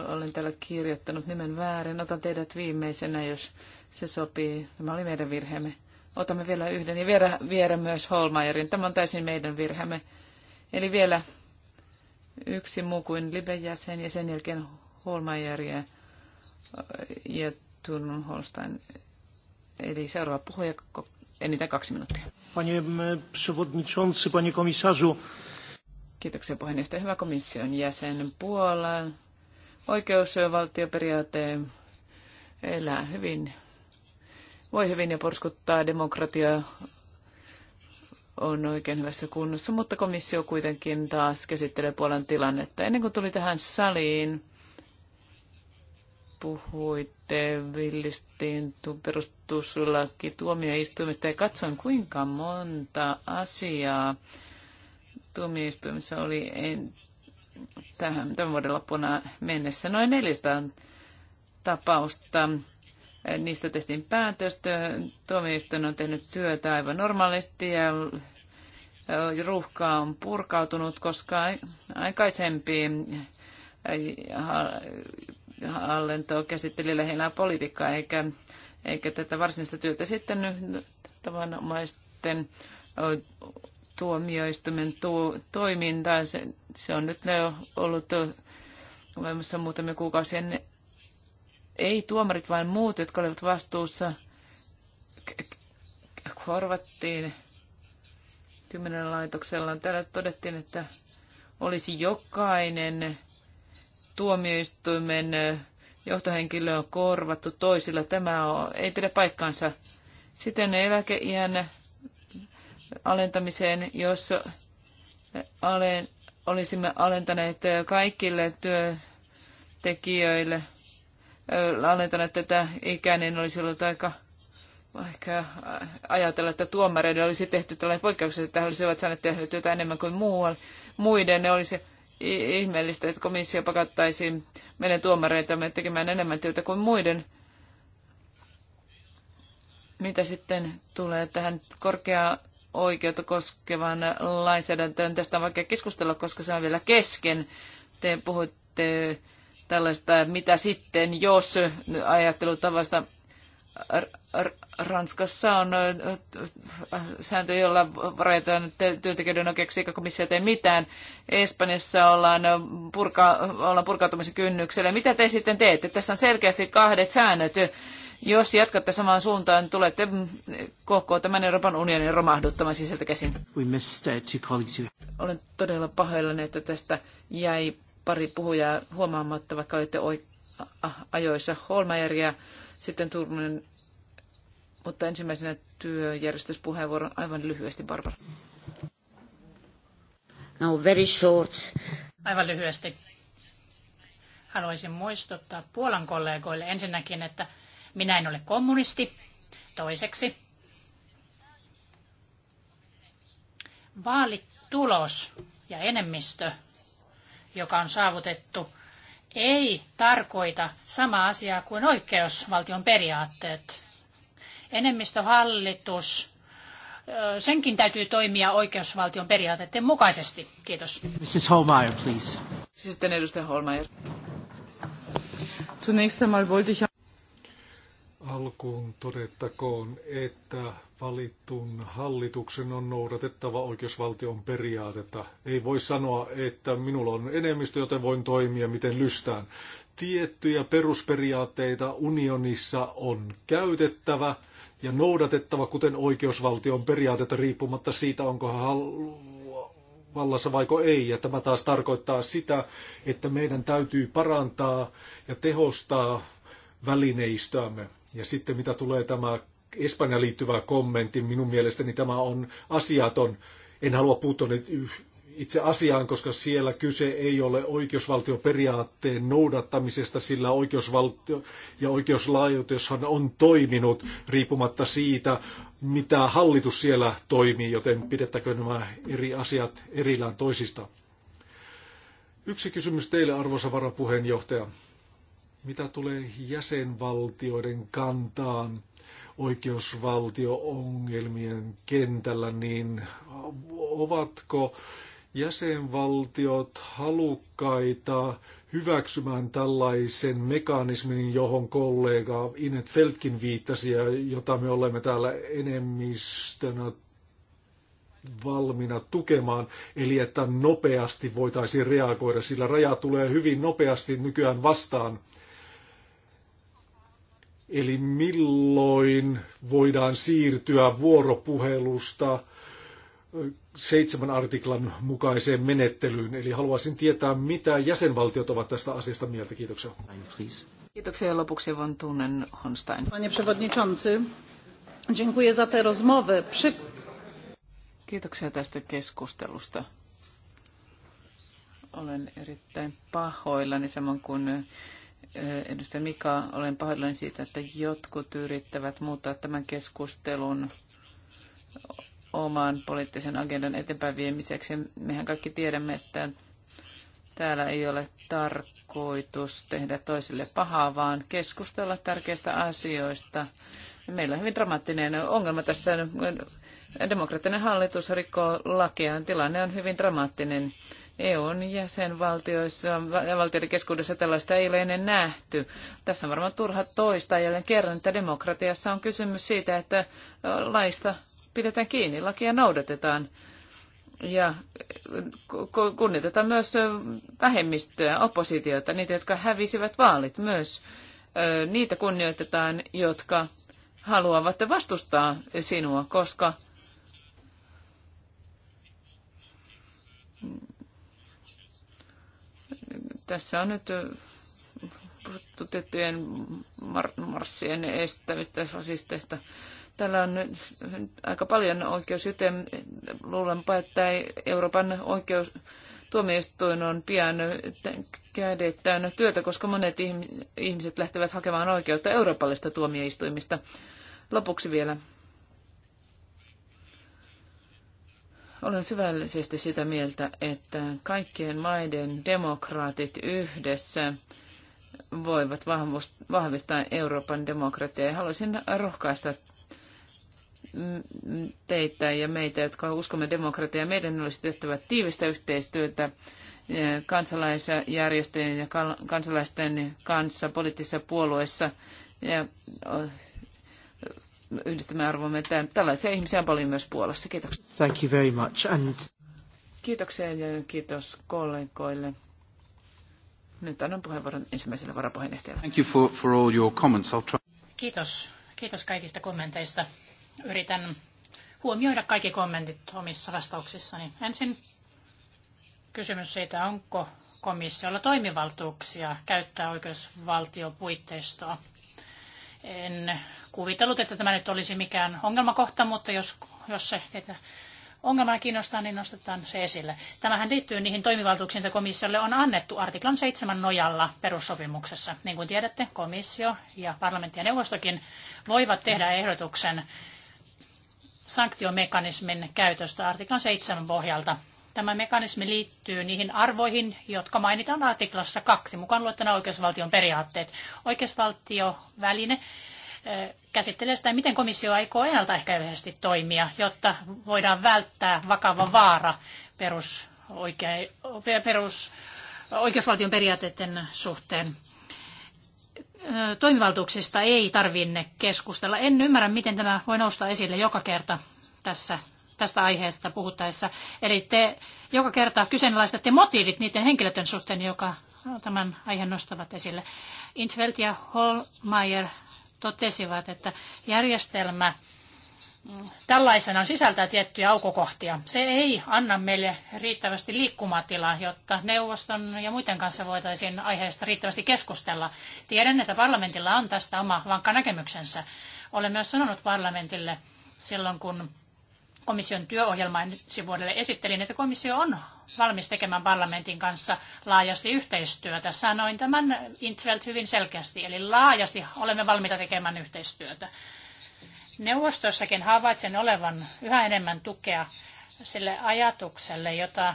Olen täällä kirjoittanut nimen väärin. Otan teidät viimeisenä, jos se sopii. Tämä oli meidän virheemme. Otamme vielä yhden ja vielä, vielä myös Holmeierin. Tämä on täysin meidän virheemme. Eli vielä yksi muu kuin Libe-jäsen ja sen jälkeen Holmeier ja, ja Turun Holstein. Eli seuraava puhuja enintään kaksi minuuttia. Panie przewodniczący, panie komisarzu. Kiitoksia puheenjohtaja. Hyvä komission jäsen Puolan. Oikeusvaltioperiaate elää hyvin, voi hyvin ja porskuttaa demokratia on oikein hyvässä kunnossa, mutta komissio kuitenkin taas käsittelee Puolan tilannetta. Ennen kuin tuli tähän saliin, puhuitte villistiin perustuslaki tuomioistuimista ja katsoin kuinka monta asiaa tuomioistuimissa oli en, tähän, tämän vuoden loppuna mennessä noin 400 tapausta. Niistä tehtiin päätöstä. Tuomioistuin on tehnyt työtä aivan normaalisti ja ruuhka on purkautunut, koska aikaisempi hallinto käsitteli lähinnä politiikkaa eikä, eikä tätä varsinaista työtä sitten nyt tavanomaisten tuomioistuimen tuo, toimintaan. Se, se on nyt ne ollut voimassa muutamia kuukausia. Ne, ei tuomarit, vaan muut, jotka olivat vastuussa, korvattiin kymmenen laitoksella. Täällä todettiin, että olisi jokainen tuomioistuimen johtohenkilö on korvattu toisilla. Tämä on, ei pidä paikkaansa. Sitten eläkeiän alentamiseen, jos alen, olisimme alentaneet kaikille työntekijöille, alentaneet tätä ikää, niin olisi ollut aika vaikka ajatella, että tuomareiden olisi tehty tällainen poikkeus, että he olisivat saaneet tehdä työtä enemmän kuin muualla. muiden. Ne olisi ihmeellistä, että komissio pakottaisi meidän tuomareitamme tekemään enemmän työtä kuin muiden. Mitä sitten tulee tähän korkeaa oikeutta koskevan lainsäädäntöön? Tästä on vaikea keskustella, koska se on vielä kesken. Te puhutte tällaista, mitä sitten, jos ajattelutavasta Ranskassa on sääntö, jolla rajataan työntekijöiden oikeuksia, eikä komissio tee mitään. Espanjassa ollaan, purka, ollaan purkautumisen kynnyksellä. Mitä te sitten teette? Tässä on selkeästi kahdet säännöt. Jos jatkatte samaan suuntaan, tulette mm, koko tämän Euroopan unionin romahduttamaan sisältä käsin. Uh, Olen todella pahoillani, että tästä jäi pari puhujaa huomaamatta, vaikka olitte ajoissa Holmajärjä, sitten Turunen mutta ensimmäisenä työjärjestyspuheenvuoron aivan lyhyesti, Barbara. No, very short. Aivan lyhyesti. Haluaisin muistuttaa Puolan kollegoille ensinnäkin, että minä en ole kommunisti. Toiseksi, vaalitulos ja enemmistö, joka on saavutettu, ei tarkoita samaa asiaa kuin oikeusvaltion periaatteet enemmistöhallitus, senkin täytyy toimia oikeusvaltion periaatteiden mukaisesti. Kiitos. Mrs. Holmeyer, please. Sitten edustaja Holmeyer. Zunächst einmal wollte ich Alkuun todettakoon, että valittun hallituksen on noudatettava oikeusvaltion periaatetta. Ei voi sanoa, että minulla on enemmistö, joten voin toimia miten lystään tiettyjä perusperiaatteita unionissa on käytettävä ja noudatettava, kuten oikeusvaltion periaatetta riippumatta siitä, onko vallassa vaiko ei. Ja tämä taas tarkoittaa sitä, että meidän täytyy parantaa ja tehostaa välineistöämme. Ja sitten mitä tulee tämä Espanjan liittyvä kommentti, minun mielestäni tämä on asiaton. En halua puuttua nyt itse asiaan, koska siellä kyse ei ole oikeusvaltioperiaatteen noudattamisesta, sillä oikeusvaltio ja oikeuslaajoitushan on toiminut riippumatta siitä, mitä hallitus siellä toimii, joten pidettäkö nämä eri asiat erillään toisistaan. Yksi kysymys teille, arvoisa varapuheenjohtaja. Mitä tulee jäsenvaltioiden kantaan oikeusvaltio-ongelmien kentällä, niin ovatko jäsenvaltiot halukkaita hyväksymään tällaisen mekanismin, johon kollega Inet Feltkin viittasi, ja jota me olemme täällä enemmistönä valmiina tukemaan, eli että nopeasti voitaisiin reagoida, sillä raja tulee hyvin nopeasti nykyään vastaan. Eli milloin voidaan siirtyä vuoropuhelusta seitsemän artiklan mukaiseen menettelyyn. Eli haluaisin tietää, mitä jäsenvaltiot ovat tästä asiasta mieltä. Kiitoksia. Kiitoksia lopuksi von Tunen Honstein. Panie przewodniczący, dziękuję za Przy... Kiitoksia tästä keskustelusta. Olen erittäin pahoillani, samoin kuin eh, edustaja Mika, olen pahoillani siitä, että jotkut yrittävät muuttaa tämän keskustelun oman poliittisen agendan eteenpäin viemiseksi. Mehän kaikki tiedämme, että täällä ei ole tarkoitus tehdä toisille pahaa, vaan keskustella tärkeistä asioista. Meillä on hyvin dramaattinen ongelma tässä. Demokraattinen hallitus rikkoo lakia. Tilanne on hyvin dramaattinen. EUn jäsenvaltioissa ja valtioiden keskuudessa tällaista ei ole ennen nähty. Tässä on varmaan turha toista jälleen kerran, että demokratiassa on kysymys siitä, että laista pidetään kiinni, lakia noudatetaan ja kunnioitetaan myös vähemmistöä, oppositiota, niitä, jotka hävisivät vaalit myös. Niitä kunnioitetaan, jotka haluavat vastustaa sinua, koska tässä on nyt puhuttu tiettyjen mar- marssien estävistä fasisteista. Täällä on aika paljon oikeus, joten luulenpa, että Euroopan oikeus tuomioistuin on pian kädet täynnä työtä, koska monet ihmiset lähtevät hakemaan oikeutta eurooppalaisesta tuomioistuimista. Lopuksi vielä. Olen syvällisesti sitä mieltä, että kaikkien maiden demokraatit yhdessä voivat vahvistaa Euroopan demokratiaa. Haluaisin rohkaista teitä ja meitä, jotka uskomme demokratiaa. Meidän olisi tehtävä tiivistä yhteistyötä eh, kansalaisjärjestöjen ja kansalaisten kanssa poliittisissa puolueissa ja eh, yhdistämme arvomme, että tällaisia ihmisiä on paljon myös Puolassa. Kiitoksia. Thank you very much. And... Kiitoksia ja kiitos kollegoille. Nyt annan puheenvuoron ensimmäiselle varapuheenjohtajalle. Thank you for, for all your comments. I'll try... Kiitos. Kiitos kaikista kommenteista. Yritän huomioida kaikki kommentit omissa vastauksissani. Ensin kysymys siitä, onko komissiolla toimivaltuuksia käyttää oikeusvaltiopuitteistoa. En kuvitellut, että tämä nyt olisi mikään ongelmakohta, mutta jos, jos se että ongelmaa kiinnostaa, niin nostetaan se esille. Tämähän liittyy niihin toimivaltuuksiin, joita komissiolle on annettu artiklan 7 nojalla perussopimuksessa. Niin kuin tiedätte, komissio ja parlamentti ja neuvostokin voivat tehdä ehdotuksen sanktiomekanismin käytöstä artiklan 7 pohjalta. Tämä mekanismi liittyy niihin arvoihin, jotka mainitaan artiklassa 2, mukaan luettuna oikeusvaltion periaatteet. Oikeusvaltioväline eh, käsittelee sitä, miten komissio aikoo ennaltaehkäisesti toimia, jotta voidaan välttää vakava vaara perus, oikea, perus oikeusvaltion periaatteiden suhteen toimivaltuuksista ei tarvinne keskustella. En ymmärrä, miten tämä voi nousta esille joka kerta tässä, tästä aiheesta puhuttaessa. Eli te joka kerta kyseenalaistatte motiivit niiden henkilöiden suhteen, joka tämän aiheen nostavat esille. Intveld ja Holmeier totesivat, että järjestelmä tällaisena sisältää tiettyjä aukokohtia. Se ei anna meille riittävästi liikkumatilaa, jotta neuvoston ja muiden kanssa voitaisiin aiheesta riittävästi keskustella. Tiedän, että parlamentilla on tästä oma vankka näkemyksensä. Olen myös sanonut parlamentille silloin, kun komission työohjelmaa ensi vuodelle esittelin, että komissio on valmis tekemään parlamentin kanssa laajasti yhteistyötä. Sanoin tämän Intveld hyvin selkeästi, eli laajasti olemme valmiita tekemään yhteistyötä. Neuvostossakin havaitsen olevan yhä enemmän tukea sille ajatukselle, jota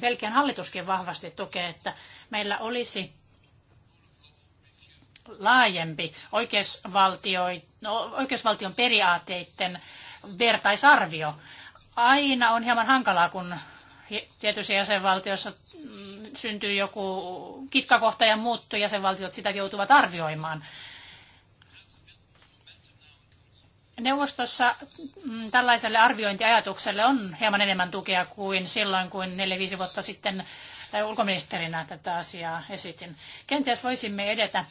Belgian hallituskin vahvasti tukee, että meillä olisi laajempi no, oikeusvaltion periaatteiden vertaisarvio. Aina on hieman hankalaa, kun tietyissä jäsenvaltioissa mm, syntyy joku kitkakohta ja muut jäsenvaltiot sitä joutuvat arvioimaan. Neuvostossa mm, tällaiselle arviointiajatukselle on hieman enemmän tukea kuin silloin, kun 4-5 vuotta sitten eh, ulkoministerinä tätä asiaa esitin. Kenties voisimme edetä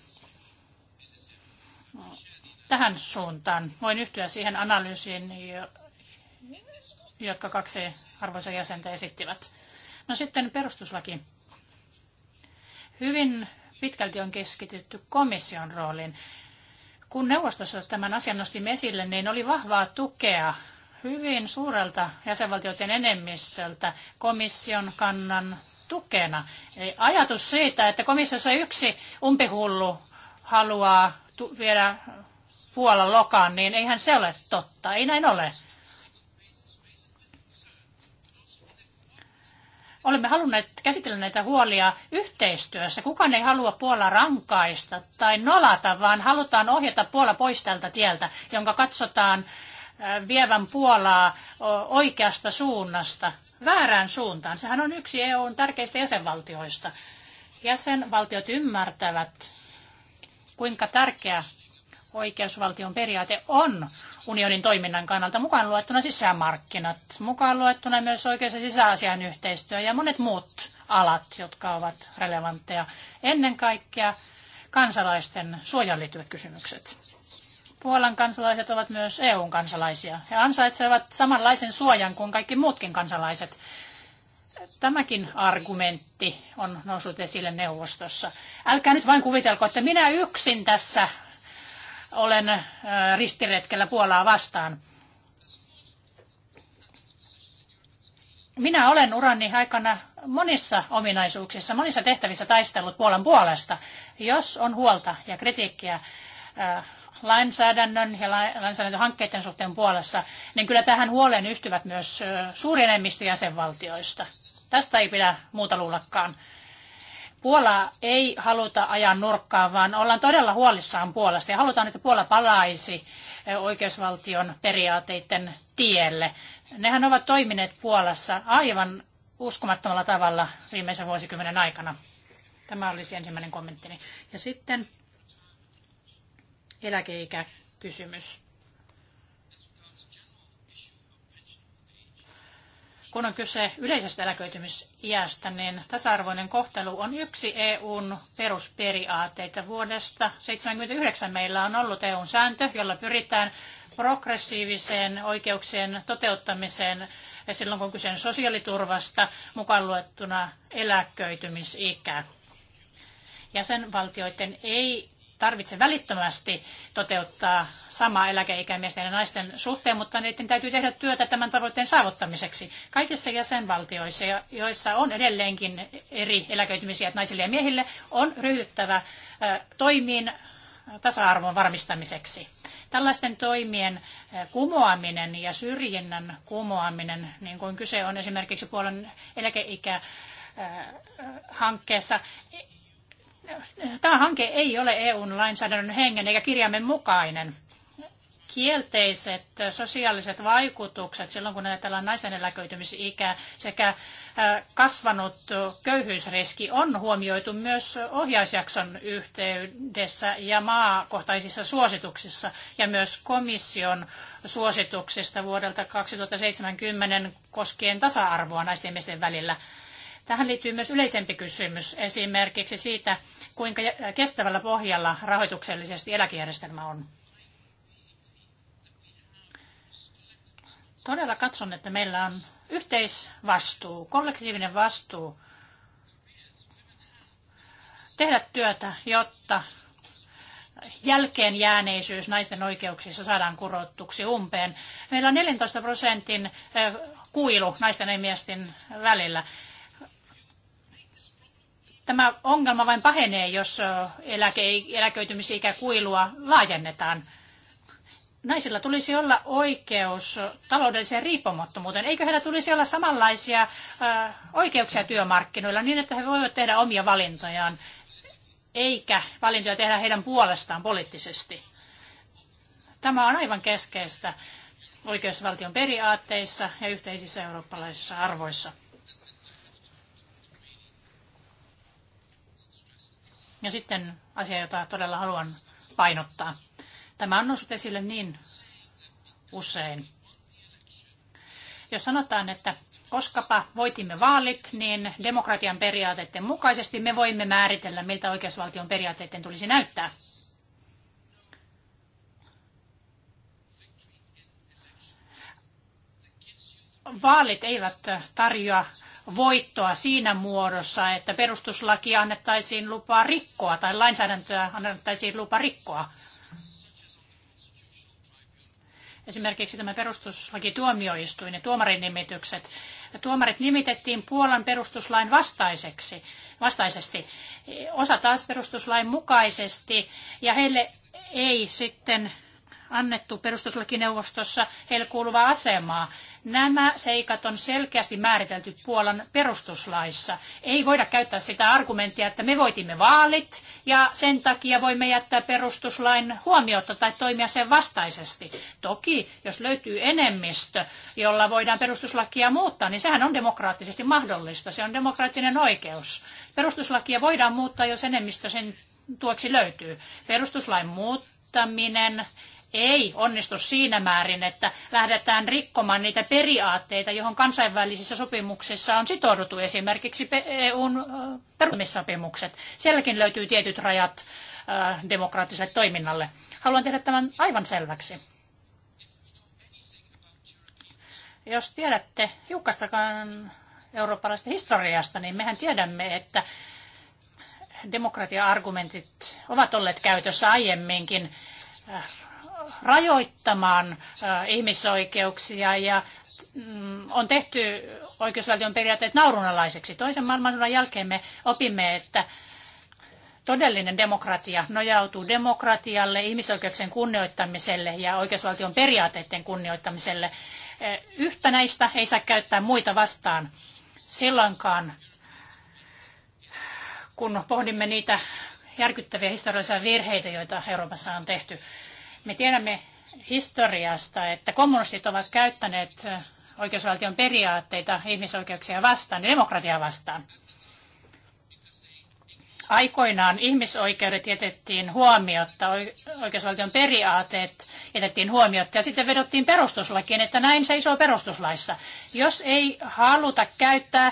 tähän suuntaan. Voin yhtyä siihen analyysiin, jotka kaksi arvoisa jäsentä esittivät. No sitten perustuslaki. Hyvin pitkälti on keskitytty komission rooliin. Kun neuvostossa tämän asian nostimme esille, niin oli vahvaa tukea hyvin suurelta jäsenvaltioiden enemmistöltä komission kannan tukena. Eli ajatus siitä, että komissiossa yksi umpihullu haluaa viedä Puolan lokaan, niin eihän se ole totta. Ei näin ole. olemme halunneet käsitellä näitä huolia yhteistyössä. Kukaan ei halua Puola rankaista tai nolata, vaan halutaan ohjata Puola pois tältä tieltä, jonka katsotaan vievän Puolaa oikeasta suunnasta väärään suuntaan. Sehän on yksi EUn tärkeistä jäsenvaltioista. Jäsenvaltiot ymmärtävät, kuinka tärkeä oikeusvaltion periaate on unionin toiminnan kannalta mukaan luettuna sisämarkkinat, mukaan luettuna myös oikeus- ja sisäasian yhteistyö ja monet muut alat, jotka ovat relevantteja. Ennen kaikkea kansalaisten suojaan liittyvät kysymykset. Puolan kansalaiset ovat myös EUn kansalaisia. He ansaitsevat samanlaisen suojan kuin kaikki muutkin kansalaiset. Tämäkin argumentti on noussut esille neuvostossa. Älkää nyt vain kuvitelko, että minä yksin tässä olen ristiretkellä Puolaa vastaan. Minä olen urani aikana monissa ominaisuuksissa, monissa tehtävissä taistellut Puolan puolesta. Jos on huolta ja kritiikkiä lainsäädännön ja lainsäädäntöhankkeiden suhteen puolessa, niin kyllä tähän huoleen ystyvät myös suurin enemmistö jäsenvaltioista. Tästä ei pidä muuta luullakaan. Puolaa ei haluta ajaa nurkkaan, vaan ollaan todella huolissaan Puolasta ja halutaan, että Puola palaisi eh, oikeusvaltion periaatteiden tielle. Nehän ovat toimineet Puolassa aivan uskomattomalla tavalla viimeisen vuosikymmenen aikana. Tämä olisi ensimmäinen kommenttini. Ja sitten eläkeikäkysymys. kun on kyse yleisestä eläköitymisiästä, niin tasa-arvoinen kohtelu on yksi EUn perusperiaatteita Vuodesta 1979 meillä on ollut EUn sääntö, jolla pyritään progressiiviseen oikeuksien toteuttamiseen silloin, kun kyse on sosiaaliturvasta mukaan luettuna eläköitymisikä. Jäsenvaltioiden ei tarvitse välittömästi toteuttaa samaa eläkeikämiesten miesten ja naisten suhteen, mutta niiden täytyy tehdä työtä tämän tavoitteen saavuttamiseksi. Kaikissa jäsenvaltioissa, joissa on edelleenkin eri eläköitymisiä naisille ja miehille, on ryhdyttävä toimiin tasa-arvon varmistamiseksi. Tällaisten toimien kumoaminen ja syrjinnän kumoaminen, niin kuin kyse on esimerkiksi puolen eläkeikä hankkeessa, Tämä hanke ei ole EUn lainsäädännön hengen eikä kirjaimen mukainen. Kielteiset sosiaaliset vaikutukset silloin, kun ajatellaan naisen eläköitymisikä sekä äh, kasvanut köyhyysriski on huomioitu myös ohjausjakson yhteydessä ja maakohtaisissa suosituksissa ja myös komission suosituksista vuodelta 2070 koskien tasa-arvoa naisten ja miesten välillä – Tähän liittyy myös yleisempi kysymys esimerkiksi siitä, kuinka kestävällä pohjalla rahoituksellisesti eläkejärjestelmä on. Todella katson, että meillä on yhteisvastuu, kollektiivinen vastuu tehdä työtä, jotta jälkeen jääneisyys naisten oikeuksissa saadaan kurottuksi umpeen. Meillä on 14 prosentin eh, kuilu naisten ja miesten välillä. Tämä ongelma vain pahenee, jos eläke, eläköitymisikä kuilua laajennetaan. Naisilla tulisi olla oikeus taloudelliseen riippumattomuuteen. Eikö heillä tulisi olla samanlaisia oikeuksia työmarkkinoilla niin, että he voivat tehdä omia valintojaan, eikä valintoja tehdä heidän puolestaan poliittisesti? Tämä on aivan keskeistä oikeusvaltion periaatteissa ja yhteisissä eurooppalaisissa arvoissa. Ja sitten asia, jota todella haluan painottaa. Tämä on noussut esille niin usein. Jos sanotaan, että koskapa voitimme vaalit, niin demokratian periaatteiden mukaisesti me voimme määritellä, miltä oikeusvaltion periaatteiden tulisi näyttää. Vaalit eivät tarjoa voittoa siinä muodossa, että perustuslaki annettaisiin lupaa rikkoa tai lainsäädäntöä annettaisiin lupa rikkoa. Esimerkiksi tämä perustuslaki tuomioistuin ja tuomarin nimitykset. Tuomarit nimitettiin Puolan perustuslain vastaiseksi, vastaisesti, osa taas perustuslain mukaisesti, ja heille ei sitten annettu perustuslakineuvostossa heille kuuluvaa asemaa. Nämä seikat on selkeästi määritelty Puolan perustuslaissa. Ei voida käyttää sitä argumenttia, että me voitimme vaalit ja sen takia voimme jättää perustuslain huomiota tai toimia sen vastaisesti. Toki, jos löytyy enemmistö, jolla voidaan perustuslakia muuttaa, niin sehän on demokraattisesti mahdollista. Se on demokraattinen oikeus. Perustuslakia voidaan muuttaa, jos enemmistö sen tuoksi löytyy. Perustuslain muuttaminen ei onnistu siinä määrin, että lähdetään rikkomaan niitä periaatteita, johon kansainvälisissä sopimuksissa on sitouduttu, esimerkiksi EUn perumissopimukset. Sielläkin löytyy tietyt rajat demokraattiselle toiminnalle. Haluan tehdä tämän aivan selväksi. Jos tiedätte hiukkastakaan eurooppalaisesta historiasta, niin mehän tiedämme, että demokratia-argumentit ovat olleet käytössä aiemminkin rajoittamaan ihmisoikeuksia ja mm, on tehty oikeusvaltion periaatteet naurunalaiseksi. Toisen maailmansodan jälkeen me opimme, että todellinen demokratia nojautuu demokratialle, ihmisoikeuksien kunnioittamiselle ja oikeusvaltion periaatteiden kunnioittamiselle. Yhtä näistä ei saa käyttää muita vastaan silloinkaan, kun pohdimme niitä järkyttäviä historiallisia virheitä, joita Euroopassa on tehty. Me tiedämme historiasta, että kommunistit ovat käyttäneet oikeusvaltion periaatteita ihmisoikeuksia vastaan ja demokratiaa vastaan. Aikoinaan ihmisoikeudet jätettiin huomiotta, oikeusvaltion periaatteet jätettiin huomiotta ja sitten vedottiin perustuslakiin, että näin seisoo perustuslaissa. Jos ei haluta käyttää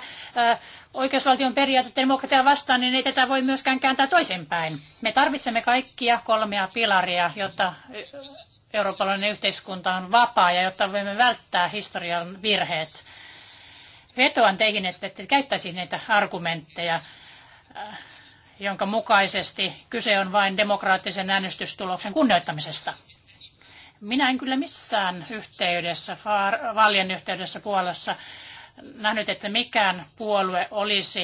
oikeusvaltion periaatetta demokratia vastaan, niin ei tätä voi myöskään kääntää toisinpäin. Me tarvitsemme kaikkia kolmea pilaria, jotta eurooppalainen yhteiskunta on vapaa ja jotta voimme välttää historian virheet. Vetoan teihin, että te käyttäisi näitä argumentteja, äh, jonka mukaisesti kyse on vain demokraattisen äänestystuloksen kunnioittamisesta. Minä en kyllä missään yhteydessä, vaalien yhteydessä Puolassa, nähnyt, että mikään puolue olisi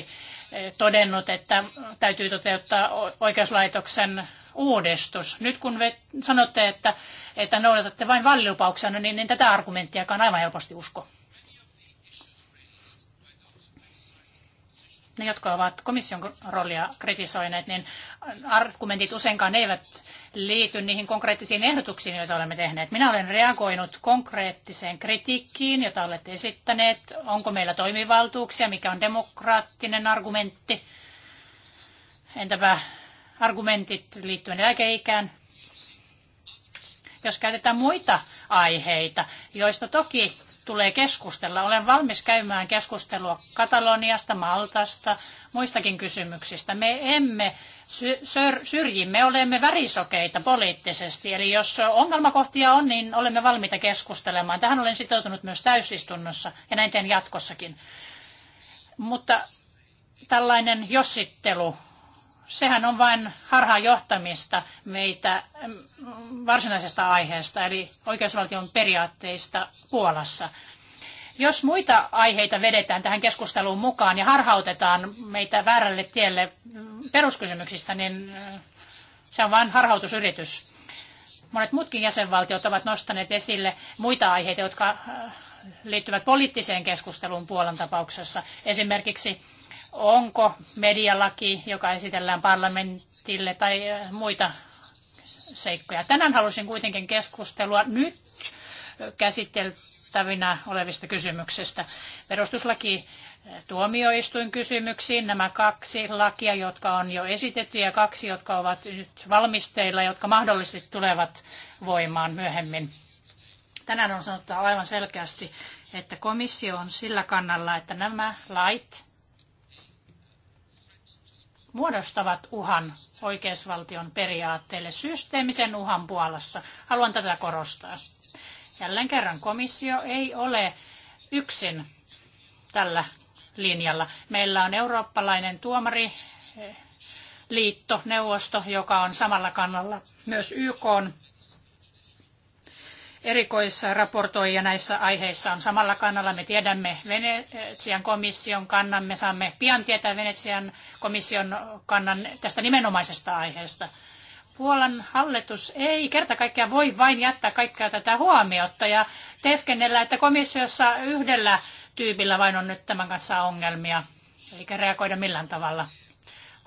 eh, todennut, että täytyy toteuttaa oikeuslaitoksen uudistus. Nyt kun sanotte, että, että noudatatte vain vaalilupauksia, no niin en niin tätä argumenttiakaan aivan helposti usko. Ne, jotka ovat komission roolia kritisoineet, niin argumentit useinkaan eivät liity niihin konkreettisiin ehdotuksiin, joita olemme tehneet. Minä olen reagoinut konkreettiseen kritiikkiin, jota olette esittäneet. Onko meillä toimivaltuuksia, mikä on demokraattinen argumentti? Entäpä argumentit liittyen eläkeikään? Jos käytetään muita aiheita, joista toki tulee keskustella. Olen valmis käymään keskustelua Kataloniasta, Maltasta, muistakin kysymyksistä. Me emme syrji, me olemme värisokeita poliittisesti. Eli jos ongelmakohtia on, niin olemme valmiita keskustelemaan. Tähän olen sitoutunut myös täysistunnossa ja näin teen jatkossakin. Mutta tällainen jossittelu sehän on vain harhaan johtamista meitä mm, varsinaisesta aiheesta, eli oikeusvaltion periaatteista Puolassa. Jos muita aiheita vedetään tähän keskusteluun mukaan ja harhautetaan meitä väärälle tielle peruskysymyksistä, niin äh, se on vain harhautusyritys. Monet muutkin jäsenvaltiot ovat nostaneet esille muita aiheita, jotka äh, liittyvät poliittiseen keskusteluun Puolan tapauksessa. Esimerkiksi onko medialaki, joka esitellään parlamentille tai muita seikkoja. Tänään halusin kuitenkin keskustelua nyt käsiteltävinä olevista kysymyksistä. Perustuslaki tuomioistuin kysymyksiin nämä kaksi lakia, jotka on jo esitetty ja kaksi, jotka ovat nyt valmisteilla, jotka mahdollisesti tulevat voimaan myöhemmin. Tänään on sanottava aivan selkeästi, että komissio on sillä kannalla, että nämä lait muodostavat uhan oikeusvaltion periaatteelle systeemisen uhan Puolassa. Haluan tätä korostaa. Jälleen kerran komissio ei ole yksin tällä linjalla. Meillä on eurooppalainen tuomari liitto, neuvosto, joka on samalla kannalla. Myös YK on erikoisraportoija näissä aiheissa on samalla kannalla. Me tiedämme Venetsian komission kannan, me saamme pian tietää Venetsian komission kannan tästä nimenomaisesta aiheesta. Puolan hallitus ei kerta kaikkiaan voi vain jättää kaikkea tätä huomiota ja teeskennellä, että komissiossa yhdellä tyypillä vain on nyt tämän kanssa ongelmia, eikä reagoida millään tavalla.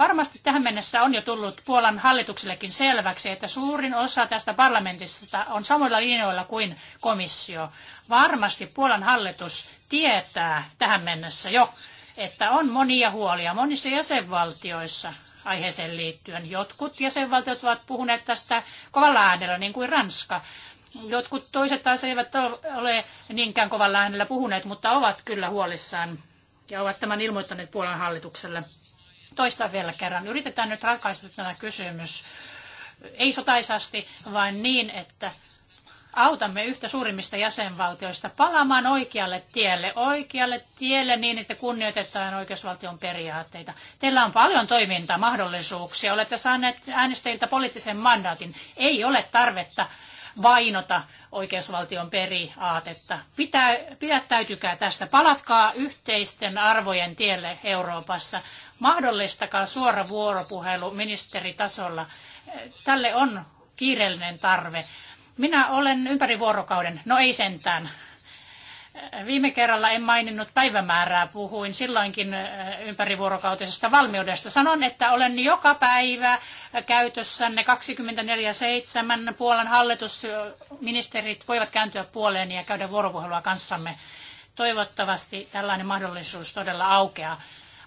Varmasti tähän mennessä on jo tullut Puolan hallituksellekin selväksi, että suurin osa tästä parlamentista on samoilla linjoilla kuin komissio. Varmasti Puolan hallitus tietää tähän mennessä jo, että on monia huolia monissa jäsenvaltioissa aiheeseen liittyen. Jotkut jäsenvaltiot ovat puhuneet tästä kovalla äänellä, niin kuin Ranska. Jotkut toiset taas eivät ole niinkään kovalla äänellä puhuneet, mutta ovat kyllä huolissaan ja ovat tämän ilmoittaneet Puolan hallitukselle. Toista vielä kerran. Yritetään nyt ratkaista tämä kysymys ei sotaisasti, vaan niin, että autamme yhtä suurimmista jäsenvaltioista palaamaan oikealle tielle, oikealle tielle niin, että kunnioitetaan oikeusvaltion periaatteita. Teillä on paljon toimintamahdollisuuksia, olette saaneet äänestäjiltä poliittisen mandaatin. Ei ole tarvetta vainota oikeusvaltion periaatetta. Pitää, pidättäytykää tästä. Palatkaa yhteisten arvojen tielle Euroopassa mahdollistakaa suora vuoropuhelu ministeritasolla. Tälle on kiireellinen tarve. Minä olen ympäri vuorokauden, no ei sentään. Viime kerralla en maininnut päivämäärää, puhuin silloinkin ympärivuorokautisesta valmiudesta. Sanon, että olen joka päivä käytössänne 24-7. Puolan hallitusministerit voivat kääntyä puoleen ja käydä vuoropuhelua kanssamme. Toivottavasti tällainen mahdollisuus todella aukeaa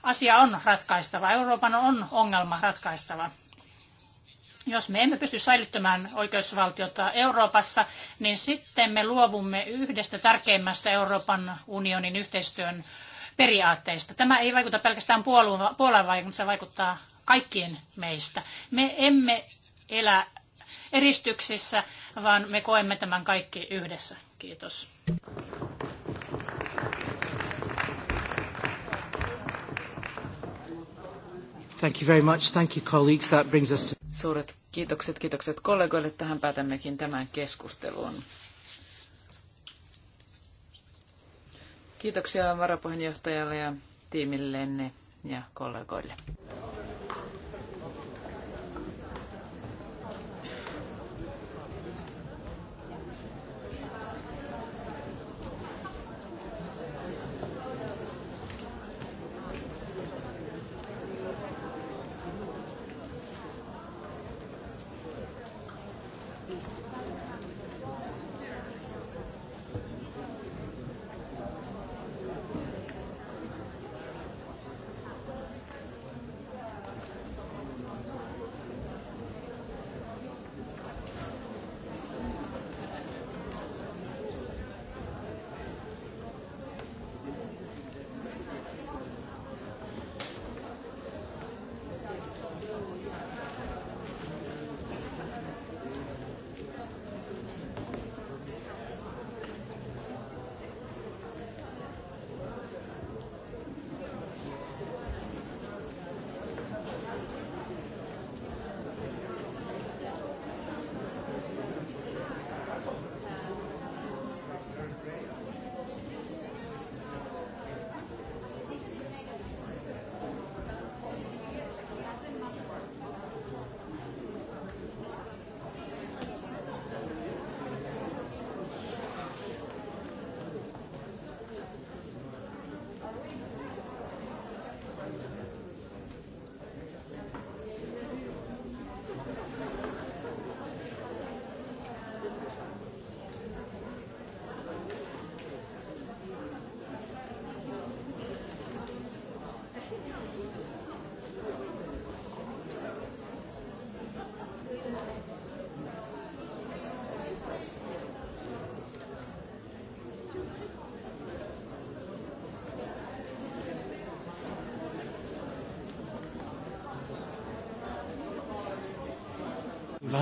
asia on ratkaistava. Euroopan on ongelma ratkaistava. Jos me emme pysty säilyttämään oikeusvaltiota Euroopassa, niin sitten me luovumme yhdestä tärkeimmästä Euroopan unionin yhteistyön periaatteista. Tämä ei vaikuta pelkästään Puolaan, vaan se vaikuttaa kaikkien meistä. Me emme elä eristyksissä, vaan me koemme tämän kaikki yhdessä. Kiitos. Thank you very much. Thank you, colleagues. That brings us to... Suuret kiitokset, kiitokset kollegoille. Tähän päätämmekin tämän keskustelun. Kiitoksia varapuheenjohtajalle ja tiimillenne ja kollegoille.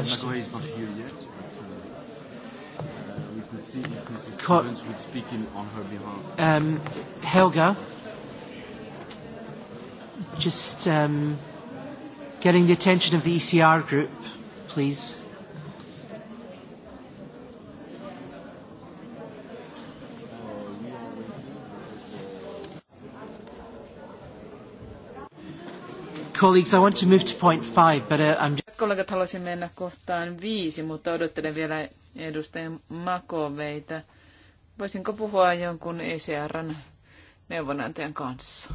is not here yet, but uh, uh, we could see if Mrs. Co- Stevens would speak in, on her behalf. Um, Helga, just um, getting the attention of the ECR group, please. Colleagues, I want to move to point five, but uh, I'm... Kollegat, haluaisin mennä kohtaan viisi, mutta odottelen vielä edustajan Makoveita. Voisinko puhua jonkun ECRn neuvonantajan kanssa?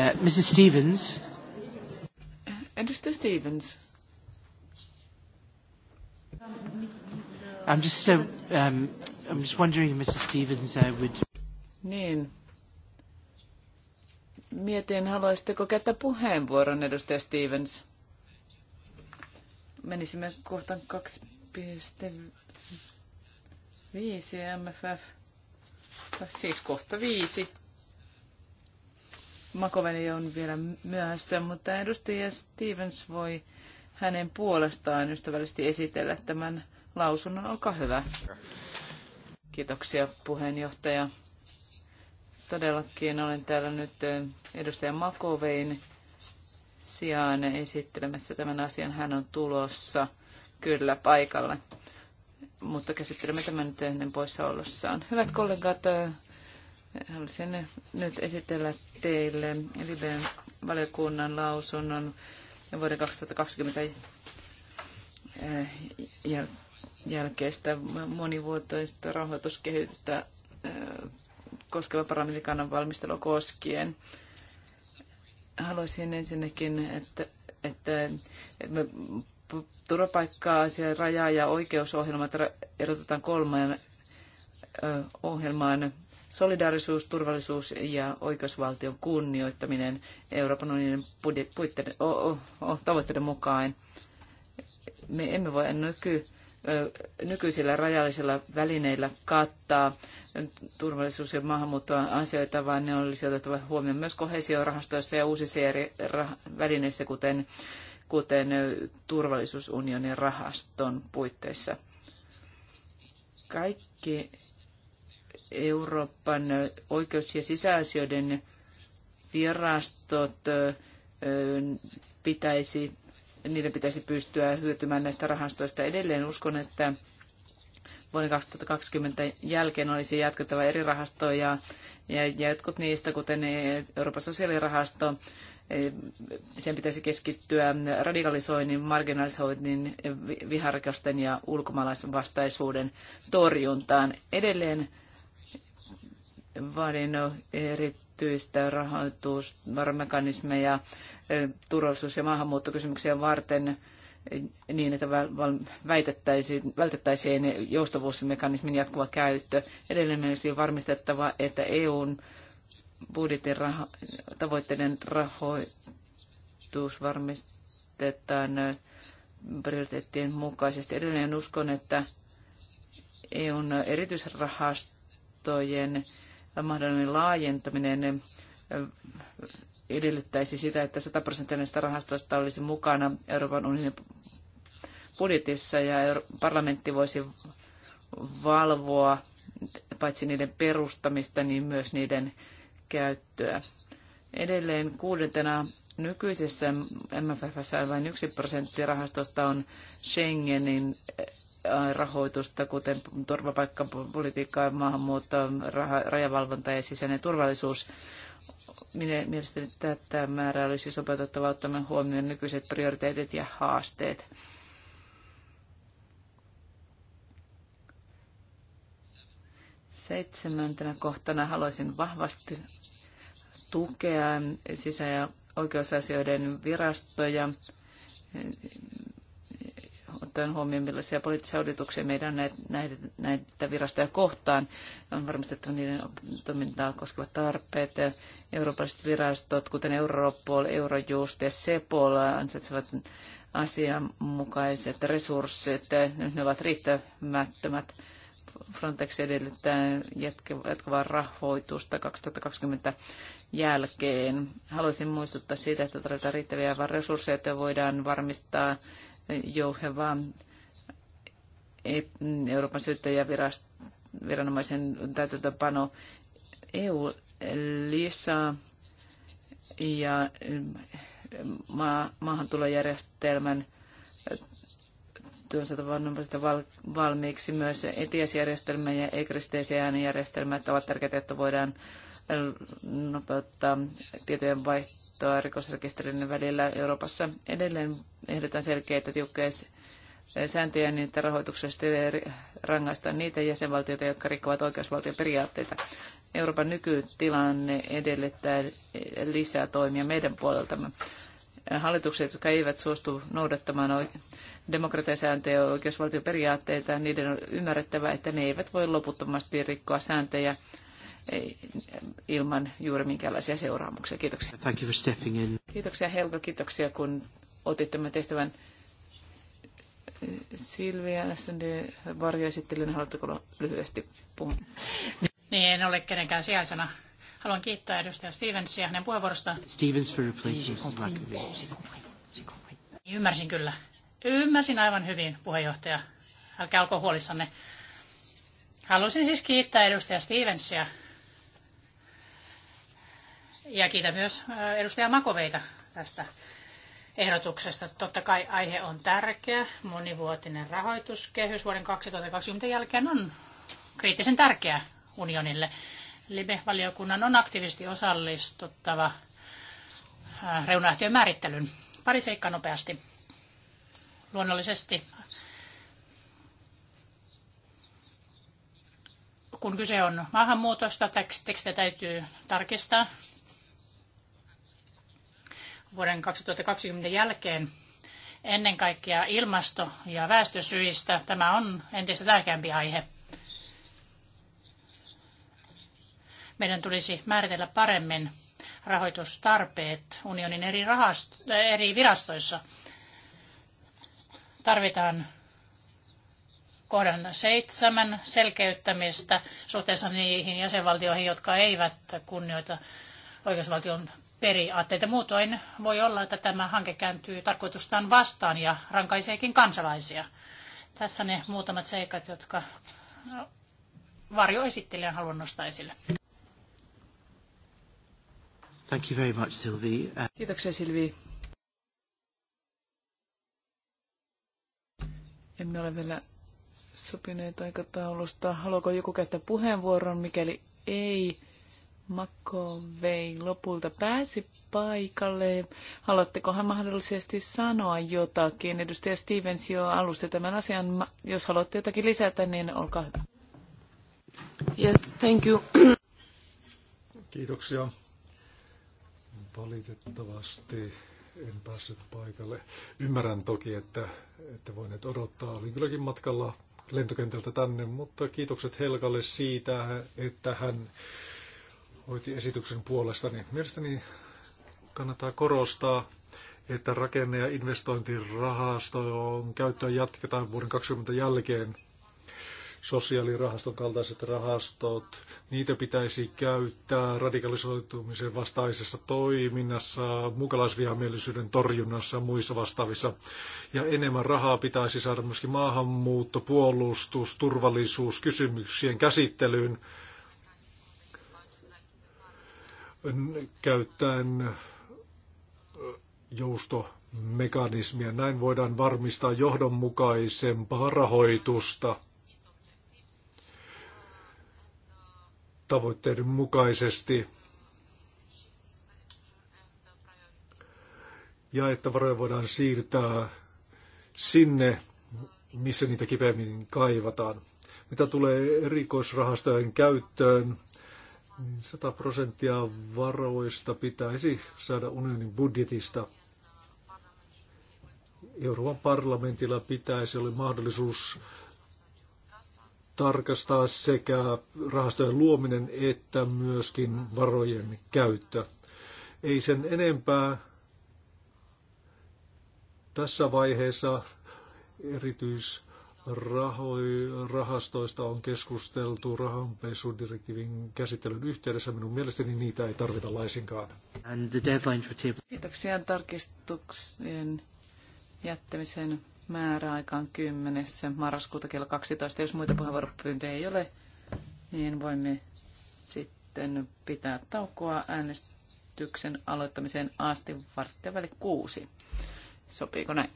Uh, Mrs. Stevens. Edustaja Stevens. I'm just, uh, um, I'm just wondering, Mrs. Stevens, I uh, would... Niin. Mietin, haluaisitteko käyttää puheenvuoron, edustaja Stevens? Menisimme kohtaan 2.5 MFF. Siis kohta viisi. Makoveni on vielä myöhässä, mutta edustaja Stevens voi hänen puolestaan ystävällisesti esitellä tämän lausunnon. Olkaa hyvä. Kiitoksia puheenjohtaja. Todellakin olen täällä nyt edustaja Makovein sijaan esittelemässä tämän asian. Hän on tulossa kyllä paikalle, mutta käsittelemme tämän nyt ennen poissaolossaan. Hyvät kollegat, Haluaisin nyt esitellä teille Liben valiokunnan lausunnon vuoden 2020 eh, jälkeistä monivuotoista rahoituskehitystä eh, koskeva parametrikannan valmistelu koskien. Haluaisin ensinnäkin, että, että me turvapaikkaa, raja- ja oikeusohjelmat erotetaan kolmeen eh, ohjelmaan Solidaarisuus, turvallisuus ja oikeusvaltion kunnioittaminen Euroopan unionin puitteiden, oh, oh, tavoitteiden mukaan. Me emme voi nyky, nykyisillä rajallisilla välineillä kattaa turvallisuus- ja maahanmuuttoa asioita, vaan ne olisi otettava huomioon myös kohesiorahastoissa ja uusissa välineissä, kuten, kuten turvallisuusunionin rahaston puitteissa. Kaikki Euroopan oikeus- ja sisäasioiden virastot pitäisi, niiden pitäisi pystyä hyötymään näistä rahastoista edelleen. Uskon, että vuoden 2020 jälkeen olisi jatkettava eri rahastoja ja, ja jotkut niistä, kuten Euroopan sosiaalirahasto, e, sen pitäisi keskittyä radikalisoinnin, marginalisoinnin, viharikosten ja ulkomaalaisen vastaisuuden torjuntaan. Edelleen vaadin erityistä rahoitusmekanismeja turvallisuus- ja maahanmuuttokysymyksiä varten niin, että väitettäisiin, vältettäisiin joustavuusmekanismin jatkuva käyttö. Edelleen olisi varmistettava, että EUn budjetin raho- tavoitteiden rahoitus varmistetaan prioriteettien mukaisesti. Edelleen uskon, että EUn erityisrahastojen mahdollinen laajentaminen eh, edellyttäisi sitä, että 100 prosenttia näistä rahastoista olisi mukana Euroopan unionin budjetissa ja parlamentti voisi valvoa paitsi niiden perustamista, niin myös niiden käyttöä. Edelleen kuudentena nykyisessä MFFssä vain yksi prosentti rahastosta on Schengenin rahoitusta, kuten turvapaikkapolitiikkaa, maahanmuuttoa, rajavalvonta ja sisäinen turvallisuus. Minä mielestäni tätä määrää olisi sopeutettava ottamaan huomioon nykyiset prioriteetit ja haasteet. Seitsemäntenä kohtana haluaisin vahvasti tukea sisä- ja oikeusasioiden virastoja ottaen huomioon, millaisia poliittisia odotuksia meidän näitä, näitä virastoja kohtaan. On varmistettava niiden toimintaa koskevat tarpeet. Eurooppalaiset virastot, kuten Europol, Eurojust ja Sepol, ansaitsevat asianmukaiset resurssit. Nyt ne ovat riittämättömät. Frontex edellyttää jatkuvaa rahoitusta 2020 jälkeen. Haluaisin muistuttaa siitä, että tarvitaan riittäviä resursseja, että voidaan varmistaa jouheva e- Euroopan syyttäjäviranomaisen täytäntöpano EU lisää ja mm, ma- maahantulojärjestelmän työnsatavannomaisesta val- valmiiksi myös etiasjärjestelmä ja ekristeisiä järjestelmät ovat tärkeitä, että voidaan nopeuttaa tietojen vaihtoa rikosrekisterin välillä Euroopassa. Edelleen ehdotan selkeitä tiukkoja sääntöjä niin, että rahoituksesta rangaistaan niitä jäsenvaltioita, jotka rikkovat periaatteita. Euroopan nykytilanne edellyttää lisää toimia meidän puoleltamme. Hallitukset, jotka eivät suostu noudattamaan demokratiasääntöjä ja oikeusvaltioperiaatteita, niiden on ymmärrettävä, että ne eivät voi loputtomasti rikkoa sääntöjä ilman juuri minkäänlaisia seuraamuksia. Kiitoksia. Thank you for stepping in. Kiitoksia Helga, kiitoksia kun otit tämän tehtävän. Silvia, SND varjoesittelyn, haluatteko lyhyesti puhua? Niin, en ole kenenkään sijaisena. Haluan kiittää edustaja Stevensia hänen puheenvuorostaan. Stevens for replacing niin, Ymmärsin kyllä. Ymmärsin aivan hyvin, puheenjohtaja. Älkää olko huolissanne. Haluaisin siis kiittää edustaja Stevensia ja kiitän myös edustaja Makoveita tästä ehdotuksesta. Totta kai aihe on tärkeä. Monivuotinen rahoituskehys vuoden 2020 jälkeen on kriittisen tärkeä unionille. LIBE-valiokunnan on aktiivisesti osallistuttava reunaehtojen määrittelyn. Pari seikkaa nopeasti. Luonnollisesti, kun kyse on maahanmuutosta, tekstejä täytyy tarkistaa vuoden 2020 jälkeen ennen kaikkea ilmasto- ja väestösyistä. Tämä on entistä tärkeämpi aihe. Meidän tulisi määritellä paremmin rahoitustarpeet unionin eri, rahast- eri virastoissa. Tarvitaan kohdan seitsemän selkeyttämistä suhteessa niihin jäsenvaltioihin, jotka eivät kunnioita oikeusvaltion periaatteita. Muutoin voi olla, että tämä hanke kääntyy tarkoitustaan vastaan ja rankaiseekin kansalaisia. Tässä ne muutamat seikat, jotka varjoesittelijän haluan nostaa esille. Thank you very much, Sylvie. Uh, Kiitoksia, Silvi. Emme ole vielä sopineet aikataulusta. Haluaako joku käyttää puheenvuoron? Mikäli ei, Makovei lopulta pääsi paikalle. Haluattekohan hän mahdollisesti sanoa jotakin? Edustaja Stevens jo alusti tämän asian. Jos haluatte jotakin lisätä, niin olkaa hyvä. Yes, thank you. Kiitoksia. Valitettavasti en päässyt paikalle. Ymmärrän toki, että voin voineet odottaa. Olin kylläkin matkalla lentokentältä tänne, mutta kiitokset Helkalle siitä, että hän hoiti esityksen puolesta niin Mielestäni kannattaa korostaa, että rakenne- ja investointirahastoon käyttöä jatketaan vuoden 20 jälkeen. Sosiaalirahaston kaltaiset rahastot, niitä pitäisi käyttää radikalisoitumisen vastaisessa toiminnassa, mukalaisvihamielisyyden torjunnassa ja muissa vastaavissa. Ja enemmän rahaa pitäisi saada myöskin maahanmuutto, puolustus, turvallisuus, kysymyksien käsittelyyn käyttäen joustomekanismia. Näin voidaan varmistaa johdonmukaisempaa rahoitusta tavoitteiden mukaisesti. Ja että varoja voidaan siirtää sinne, missä niitä kipeämmin kaivataan. Mitä tulee erikoisrahastojen käyttöön, 100 niin prosenttia varoista pitäisi saada unionin budjetista. Euroopan parlamentilla pitäisi olla mahdollisuus tarkastaa sekä rahastojen luominen että myöskin varojen käyttö. Ei sen enempää tässä vaiheessa erityis rahastoista on keskusteltu rahanpesudirektiivin käsittelyn yhteydessä. Minun mielestäni niitä ei tarvita laisinkaan. And the deadline for table. Kiitoksia tarkistuksien jättämisen määräaikaan 10. marraskuuta kello 12. Jos muita puheenvuoropyyntöjä ei ole, niin voimme sitten pitää taukoa äänestyksen aloittamiseen asti varttia väli kuusi. Sopiiko näin?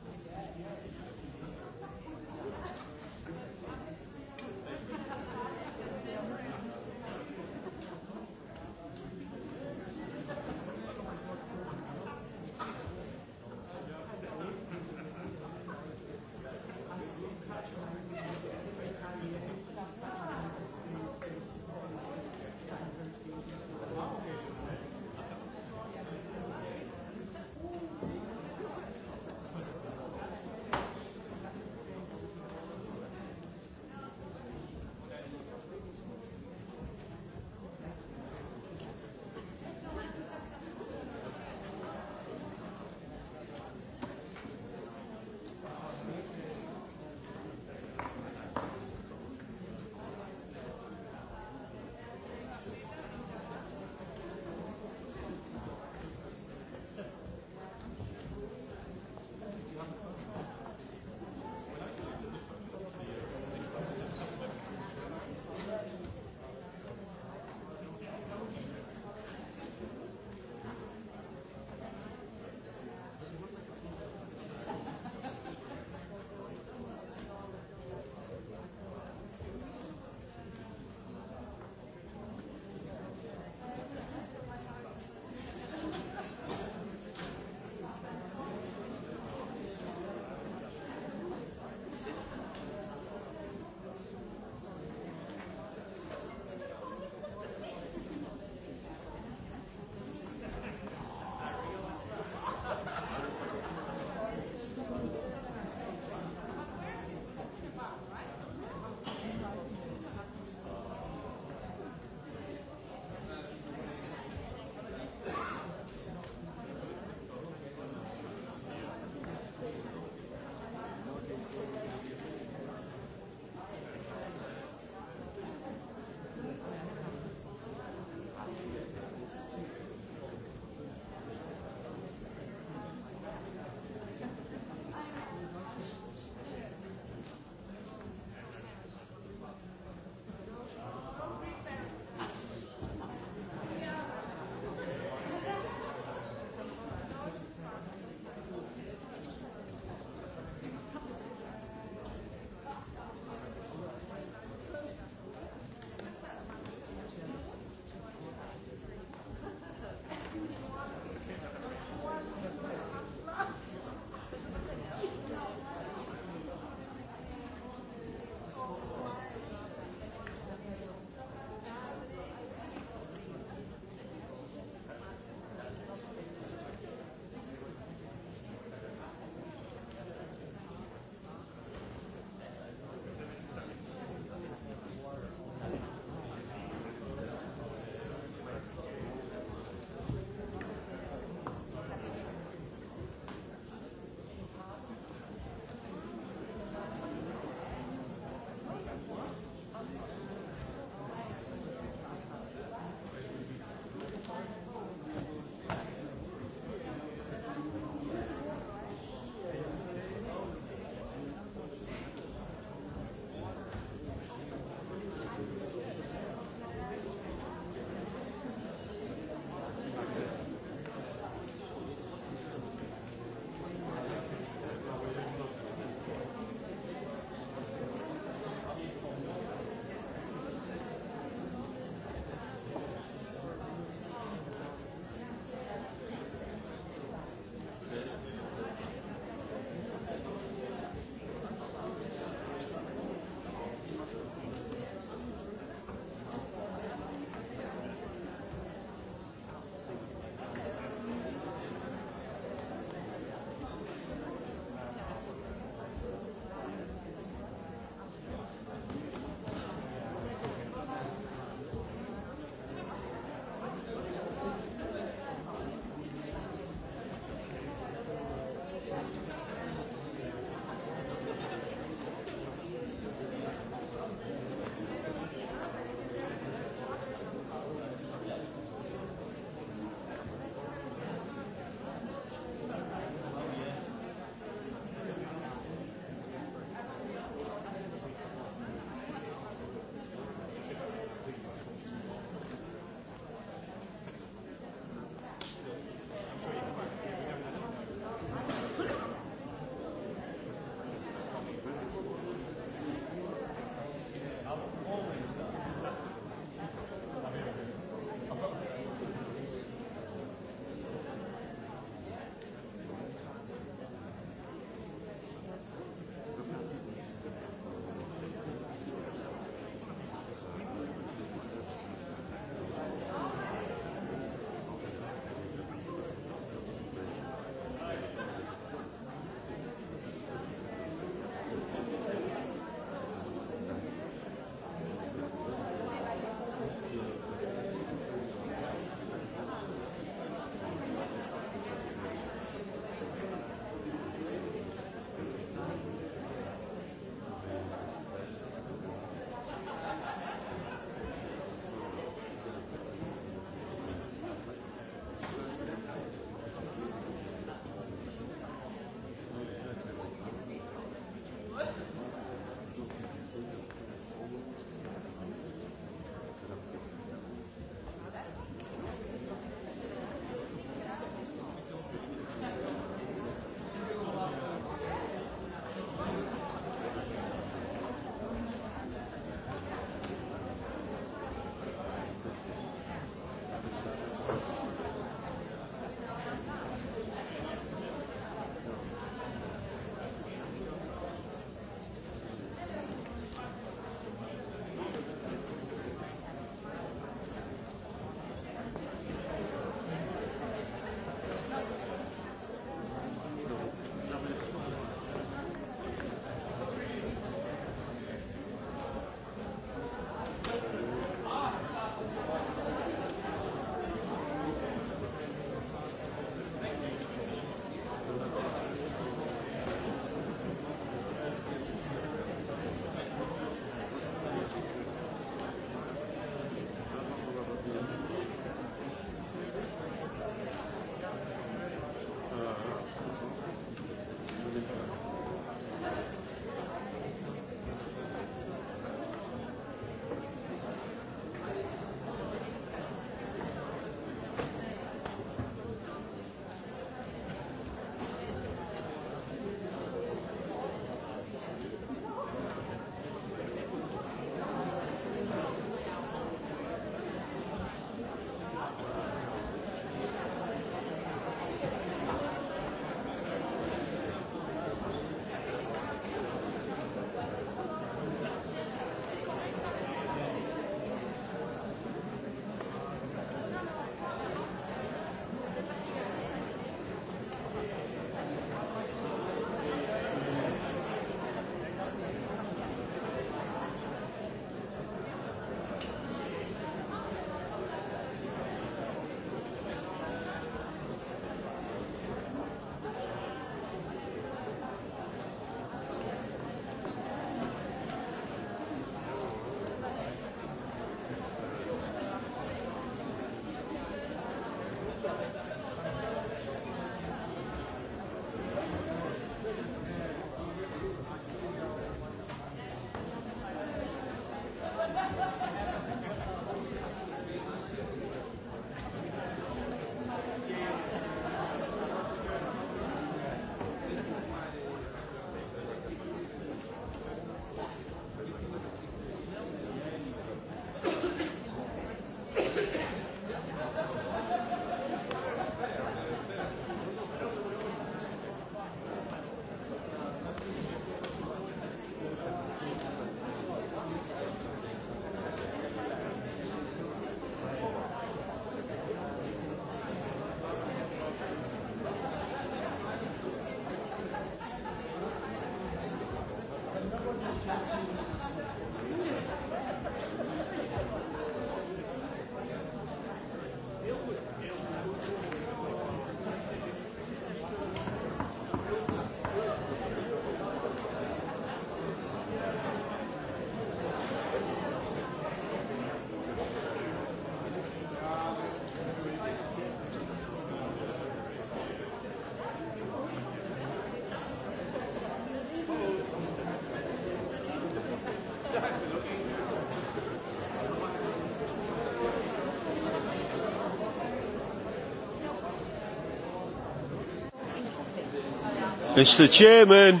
Mr. Chairman,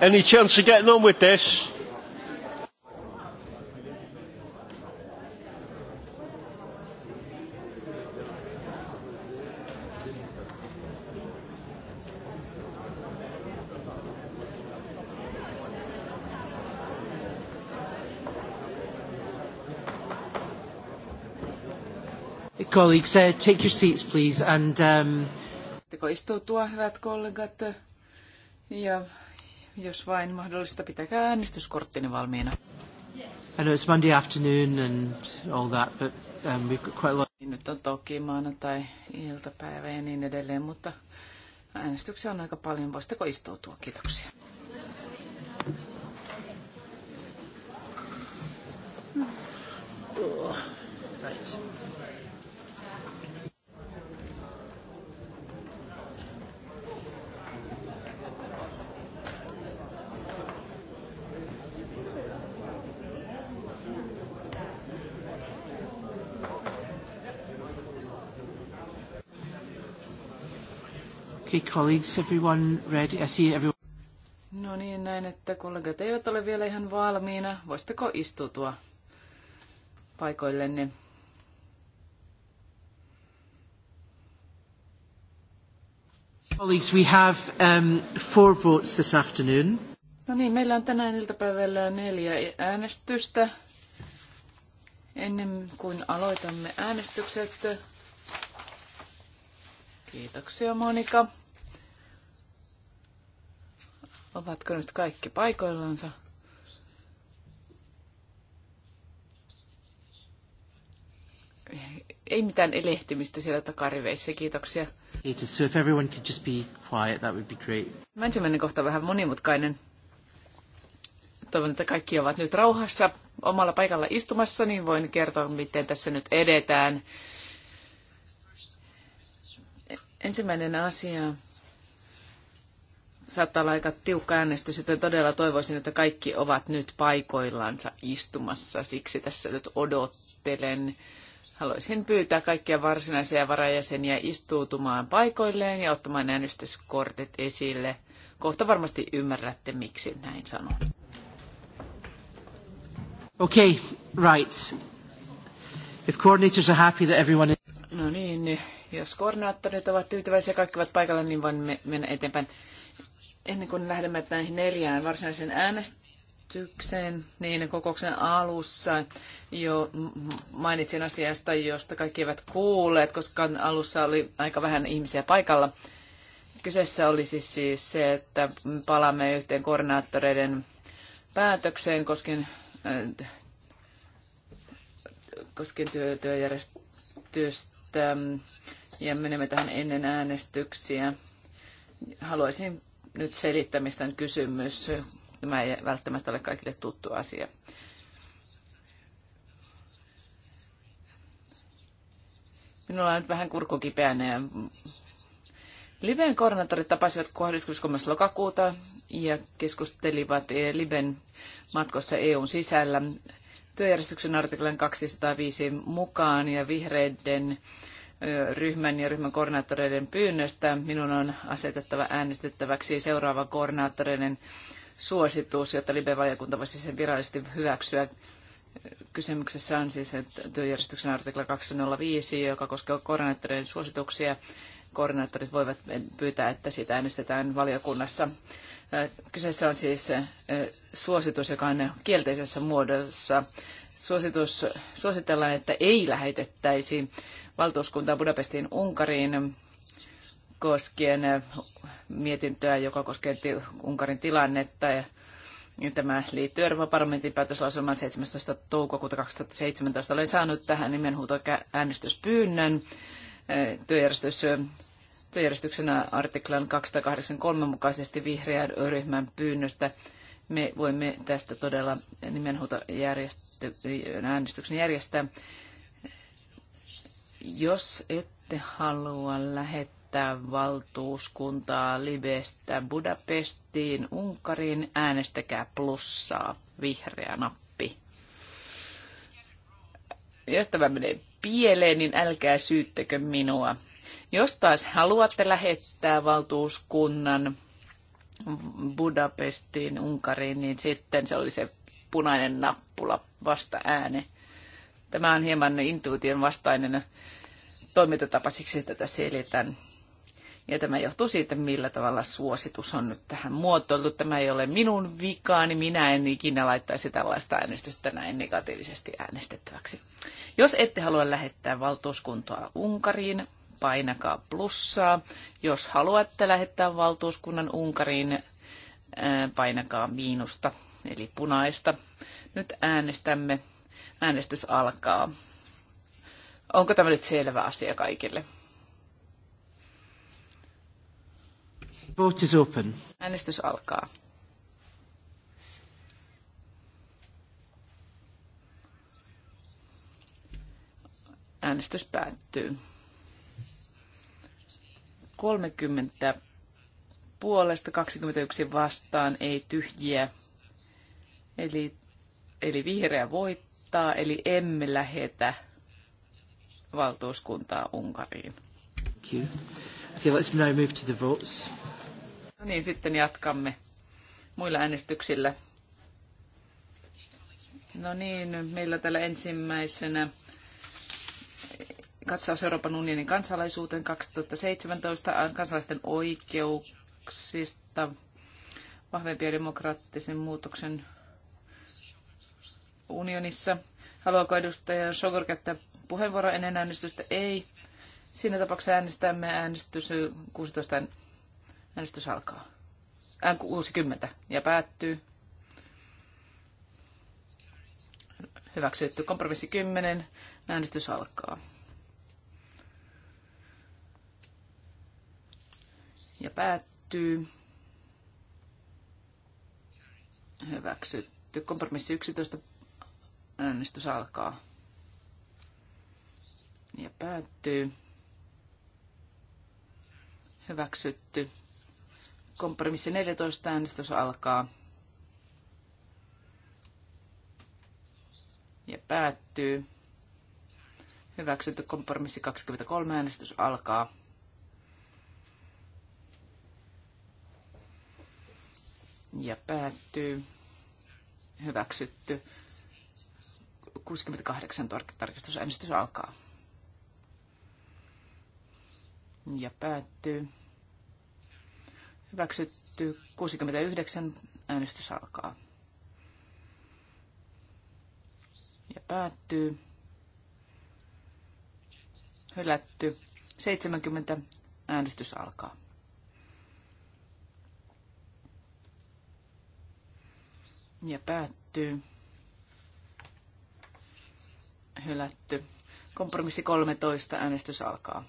any chance of getting on with this? Colleagues, uh, take your seats please and um... Voitteko hyvät kollegat? Ja jos vain mahdollista, pitäkää äänestyskorttini valmiina. I know it's Monday afternoon and all that, but um, we've got quite a lot. Niin nyt on toki maanantai-iltapäivä ja niin edelleen, mutta äänestyksiä on aika paljon. Voisitteko istautua? Kiitoksia. colleagues, everyone ready? I see everyone. No niin, näin, että kollegat eivät ole vielä ihan valmiina. Voisitteko istutua paikoillenne? Colleagues, we have um, four votes this afternoon. No niin, meillä on tänään iltapäivällä neljä äänestystä. Ennen kuin aloitamme äänestykset, kiitoksia Monika. Ovatko nyt kaikki paikoillansa? Ei mitään elehtimistä siellä takariveissä, kiitoksia. So ensimmäinen kohta vähän monimutkainen. Toivon, että kaikki ovat nyt rauhassa omalla paikalla istumassa, niin voin kertoa, miten tässä nyt edetään. Ensimmäinen asia saattaa olla aika tiukka äänestys, joten todella toivoisin, että kaikki ovat nyt paikoillansa istumassa. Siksi tässä nyt odottelen. Haluaisin pyytää kaikkia varsinaisia varajäseniä istuutumaan paikoilleen ja ottamaan äänestyskortit esille. Kohta varmasti ymmärrätte, miksi näin sanon. Okay, right. If coordinators are happy that everyone is... No niin, jos koordinaattorit ovat tyytyväisiä ja kaikki ovat paikalla, niin voimme mennä eteenpäin ennen kuin lähdemme näihin neljään varsinaiseen äänestykseen, niin kokouksen alussa jo mainitsin asiasta, josta kaikki eivät kuulleet, koska alussa oli aika vähän ihmisiä paikalla. Kyseessä oli siis, siis se, että palaamme yhteen koordinaattoreiden päätökseen koskien, äh, koskien työ, työjärjestystä ja menemme tähän ennen äänestyksiä. Haluaisin nyt selittämistä kysymys. Tämä ei välttämättä ole kaikille tuttu asia. Minulla on nyt vähän kurkukipeänä ja Liben koordinaattorit tapasivat 23. lokakuuta ja keskustelivat Liben matkosta EUn sisällä työjärjestyksen artiklan 205 mukaan ja vihreiden ryhmän ja ryhmän koordinaattoreiden pyynnöstä. Minun on asetettava äänestettäväksi seuraava koordinaattoreiden suositus, jotta Libe-valiokunta voisi sen virallisesti hyväksyä. Kysymyksessä on siis työjärjestyksen artikla 205, joka koskee koordinaattoreiden suosituksia. Koordinaattorit voivat pyytää, että siitä äänestetään valiokunnassa. Kyseessä on siis suositus, joka on kielteisessä muodossa suositus, suositellaan, että ei lähetettäisi valtuuskuntaa Budapestiin Unkariin koskien mietintöä, joka koskee Unkarin tilannetta. Ja tämä liittyy Euroopan parlamentin päätöslauselmaan 17. toukokuuta 2017. Olen saanut tähän nimenhuuto äänestyspyynnön eh, työjärjestys työjärjestyksen artiklan 283 mukaisesti vihreän ryhmän pyynnöstä me voimme tästä todella nimenhuutojärjestyksen äänestyksen järjestää. Jos ette halua lähettää valtuuskuntaa Libestä Budapestiin, Unkariin, äänestäkää plussaa, vihreä nappi. Jos tämä menee pieleen, niin älkää syyttäkö minua. Jos taas haluatte lähettää valtuuskunnan Budapestiin, Unkariin, niin sitten se oli se punainen nappula vasta ääne. Tämä on hieman intuition vastainen toimintatapa, siksi tätä selitän. Ja tämä johtuu siitä, millä tavalla suositus on nyt tähän muotoiltu. Tämä ei ole minun vikaani, minä en ikinä laittaisi tällaista äänestystä näin negatiivisesti äänestettäväksi. Jos ette halua lähettää valtuuskuntoa Unkariin, painakaa plussaa. Jos haluatte lähettää valtuuskunnan Unkariin, äh, painakaa miinusta, eli punaista. Nyt äänestämme. Äänestys alkaa. Onko tämä nyt selvä asia kaikille? Vote is open. Äänestys alkaa. Äänestys päättyy. 30 puolesta, 21 vastaan, ei tyhjiä. Eli, eli vihreä voittaa, eli emme lähetä valtuuskuntaa Unkariin. Thank you. Okay, let's now move to the votes. No niin, sitten jatkamme muilla äänestyksillä. No niin, meillä täällä ensimmäisenä katsaus Euroopan unionin kansalaisuuteen 2017 kansalaisten oikeuksista vahvempia demokraattisen muutoksen unionissa. Haluaako edustaja Sogor käyttää puheenvuoro ennen äänestystä? Ei. Siinä tapauksessa äänestämme äänestys 16. Äänestys alkaa. Ään 60 ja päättyy. Hyväksytty. Kompromissi 10. Äänestys alkaa. ja päättyy. Hyväksytty. Kompromissi 11. Äänestys alkaa. Ja päättyy. Hyväksytty. Kompromissi 14. Äänestys alkaa. Ja päättyy. Hyväksytty kompromissi 23. Äänestys alkaa. ja päättyy. Hyväksytty. 68 tarkistusäänestys alkaa. Ja päättyy. Hyväksytty. 69 äänestys alkaa. Ja päättyy. Hylätty. 70 äänestys alkaa. ja päättyy. Hylätty. Kompromissi 13. Äänestys alkaa.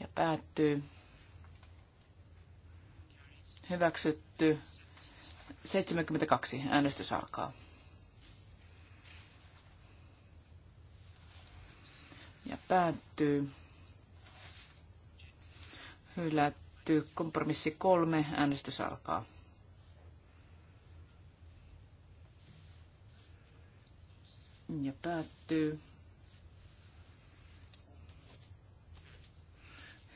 Ja päättyy. Hyväksytty. 72. Äänestys alkaa. Ja päättyy. Hylätty hyväksytty. Kompromissi kolme. Äänestys alkaa. Ja päättyy.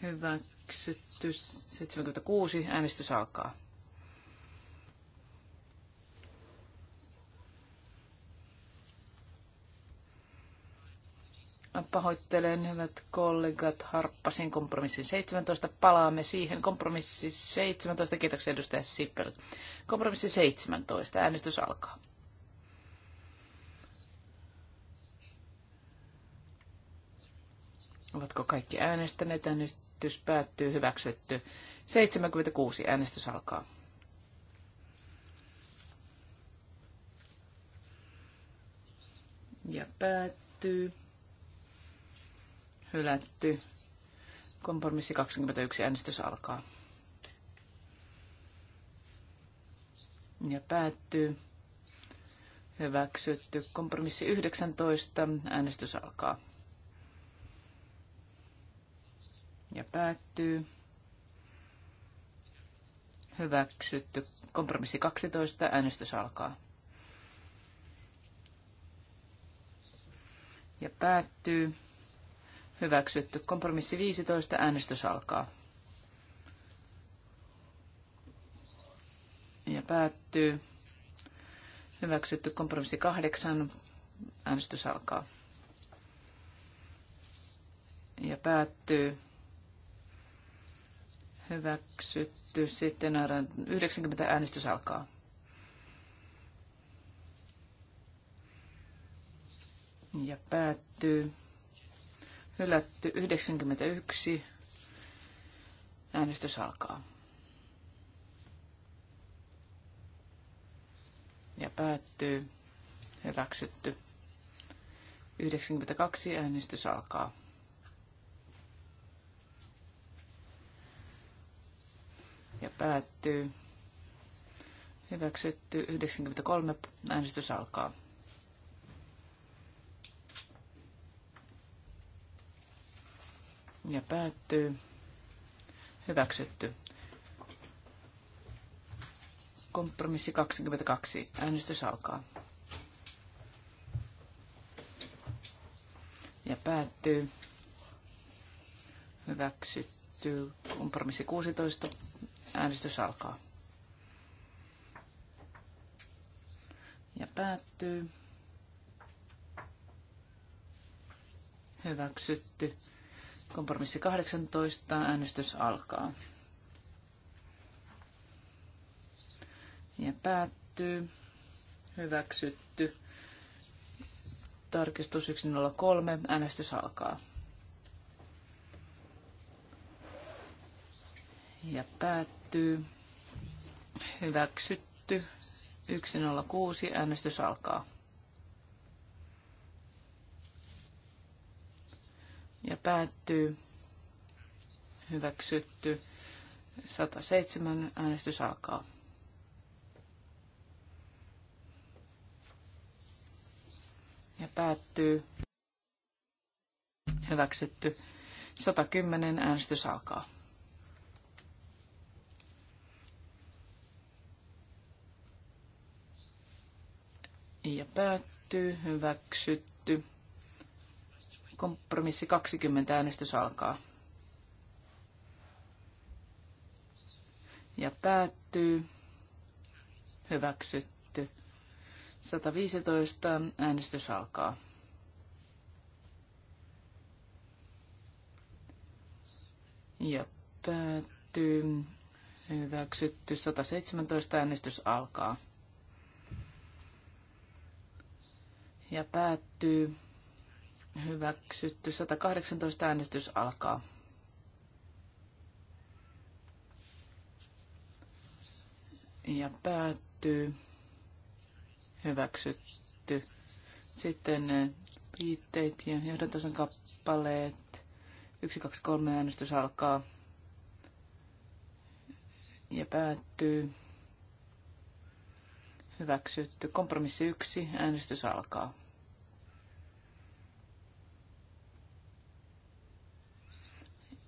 Hyväksytty. 76. Äänestys alkaa. Pahoittelen, hyvät kollegat, harppasin kompromissin 17. Palaamme siihen. Kompromissi 17. Kiitoksia edustaja Sippel. Kompromissi 17. Äänestys alkaa. Ovatko kaikki äänestäneet? Äänestys päättyy. Hyväksytty. 76. Äänestys alkaa. Ja päättyy hylätty. Kompromissi 21 äänestys alkaa. Ja päättyy. Hyväksytty. Kompromissi 19. Äänestys alkaa. Ja päättyy. Hyväksytty. Kompromissi 12. Äänestys alkaa. Ja päättyy. Hyväksytty. Kompromissi 15. Äänestys alkaa. Ja päättyy. Hyväksytty. Kompromissi 8. Äänestys alkaa. Ja päättyy. Hyväksytty. Sitten 90 äänestys alkaa. Ja päättyy Hylätty 91. Äänestys alkaa. Ja päättyy. Hyväksytty. 92. Äänestys alkaa. Ja päättyy. Hyväksytty. 93. Äänestys alkaa. ja päättyy. Hyväksytty. Kompromissi 22. Äänestys alkaa. Ja päättyy. Hyväksytty. Kompromissi 16. Äänestys alkaa. Ja päättyy. Hyväksytty. Kompromissi 18. Äänestys alkaa. Ja päättyy. Hyväksytty. Tarkistus 103. Äänestys alkaa. Ja päättyy. Hyväksytty. 106. Äänestys alkaa. ja päättyy. Hyväksytty. 107 äänestys alkaa. Ja päättyy. Hyväksytty. 110 äänestys alkaa. Ja päättyy. Hyväksytty. Kompromissi 20 äänestys alkaa. Ja päättyy. Hyväksytty. 115 äänestys alkaa. Ja päättyy. Hyväksytty. 117 äänestys alkaa. Ja päättyy. Hyväksytty. 118 äänestys alkaa. Ja päättyy. Hyväksytty. Sitten viitteet eh, ja johdantason kappaleet. 1, 2, 3 äänestys alkaa. Ja päättyy. Hyväksytty. Kompromissi 1. Äänestys alkaa.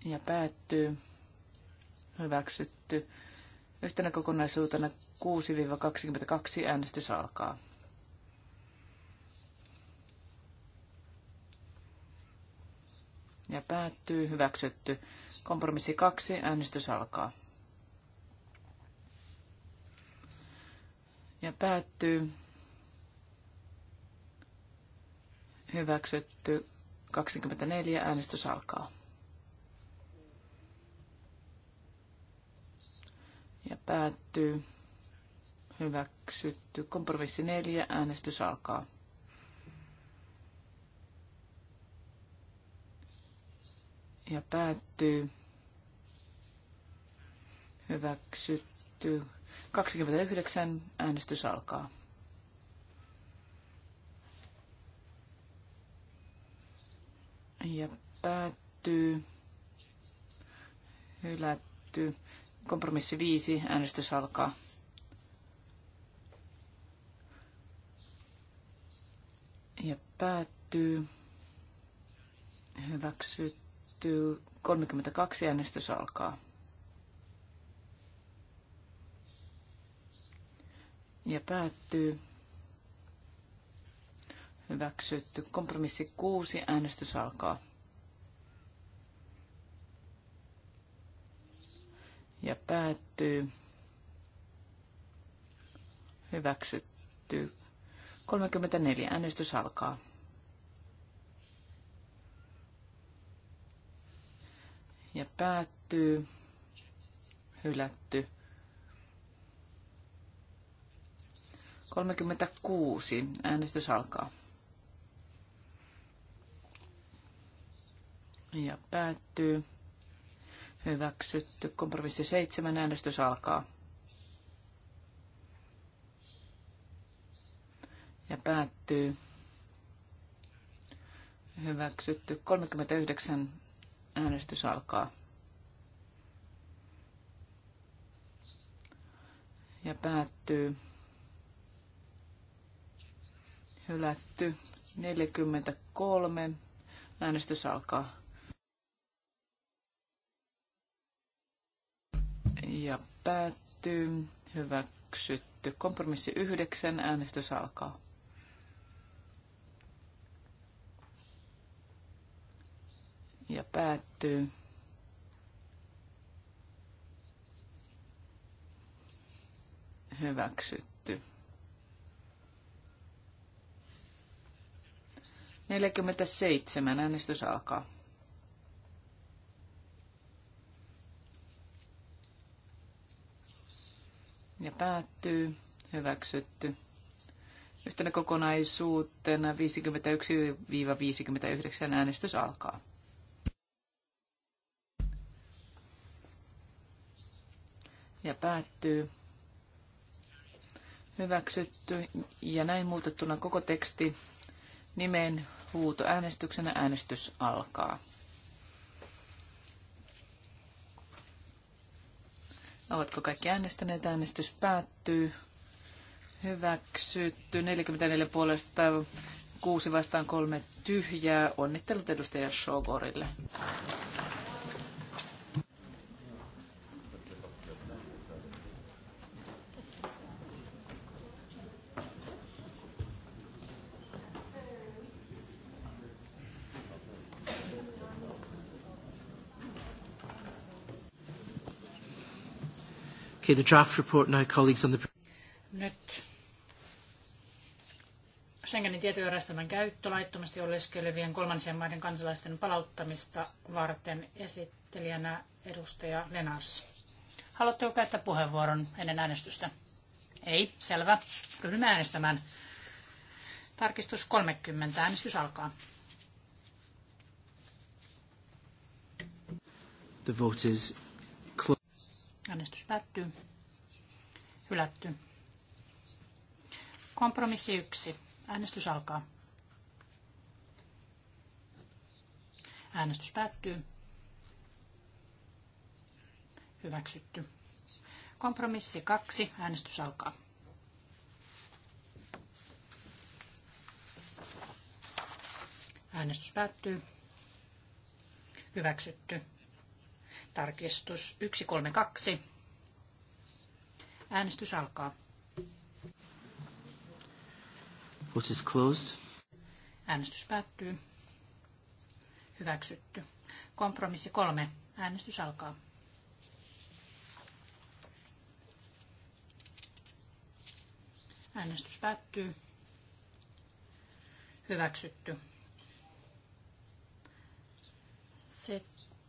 ja päättyy. Hyväksytty. Yhtenä kokonaisuutena 6-22 äänestys alkaa. Ja päättyy. Hyväksytty. Kompromissi 2. Äänestys alkaa. Ja päättyy. Hyväksytty. 24. Äänestys alkaa. ja päättyy. Hyväksytty. Kompromissi 4. Äänestys alkaa. Ja päättyy. Hyväksytty. 29. Äänestys alkaa. Ja päättyy. Hylätty. Kompromissi 5. Äänestys alkaa. Ja päättyy. Hyväksytty. 32. Äänestys alkaa. Ja päättyy. Hyväksytty. Kompromissi 6. Äänestys alkaa. ja päättyy. Hyväksytty. 34. Äänestys alkaa. Ja päättyy. Hylätty. 36. Äänestys alkaa. Ja päättyy. Hyväksytty. Kompromissi seitsemän. Äänestys alkaa. Ja päättyy. Hyväksytty. 39. Äänestys alkaa. Ja päättyy. Hylätty. 43. Äänestys alkaa. ja päättyy. Hyväksytty. Kompromissi 9. Äänestys alkaa. Ja päättyy. Hyväksytty. 47. Äänestys alkaa. ja päättyy. Hyväksytty. Yhtenä kokonaisuutena 51-59 äänestys alkaa. Ja päättyy. Hyväksytty. Ja näin muutettuna koko teksti nimen äänestyksenä äänestys alkaa. Ovatko kaikki äänestäneet? Äänestys päättyy. Hyväksytty. 44 puolesta, 6 vastaan, 3 tyhjää. Onnittelut edustaja Shogorille. Okay, the draft report now, colleagues on the... Nyt Schengenin tietojärjestelmän käyttö laittomasti oleskelevien kolmansien maiden kansalaisten palauttamista varten esittelijänä edustaja Lenars. Haluatteko käyttää puheenvuoron ennen äänestystä? Ei, selvä. Ryhdymme äänestämään. Tarkistus 30. Äänestys alkaa. The vote is Äänestys päättyy. Hylätty. Kompromissi 1. Äänestys alkaa. Äänestys päättyy. Hyväksytty. Kompromissi 2. Äänestys alkaa. Äänestys päättyy. Hyväksytty. Tarkistus 132. Äänestys alkaa. Vote is closed. Äänestys päättyy. Hyväksytty. Kompromissi kolme. Äänestys alkaa. Äänestys päättyy. Hyväksytty.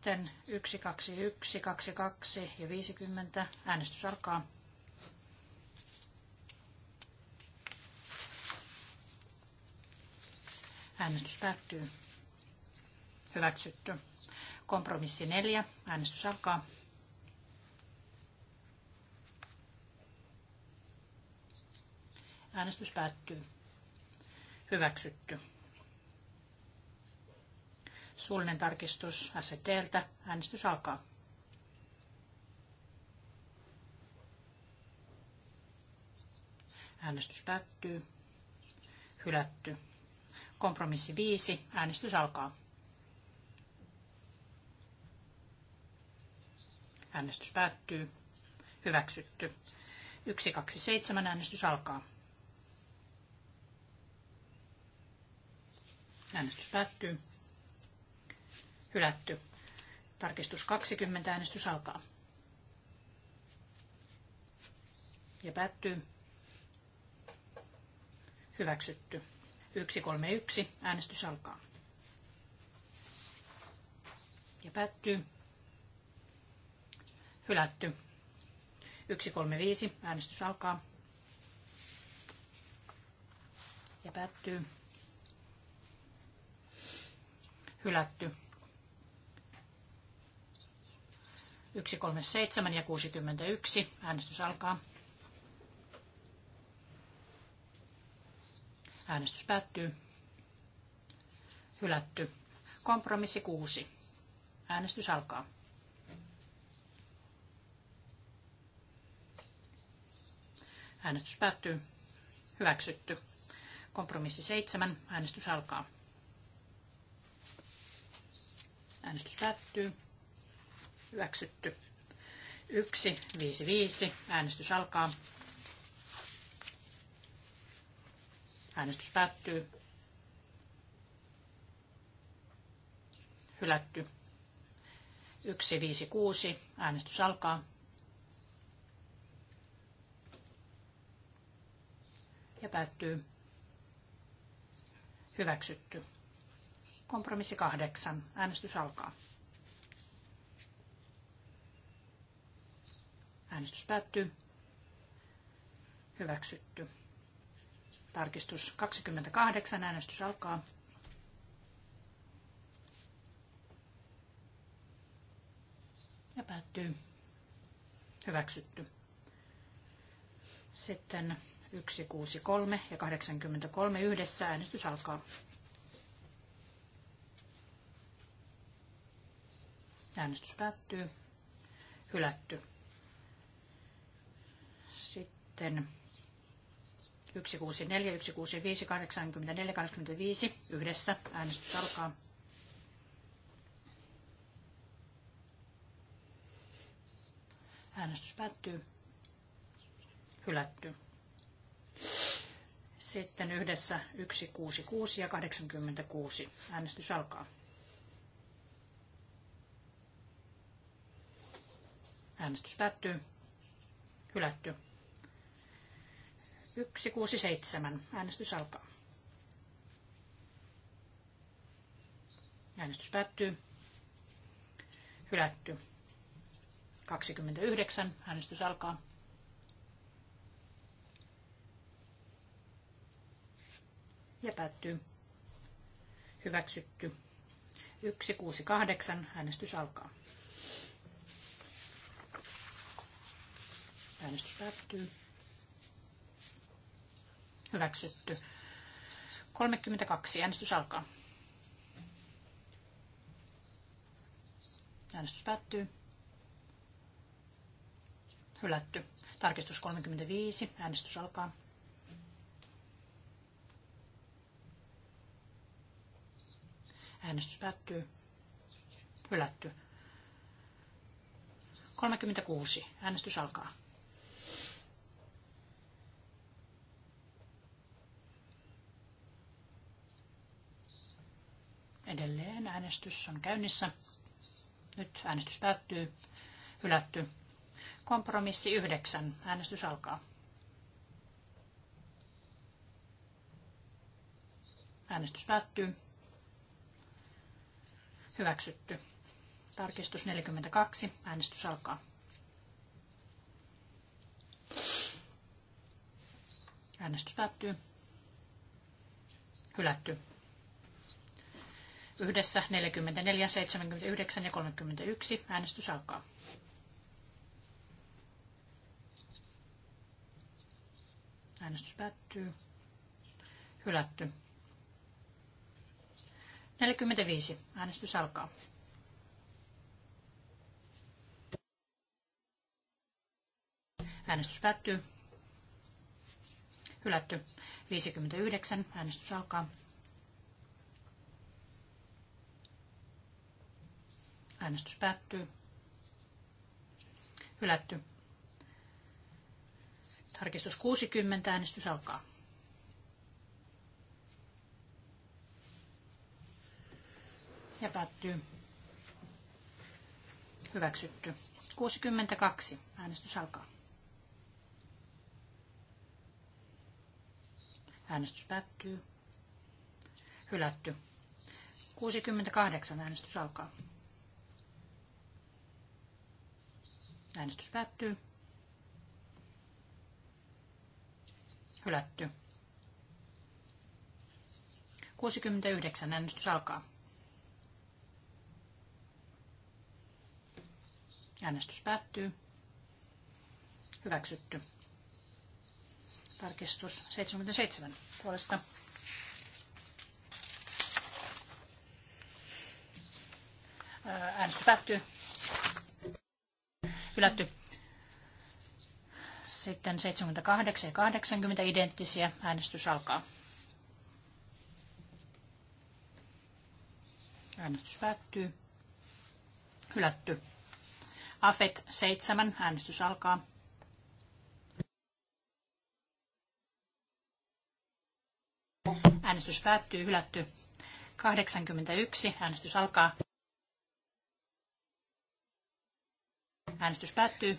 Sitten 121, 22 ja 50. Äänestys alkaa. Äänestys päättyy. Hyväksytty. Kompromissi 4. Äänestys alkaa. Äänestys päättyy. Hyväksytty. Suullinen tarkistus SDltä. Äänestys alkaa. Äänestys päättyy. Hylätty. Kompromissi 5. Äänestys alkaa. Äänestys päättyy. Hyväksytty. 7. äänestys alkaa. Äänestys päättyy. Hylätty. Tarkistus 20. Äänestys alkaa. Ja päättyy. Hyväksytty. 131. Äänestys alkaa. Ja päättyy. Hylätty. 135. Äänestys alkaa. Ja päättyy. Hylätty. 137 ja 61. Äänestys alkaa. Äänestys päättyy. Hylätty. Kompromissi 6. Äänestys alkaa. Äänestys päättyy. Hyväksytty. Kompromissi 7. Äänestys alkaa. Äänestys päättyy. Hyväksytty. viisi, Äänestys alkaa. Äänestys päättyy. Hylätty. kuusi, Äänestys alkaa. Ja päättyy. Hyväksytty. Kompromissi kahdeksan. Äänestys alkaa. Äänestys päättyy. Hyväksytty. Tarkistus 28. Äänestys alkaa. Ja päättyy. Hyväksytty. Sitten 163 ja 83 yhdessä. Äänestys alkaa. Äänestys päättyy. Hylätty. Sitten 164, 165, 84, 85 yhdessä. Äänestys alkaa. Äänestys päättyy. Hylätty. Sitten yhdessä 166 ja 86. Äänestys alkaa. Äänestys päättyy. Hylätty. 167. Äänestys alkaa. Äänestys päättyy. Hylätty. 29. Äänestys alkaa. Ja päättyy. Hyväksytty. 168. Äänestys alkaa. Äänestys päättyy. Hyväksytty. 32. Äänestys alkaa. Äänestys päättyy. Hylätty. Tarkistus 35. Äänestys alkaa. Äänestys päättyy. Hylätty. 36. Äänestys alkaa. Edelleen äänestys on käynnissä. Nyt äänestys päättyy. Hylätty. Kompromissi 9. Äänestys alkaa. Äänestys päättyy. Hyväksytty. Tarkistus 42. Äänestys alkaa. Äänestys päättyy. Hylätty. Yhdessä 44, 79 ja 31. Äänestys alkaa. Äänestys päättyy. Hylätty. 45. Äänestys alkaa. Äänestys päättyy. Hylätty. 59. Äänestys alkaa. Äänestys päättyy. Hylätty. Tarkistus 60. Äänestys alkaa. Ja päättyy. Hyväksytty. 62. Äänestys alkaa. Äänestys päättyy. Hylätty. 68. Äänestys alkaa. Äänestys päättyy. Hylätty. 69. Äänestys alkaa. Äänestys päättyy. Hyväksytty. Tarkistus 77 puolesta. Äänestys päättyy. Hylätty. Sitten 78 ja 80 identtisiä. Äänestys alkaa. Äänestys päättyy. Hylätty. AFET 7. Äänestys alkaa. Äänestys päättyy. Hylätty. 81. Äänestys alkaa. Äänestys päättyy.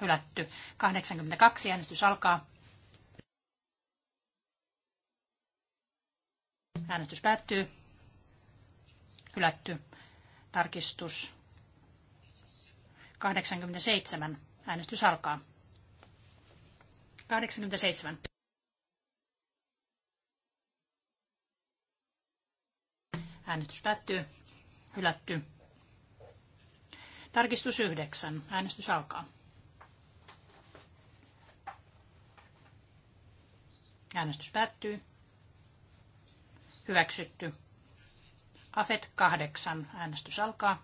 Hylätty. 82. Äänestys alkaa. Äänestys päättyy. Hylätty. Tarkistus. 87. Äänestys alkaa. 87. Äänestys päättyy. Hylätty. Tarkistus yhdeksän Äänestys alkaa. Äänestys päättyy. Hyväksytty. AFET kahdeksan Äänestys alkaa.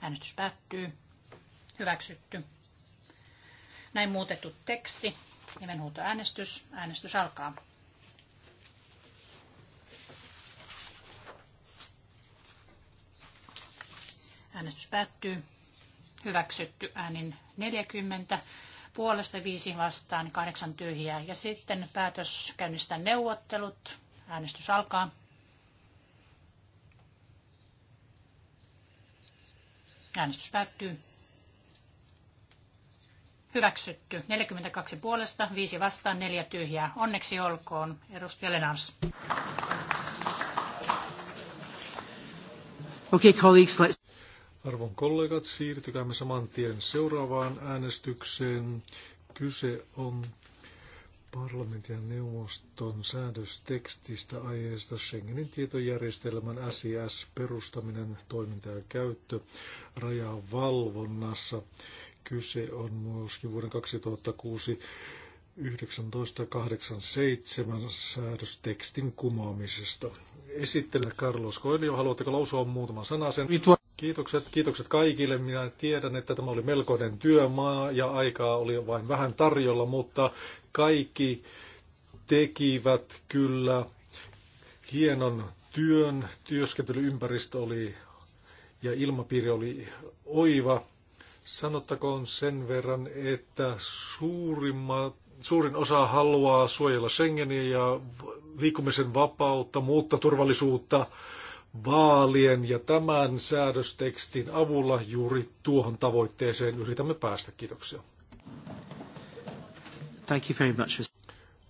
Äänestys päättyy. Hyväksytty. Näin muutettu teksti. Nimenhuutoäänestys. Äänestys alkaa. Äänestys päättyy. Hyväksytty äänin 40 puolesta viisi vastaan, kahdeksan tyhjää. Ja sitten päätös käynnistää neuvottelut. Äänestys alkaa. Äänestys päättyy. Hyväksytty. 42 puolesta, 5 vastaan, 4 tyhjää. Onneksi olkoon, edustaja Lenars. Okay, colleagues, let's... Arvon kollegat, siirtykäämme saman tien seuraavaan äänestykseen. Kyse on parlamentin ja neuvoston säädöstekstistä aiheesta Schengenin tietojärjestelmän SIS perustaminen, toiminta ja käyttö rajavalvonnassa. Kyse on myöskin vuoden 2006 1987 säädöstekstin kumoamisesta. Esittelen Carlos Coelho. Haluatteko lausua muutaman sanan sen? Kiitokset, kiitokset kaikille. Minä tiedän, että tämä oli melkoinen työmaa ja aikaa oli vain vähän tarjolla, mutta kaikki tekivät kyllä hienon työn. Työskentelyympäristö oli ja ilmapiiri oli oiva. Sanottakoon sen verran, että suurimmat suurin osa haluaa suojella Schengeniä ja liikkumisen vapautta, muutta turvallisuutta vaalien ja tämän säädöstekstin avulla juuri tuohon tavoitteeseen yritämme päästä. Kiitoksia. Thank you very much.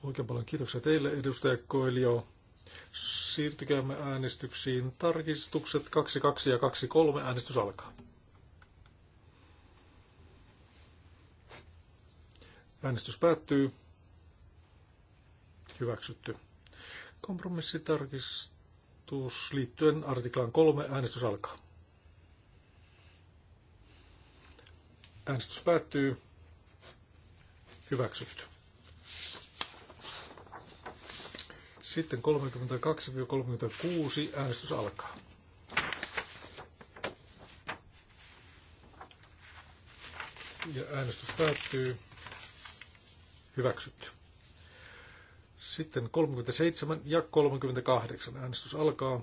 Oikein paljon kiitoksia teille, edustaja Koilio. Siirtykäämme äänestyksiin. Tarkistukset 22 ja 23. Äänestys alkaa. Äänestys päättyy. Hyväksytty. Kompromissitarkistus ehdotus liittyen artiklaan 3. Äänestys alkaa. Äänestys päättyy. Hyväksytty. Sitten 32-36 äänestys alkaa. Ja äänestys päättyy. Hyväksytty. Sitten 37 ja 38. Äänestys alkaa.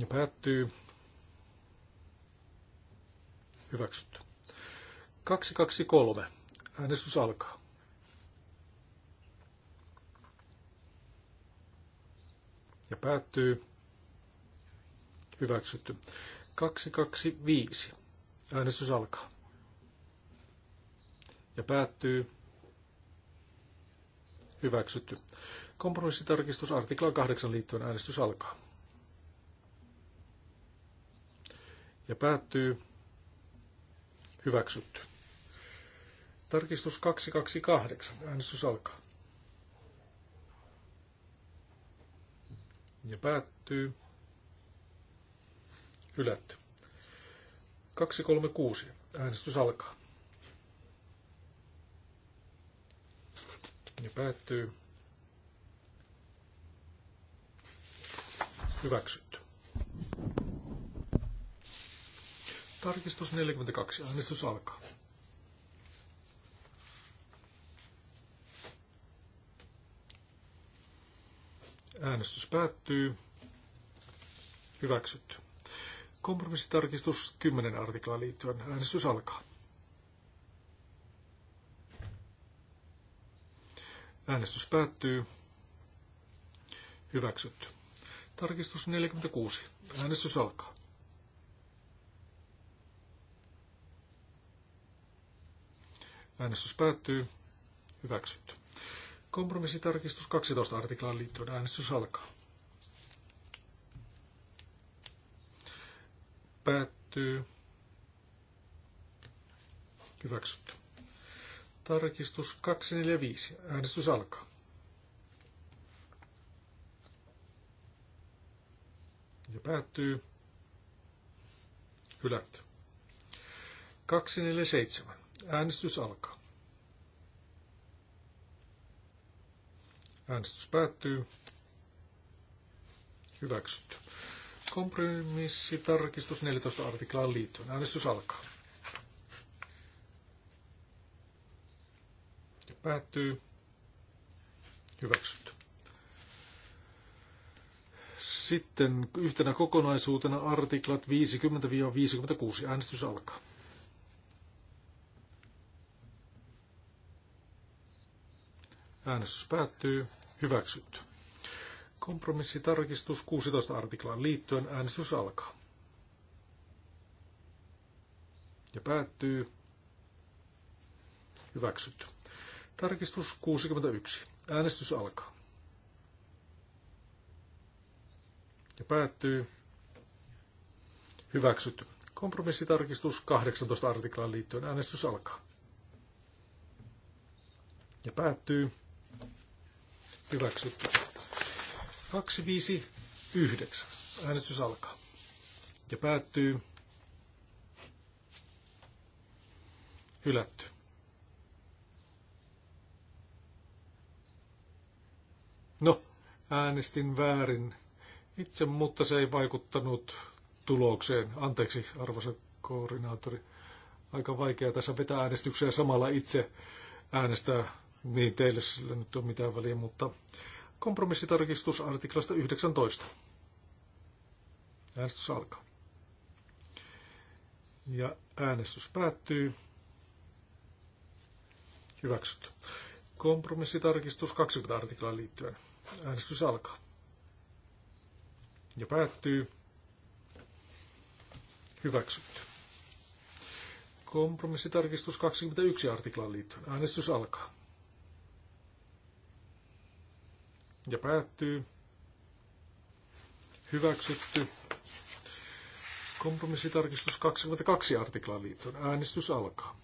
Ja päättyy. Hyväksytty. 223. Äänestys alkaa. Ja päättyy. Hyväksytty. 225. Äänestys alkaa ja päättyy. Hyväksytty. Kompromissitarkistus artikla 8 liittyen äänestys alkaa. Ja päättyy. Hyväksytty. Tarkistus 228. Äänestys alkaa. Ja päättyy. Hylätty. 236. Äänestys alkaa. ja päättyy. Hyväksytty. Tarkistus 42. Äänestys alkaa. Äänestys päättyy. Hyväksytty. Kompromissitarkistus 10 artiklaan liittyen. Äänestys alkaa. Äänestys päättyy. Hyväksytty. Tarkistus 46. Äänestys alkaa. Äänestys päättyy. Hyväksytty. Kompromissitarkistus 12 artiklaan liittyen äänestys alkaa. Päättyy. Hyväksytty. Tarkistus 245. Äänestys alkaa. Ja päättyy. Hylätty. 247. Äänestys alkaa. Äänestys päättyy. Hyväksytty. Kompromissitarkistus 14 artiklaan liittyen. Äänestys alkaa. Päättyy. Hyväksytty. Sitten yhtenä kokonaisuutena artiklat 50-56. Äänestys alkaa. Äänestys päättyy. Hyväksytty. Kompromissitarkistus 16 artiklaan liittyen. Äänestys alkaa. Ja päättyy. Hyväksytty. Tarkistus 61. Äänestys alkaa. Ja päättyy. Hyväksytty. Kompromissitarkistus 18 artiklaan liittyen äänestys alkaa. Ja päättyy. Hyväksytty. 259. Äänestys alkaa. Ja päättyy. Hylätty. No, äänestin väärin itse, mutta se ei vaikuttanut tulokseen. Anteeksi, arvoisa koordinaattori. Aika vaikea tässä vetää äänestyksiä samalla itse äänestää. Niin teille sillä nyt on mitään väliä, mutta kompromissitarkistus artiklasta 19. Äänestys alkaa. Ja äänestys päättyy. Hyväksytty. Kompromissitarkistus 20 artiklaan liittyen. Äänestys alkaa. Ja päättyy. Hyväksytty. Kompromissitarkistus 21 artiklaan liittyen. Äänestys alkaa. Ja päättyy. Hyväksytty. Kompromissitarkistus 22 artiklaan liittyen. Äänestys alkaa.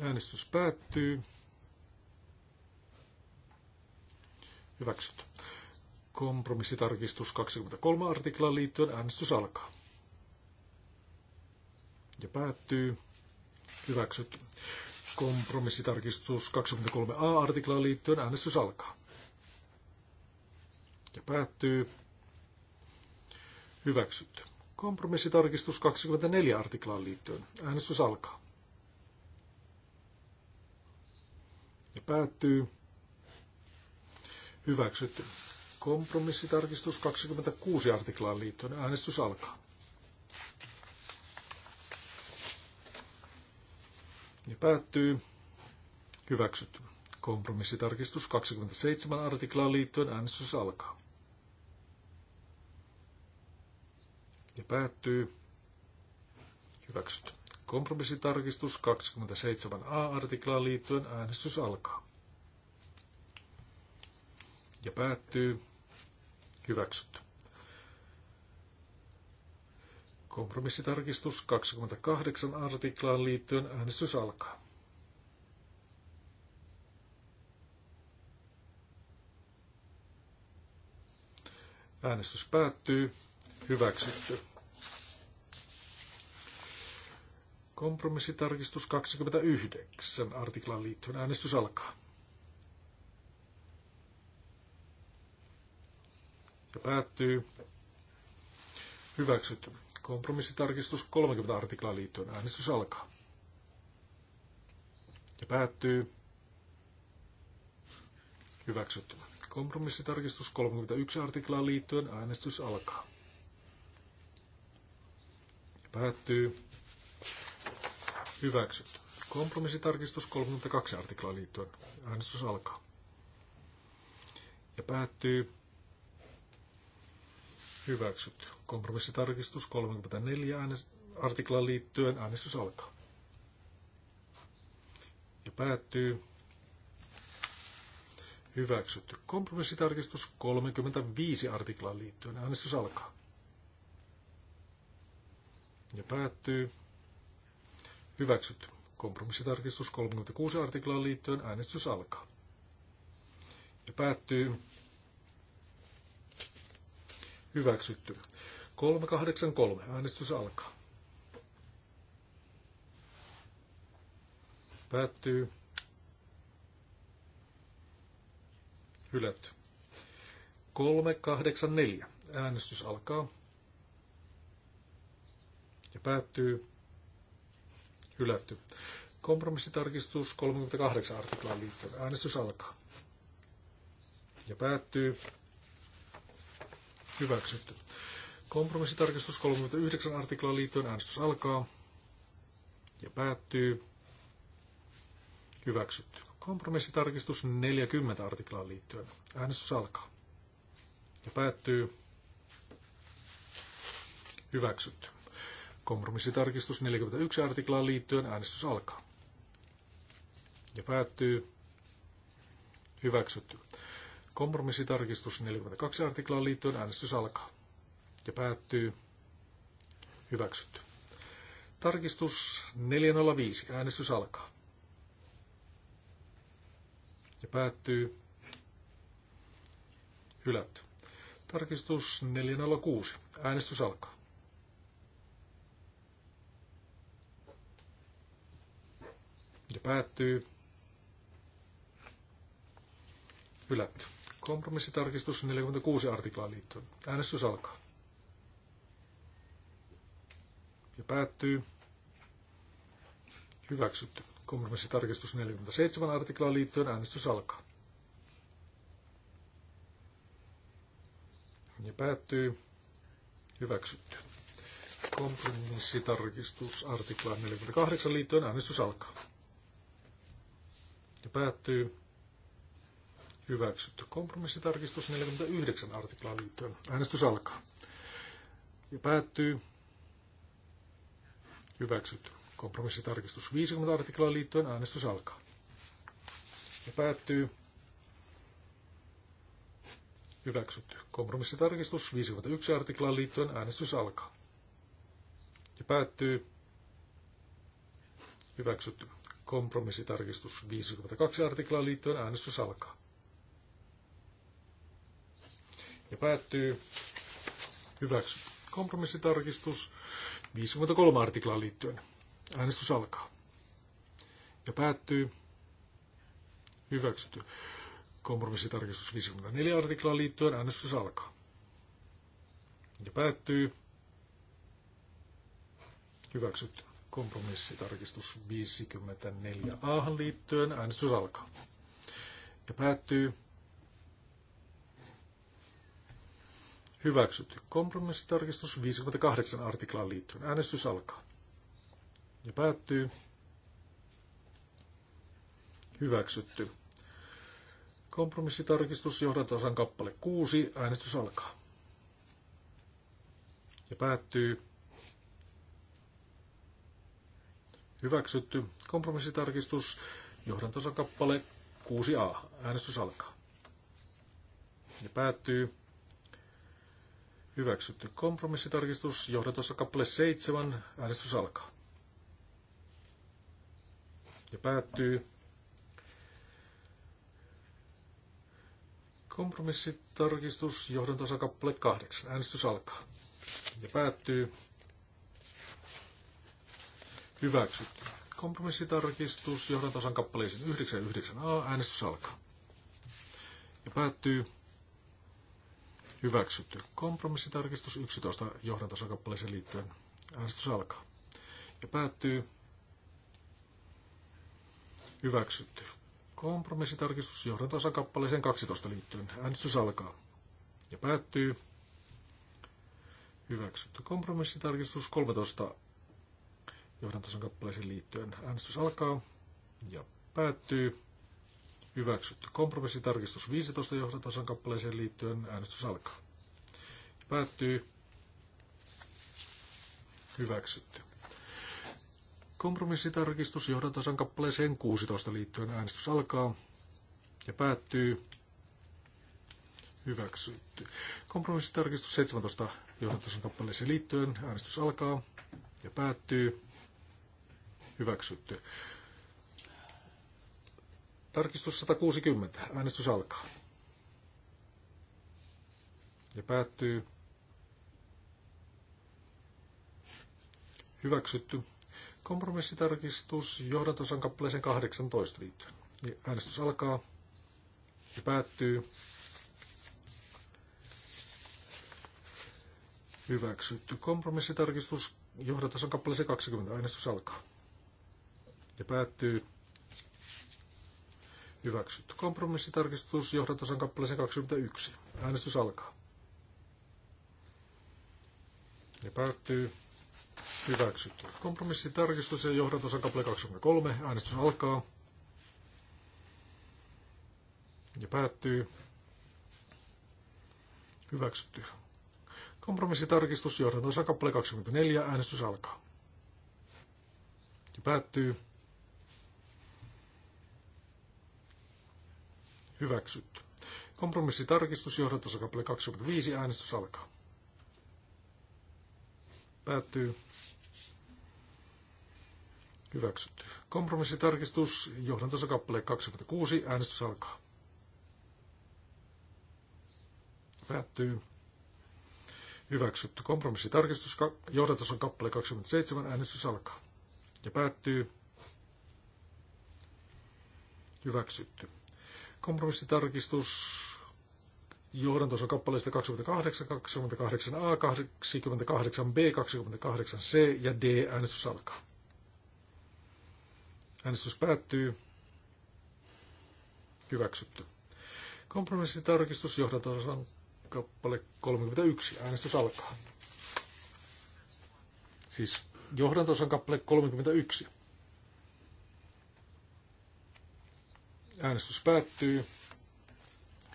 Äänestys päättyy. Hyväksytty. Kompromissitarkistus 23 artiklaan liittyen äänestys alkaa. Ja päättyy. Hyväksytty. Kompromissitarkistus 23a artiklaan liittyen äänestys alkaa. Ja päättyy. Hyväksytty. Kompromissitarkistus 24 artiklaan liittyen. Äänestys alkaa. Ja päättyy. Hyväksytty. Kompromissitarkistus 26 artiklaan liittyen. Äänestys alkaa. Ja päättyy. Hyväksytty. Kompromissitarkistus 27 artiklaan liittyen äänestys alkaa. Ja päättyy. Hyväksytty. Kompromissitarkistus 27a artiklaan liittyen äänestys alkaa ja päättyy. Hyväksytty. Kompromissitarkistus 28 artiklaan liittyen äänestys alkaa. Äänestys päättyy. Hyväksytty. Kompromissitarkistus 29 artiklaan liittyen äänestys alkaa. ja päättyy. Hyväksytty. Kompromissitarkistus 30 artiklaa liittyen. Äänestys alkaa. Ja päättyy. Hyväksytty. Kompromissitarkistus 31 artiklaa liittyen. Äänestys alkaa. Ja päättyy. Hyväksytty. Kompromissitarkistus 32 artiklaa liittyen. Äänestys alkaa. Ja päättyy. Hyväksytty. Kompromissitarkistus 34 äänest- artiklaan liittyen äänestys alkaa. Ja päättyy. Hyväksytty. Kompromissitarkistus 35 artiklaan liittyen äänestys alkaa. Ja päättyy. Hyväksytty. Kompromissitarkistus 36 artiklaan liittyen äänestys alkaa. Ja päättyy. Hyväksytty. 383. Äänestys alkaa. Päättyy. Hylätty. 384. Äänestys alkaa. Ja päättyy. Hylätty. Kompromissitarkistus 38 artiklaan liittyen. Äänestys alkaa. Ja päättyy hyväksytty. Kompromissitarkistus 39 artiklaan liittyen äänestys alkaa ja päättyy. Hyväksytty. Kompromissitarkistus 40 artiklaan liittyen äänestys alkaa ja päättyy. Hyväksytty. Kompromissitarkistus 41 artiklaan liittyen äänestys alkaa ja päättyy. Hyväksytty. Kompromissitarkistus 42 artiklaan liittyen äänestys alkaa ja päättyy. Hyväksytty. Tarkistus 405. Äänestys alkaa. Ja päättyy. Hylätty. Tarkistus 406. Äänestys alkaa. Ja päättyy. Hylätty. Kompromissitarkistus 46 artiklaan liittyen. Äänestys alkaa. Ja päättyy. Hyväksytty. Kompromissitarkistus 47 artiklaan liittyen äänestys alkaa. Ja päättyy. Hyväksytty. Kompromissitarkistus artiklaan 48 liittyen äänestys alkaa. Ja päättyy hyväksytty. Kompromissitarkistus 49 artiklaan liittyen. Äänestys alkaa. Ja päättyy. Hyväksytty. Kompromissitarkistus 50 artiklaan liittyen. Äänestys alkaa. Ja päättyy. Hyväksytty. Kompromissitarkistus 51 artiklaan liittyen. Äänestys alkaa. Ja päättyy. Hyväksytty. Kompromissitarkistus 52 artiklaan liittyen äänestys alkaa. ja päättyy. Hyväksy. Kompromissitarkistus 53 artiklaan liittyen. Äänestys alkaa. Ja päättyy. Hyväksytty. Kompromissitarkistus 54 artiklaan liittyen äänestys alkaa. Ja päättyy. Hyväksytty. Kompromissitarkistus 54a liittyen äänestys alkaa. Ja päättyy. Hyväksytty. Kompromissitarkistus 58 artiklaan liittyen. Äänestys alkaa. Ja päättyy. Hyväksytty. Kompromissitarkistus johdantosan kappale 6. Äänestys alkaa. Ja päättyy. Hyväksytty. Kompromissitarkistus johdantosan kappale 6a. Äänestys alkaa. Ja päättyy. Hyväksytty kompromissitarkistus, johdatossa kappale 7, äänestys alkaa. Ja päättyy. Kompromissitarkistus, johdantosa kappale 8, äänestys alkaa. Ja päättyy. Hyväksytty. Kompromissitarkistus, johdantosan kappaleisiin 9 a äänestys alkaa. Ja päättyy. Hyväksytty. Kompromissitarkistus 11 johdantosakappaleeseen liittyen. Äänestys alkaa. Ja päättyy. Hyväksytty. Kompromissitarkistus johdantosakappaleeseen 12 liittyen. Äänestys alkaa. Ja päättyy. Hyväksytty. Kompromissitarkistus 13 johdantosakappaleeseen liittyen. Äänestys alkaa ja päättyy. Hyväksytty. Kompromissitarkistus 15 johdatosan kappaleeseen liittyen äänestys alkaa. Päättyy. Hyväksytty. Kompromissitarkistus johdatosan kappaleeseen 16 liittyen äänestys alkaa ja päättyy. Hyväksytty. Kompromissitarkistus 17 johdatosan kappaleeseen liittyen äänestys alkaa ja päättyy. Hyväksytty. Tarkistus 160. Äänestys alkaa. Ja päättyy. Hyväksytty. Kompromissitarkistus johdantosan kappaleeseen 18 liittyen. Niin äänestys alkaa ja päättyy. Hyväksytty. Kompromissitarkistus johdantosan kappaleeseen 20. Äänestys alkaa ja päättyy. Hyväksytty. Kompromissitarkistus johdatosan kappaleeseen 21. Äänestys alkaa. Ja päättyy. Hyväksytty. Kompromissitarkistus ja johdatosan kappale 23. Äänestys alkaa. Ja päättyy. Hyväksytty. Kompromissitarkistus johdatosan kappale 24. Äänestys alkaa. Ja päättyy. Hyväksytty. Kompromissitarkistus johdantosakappale 25. Äänestys alkaa. Päättyy. Hyväksytty. Kompromissitarkistus kappale 26. Äänestys alkaa. Päättyy. Hyväksytty. Kompromissitarkistus johdantosan kappale 27. Äänestys alkaa. Ja päättyy. Hyväksytty. Kompromissitarkistus johdantosa kappaleista 28, 28a, 28b, 28c ja d äänestys alkaa. Äänestys päättyy. Hyväksytty. Kompromissitarkistus johdantosan kappale 31. Äänestys alkaa. Siis johdantosan kappale 31. Äänestys päättyy.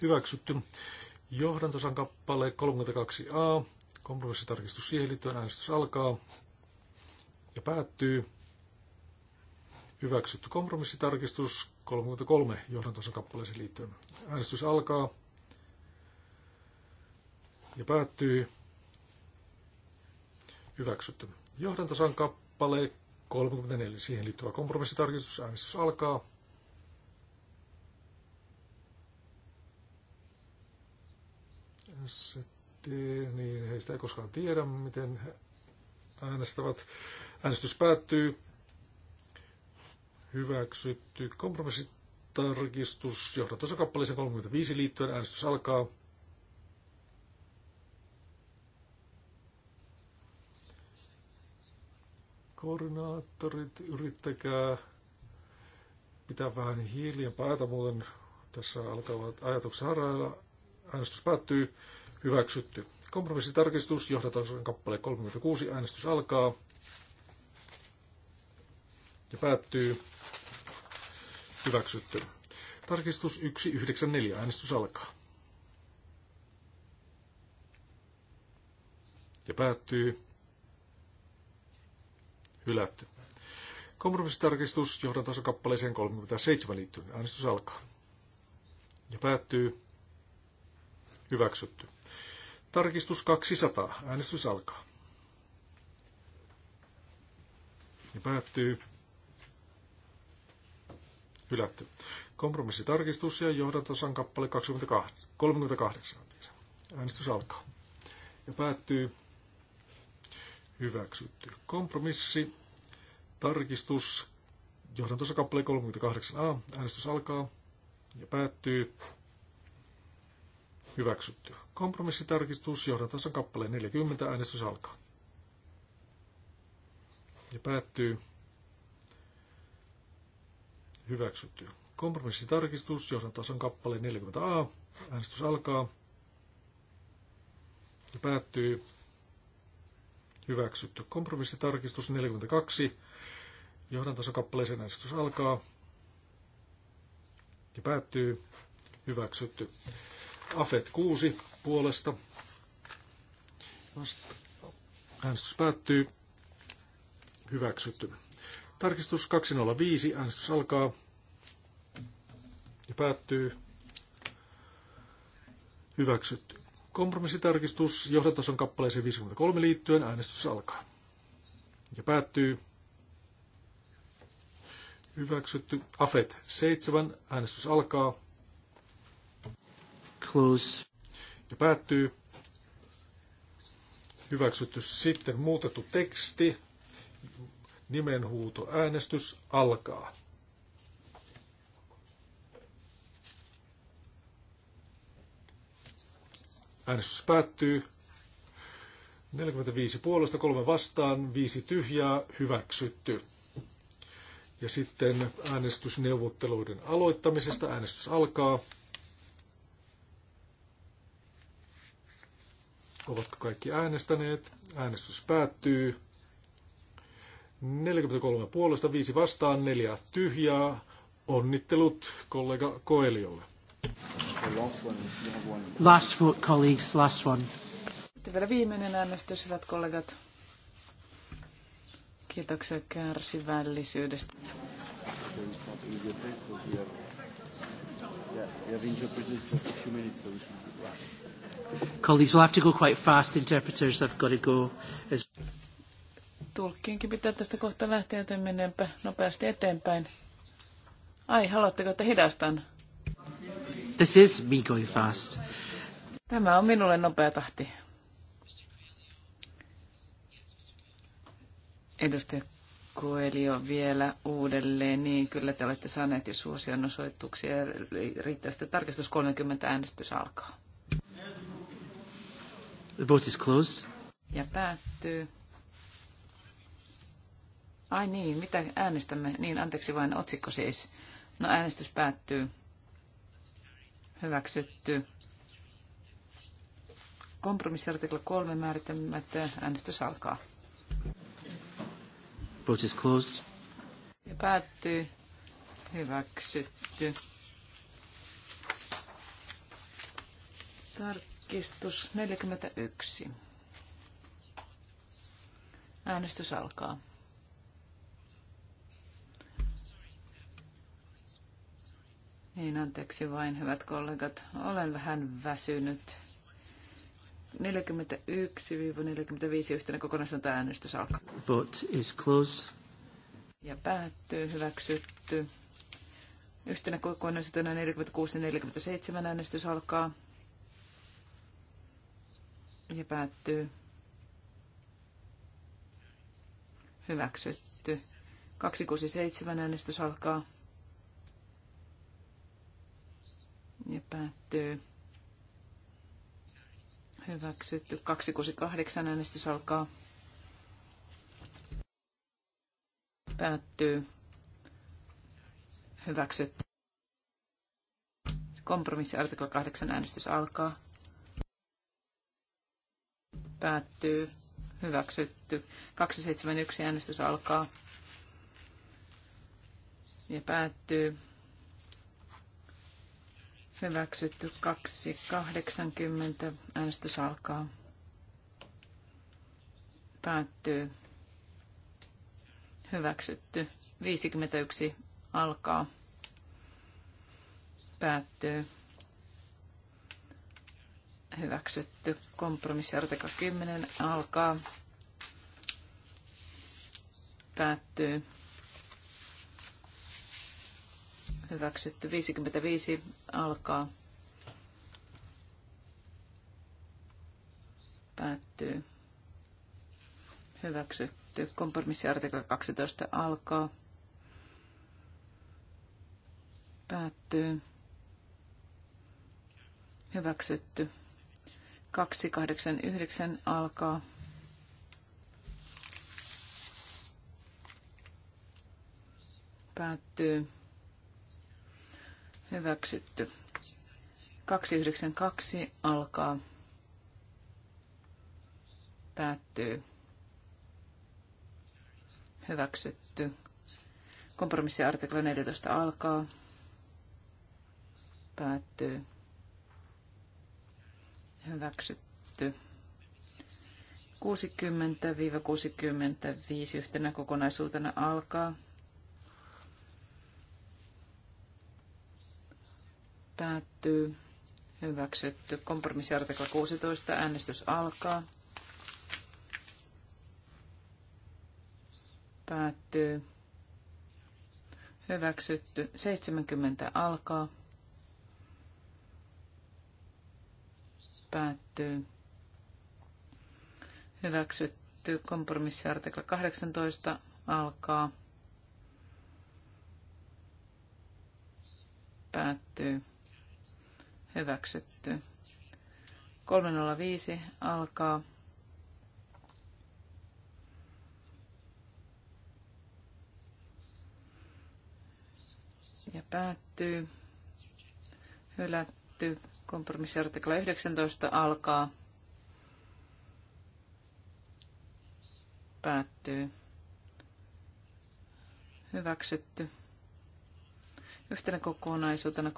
Hyväksytty. Johdantosan kappale 32a. Kompromissitarkistus siihen liittyen. Äänestys alkaa ja päättyy. Hyväksytty kompromissitarkistus 33 johdantosan kappaleeseen liittyen. Äänestys alkaa ja päättyy. Hyväksytty. Johdantosan kappale 34 siihen liittyvä kompromissitarkistus. Äänestys alkaa niin heistä ei koskaan tiedä, miten he äänestävät. Äänestys päättyy. Hyväksytty kompromissitarkistus johdatusakappaleeseen 35 liittyen. Äänestys alkaa. Koordinaattorit, yrittäkää pitää vähän hiljaa päätä, muuten tässä alkavat ajatukset harailla. Äänestys päättyy. Hyväksytty. Kompromissitarkistus, johdatuksen kappale 36, äänestys alkaa ja päättyy. Hyväksytty. Tarkistus 194, äänestys alkaa. Ja päättyy. Hylätty. Kompromissitarkistus johdantasokappaleeseen 37 liittyen. Äänestys alkaa. Ja päättyy. Hyväksytty. Tarkistus 200. Äänestys alkaa. Ja päättyy. Hylätty. Kompromissitarkistus ja johdantosan kappale 28. 38. Äänestys alkaa. Ja päättyy. Hyväksytty. Kompromissi. Tarkistus. Johdantosa kappale 38a. Äänestys alkaa ja päättyy. Hyväksytty. Kompromissitarkistus johdantason kappaleen 40. Äänestys alkaa. Ja päättyy. Hyväksytty. Kompromissitarkistus johdantason kappaleen 40a. Äänestys alkaa. Ja päättyy. Hyväksytty. Kompromissitarkistus 42. Johdantason kappaleen äänestys alkaa. Ja päättyy. Hyväksytty. Afet 6 puolesta. Äänestys päättyy. Hyväksytty. Tarkistus 205. Äänestys alkaa ja päättyy. Hyväksytty. Kompromissitarkistus johdatason kappaleeseen 53 liittyen. Äänestys alkaa ja päättyy. Hyväksytty. Afet 7. Äänestys alkaa close. Ja päättyy. Hyväksytty sitten muutettu teksti. Nimenhuuto äänestys alkaa. Äänestys päättyy. 45 puolesta, kolme vastaan, viisi tyhjää, hyväksytty. Ja sitten äänestysneuvotteluiden aloittamisesta. Äänestys alkaa. Ovatko kaikki äänestäneet? Äänestys päättyy. 43 puolesta, 5 vastaan, 4 tyhjää. Onnittelut kollega Koeliolle. Last vote, colleagues, last one. Sitten vielä viimeinen äänestys, hyvät kollegat. Kiitoksia kärsivällisyydestä. Yeah, we have interpreters just a few minutes, so we should rush. Colleagues, we'll have to go quite fast. Interpreters have got to go. As... Tulkkiinkin pitää tästä kohta lähteä, joten menenpä nopeasti eteenpäin. Ai, haluatteko, että hidastan? This is me going fast. Tämä on minulle nopea tahti. Edustaja Koelio vielä uudelleen. Niin, kyllä te olette saaneet jo suosionosoituksia. Riittää sitten tarkistus 30 äänestys alkaa. The vote is closed. Ja päättyy. Ai niin, mitä äänestämme? Niin, anteeksi vain otsikko siis. No äänestys päättyy. Hyväksytty. Kompromissiartikla 3 määritelmät äänestys alkaa. Vote is closed. Ja päättyy. Hyväksytty. Tart- Kistus 41. Äänestys alkaa. Niin, anteeksi vain, hyvät kollegat. Olen vähän väsynyt. 41-45 yhtenä kokonaisuutta äänestys alkaa. Vote is closed. Ja päättyy, hyväksytty. Yhtenä kokonaisuutena 46-47 äänestys alkaa ja päättyy. Hyväksytty. 267 äänestys alkaa. Ja päättyy. Hyväksytty. 268 äänestys alkaa. Päättyy. Hyväksytty. Kompromissiartikla 8 äänestys alkaa päättyy, hyväksytty. 271 äänestys alkaa ja päättyy. Hyväksytty 280. Äänestys alkaa. Päättyy. Hyväksytty 51. Alkaa. Päättyy hyväksytty. Kompromissi artikla 10 alkaa, päättyy, hyväksytty. 55 alkaa, päättyy, hyväksytty. Kompromissi artikla 12 alkaa, päättyy, hyväksytty. 289 alkaa. Päättyy. Hyväksytty. 292 alkaa. Päättyy. Hyväksytty. Kompromissiartikla 14 alkaa. Päättyy Hyväksytty. 60-65 yhtenä kokonaisuutena alkaa. Päättyy. Hyväksytty. Kompromissiartikla 16. Äänestys alkaa. Päättyy. Hyväksytty. 70 alkaa. päättyy. Hyväksytty. Kompromissiartikla 18 alkaa. Päättyy. Hyväksytty. 305 alkaa. Ja päättyy. Hylätty. Kompromissiartikla 19 alkaa. Päättyy. Hyväksytty. Yhtenä kokonaisuutena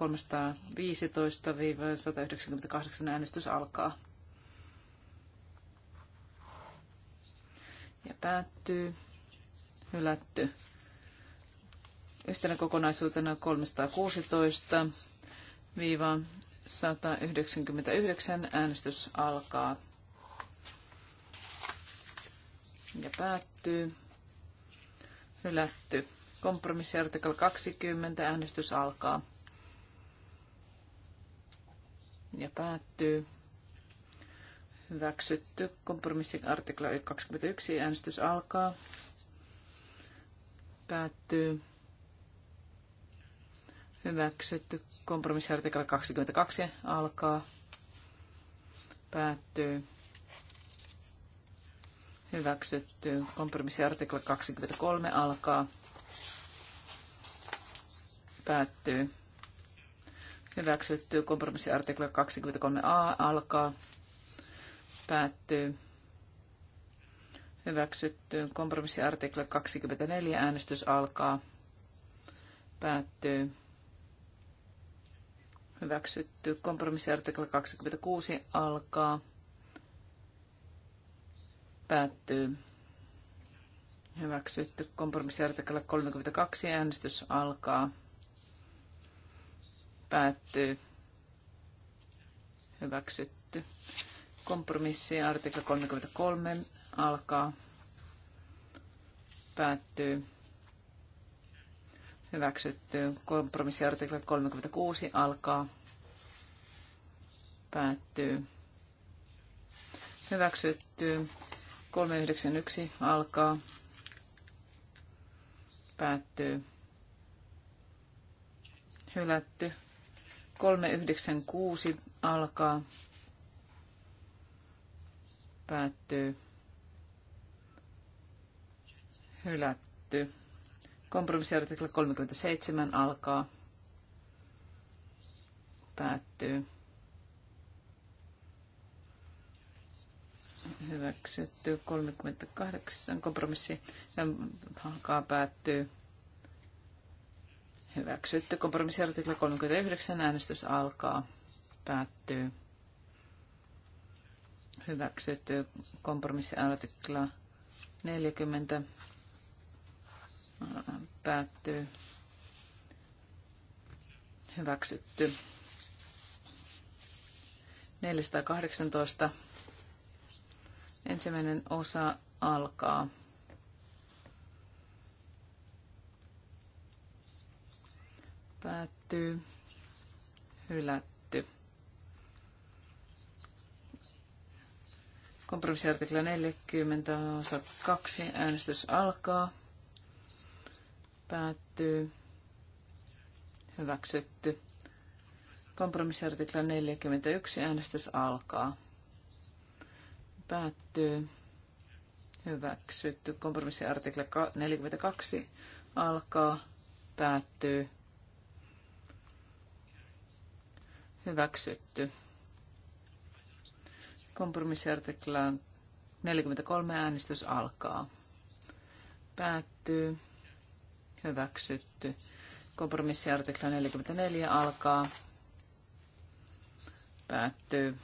315-198 äänestys alkaa. Ja päättyy. Hylätty. Yhtenä kokonaisuutena 316 viiva 199. Äänestys alkaa ja päättyy. Hylätty. Kompromissiartikla 20. Äänestys alkaa ja päättyy. Hyväksytty. Kompromissiartikla 21. Äänestys alkaa. Päättyy. Hyväksytty. Kompromissiartikla 22 alkaa. Päättyy. Hyväksytty. Kompromissiartikla 23 alkaa. Päättyy. Hyväksytty. Kompromissiartikla 23a alkaa. Päättyy. Hyväksytty. Kompromissiartikla 24 äänestys alkaa. Päättyy. Hyväksytty. Kompromissiartikla 26 alkaa. Päättyy. Hyväksytty. Kompromissiartikla 32 äänestys alkaa. Päättyy. Hyväksytty. Kompromissi artikla 33 alkaa. Päättyy Hyväksytty. Kompromissiartikla 36 alkaa. Päättyy. Hyväksytty. 391 alkaa. Päättyy. Hylätty. 396 alkaa. Päättyy. Hylätty. Kompromissiartikla 37 alkaa. Päättyy. Hyväksytty 38. Kompromissi alkaa päättyy. Hyväksytty. Kompromissiartikla 39. Äänestys alkaa. Päättyy. Hyväksytty. Kompromissiartikla 40 Päättyy. Hyväksytty. 418. Ensimmäinen osa alkaa. Päättyy. Hylätty. Kompromissiartikla 40, osa 2, äänestys alkaa. Päättyy. Hyväksytty. Kompromissiartikla 41. Äänestys alkaa. Päättyy. Hyväksytty. Kompromissiartikla 42 alkaa. Päättyy. Hyväksytty. Kompromissiartikla 43 äänestys alkaa. Päättyy hyväksytty. Kompromissiartikla 44 alkaa, päättyy,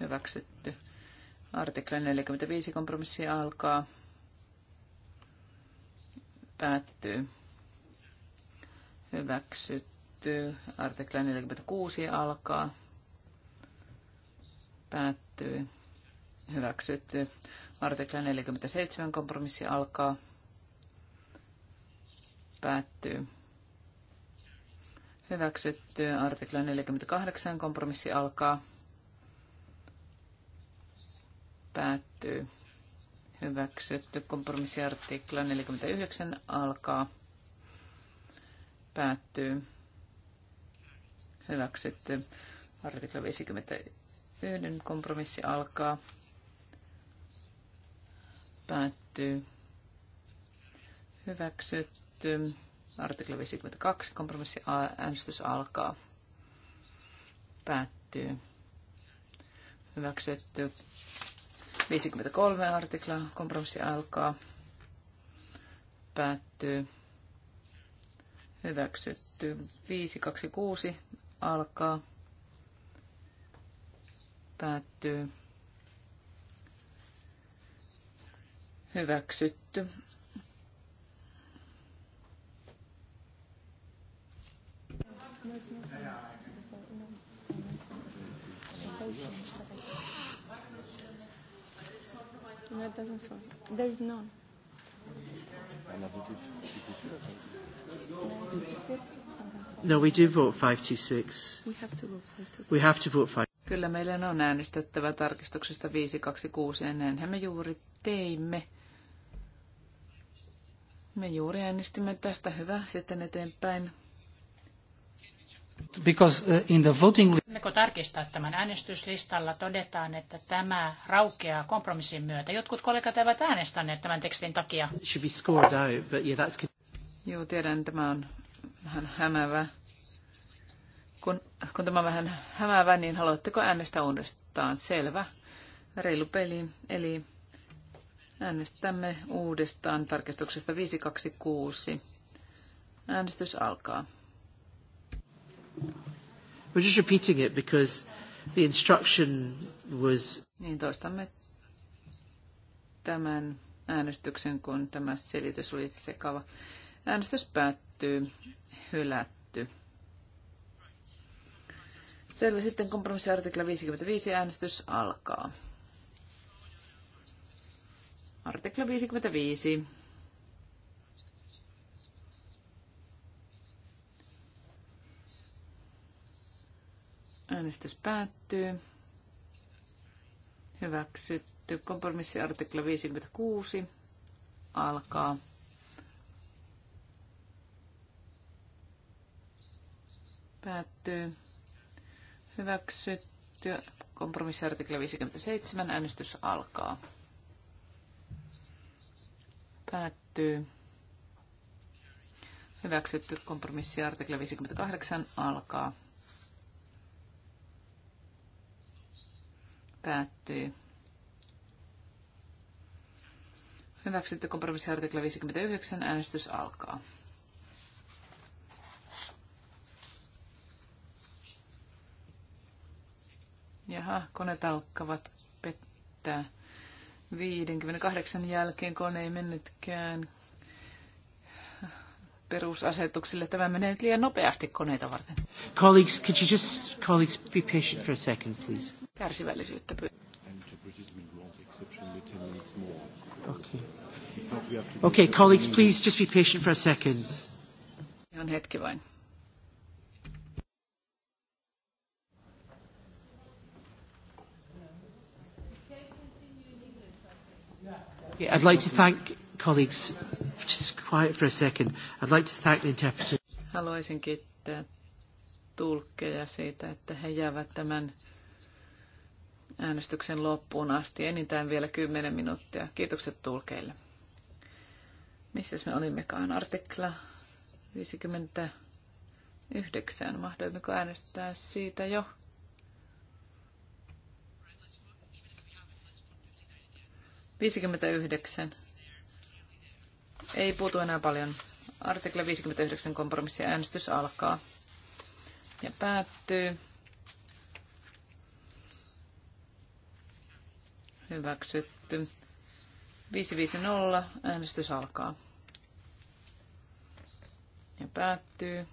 hyväksytty. Artikla 45 kompromissi alkaa, päättyy, hyväksytty. Artikla 46 alkaa, päättyy, hyväksytty. Artikla 47 kompromissi alkaa, päättyy. Hyväksytty. Artikla 48. Kompromissi alkaa. Päättyy. Hyväksytty. Kompromissiartikla 49 alkaa. Päättyy. Hyväksytty. Artikla 51. Kompromissi alkaa. Päättyy. Hyväksytty Hyväksytty. Artikla 52. Kompromissi Äänestys alkaa. Päättyy. Hyväksytty. 53 artikla. Kompromissi alkaa. Päättyy. Hyväksytty. 526 alkaa. Päättyy. Hyväksytty. No, it doesn't There is none. On a voté No, we do vote 526. We have to vote We have to vote 5. Kyllä meillä on äänestettävä tarkistuksesta 526 ja näinhän me juuri teimme. Me juuri äänestimme tästä. Hyvä, sitten eteenpäin. Uh, Voimmeko tarkistaa tämän äänestyslistalla? Todetaan, että tämä raukeaa kompromissin myötä. Jotkut kollegat eivät äänestäneet tämän tekstin takia. Should be scored out, but yeah, that's... Joo, tiedän, tämä on vähän hämävä. Kun, kun tämä on vähän hämävä, niin haluatteko äänestää uudestaan? Selvä. Reilu peli. Eli äänestämme uudestaan tarkistuksesta 526. Äänestys alkaa. We're just repeating it because the instruction was... Niin toistamme tämän äänestyksen, kun tämä selitys oli sekava. Äänestys päättyy, hylätty. Selvä, sitten kompromissiartikla 55 äänestys alkaa. Artikla 55. Äänestys päättyy. Hyväksytty. Kompromissiartikla 56 alkaa. Päättyy. Hyväksytty. Kompromissiartikla 57. Äänestys alkaa. Päättyy. Hyväksytty. Kompromissiartikla 58 alkaa. päättyy. Hyväksytty kompromissiartikla 59. Äänestys alkaa. Jaha, koneet alkavat pettää. 58 jälkeen kone ei mennytkään perusasetuksille. Tämä menee liian nopeasti koneita varten. Colleagues, could you just, colleagues, be patient for a second, please kärsivällisyyttä pyydän. Okay. okay, colleagues, please just be patient for a second. Ihan hetki vain. I'd like to thank colleagues, just quiet for a second. I'd like to thank the interpreter. Haluaisin kiittää tulkkeja siitä, että he jäävät tämän äänestyksen loppuun asti, enintään vielä 10 minuuttia. Kiitokset tulkeille. Missä me olimmekaan? Artikla 59. Mahdoimmeko äänestää siitä jo? Viisikymmentäyhdeksän. Ei puutu enää paljon. Artikla 59 kompromissi äänestys alkaa ja päättyy. Hyväksytty. 550. Äänestys alkaa. Ja päättyy.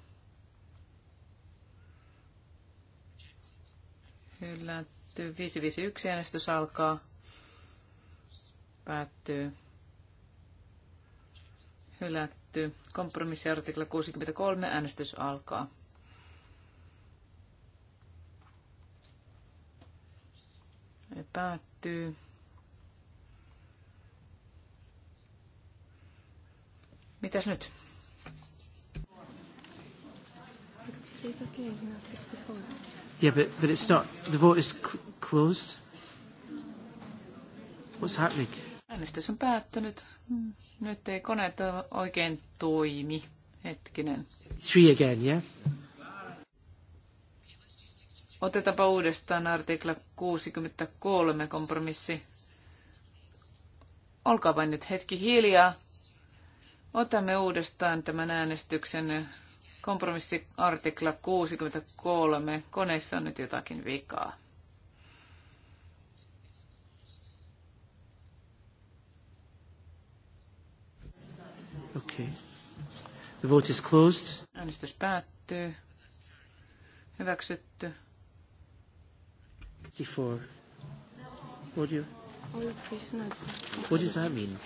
Hylätty. 551 äänestys alkaa. Päättyy. Hylätty. Kompromissiartikla 63. Äänestys alkaa. Ja päättyy. Mitäs nyt? Yeah, but, but it's not, the vote is cl- closed. What's happening? Äänestys on päättynyt. Mm, nyt ei koneet oikein toimi. Hetkinen. Three again, yeah? Otetaanpa uudestaan artikla 63 kompromissi. Olkaa vain nyt hetki hiljaa. Otamme uudestaan tämän äänestyksen kompromissiartikla 63. Koneessa on nyt jotakin vikaa. Okay. The vote is closed. Äänestys päättyy. Hyväksytty. 54. What do you... Oh, What does that mean?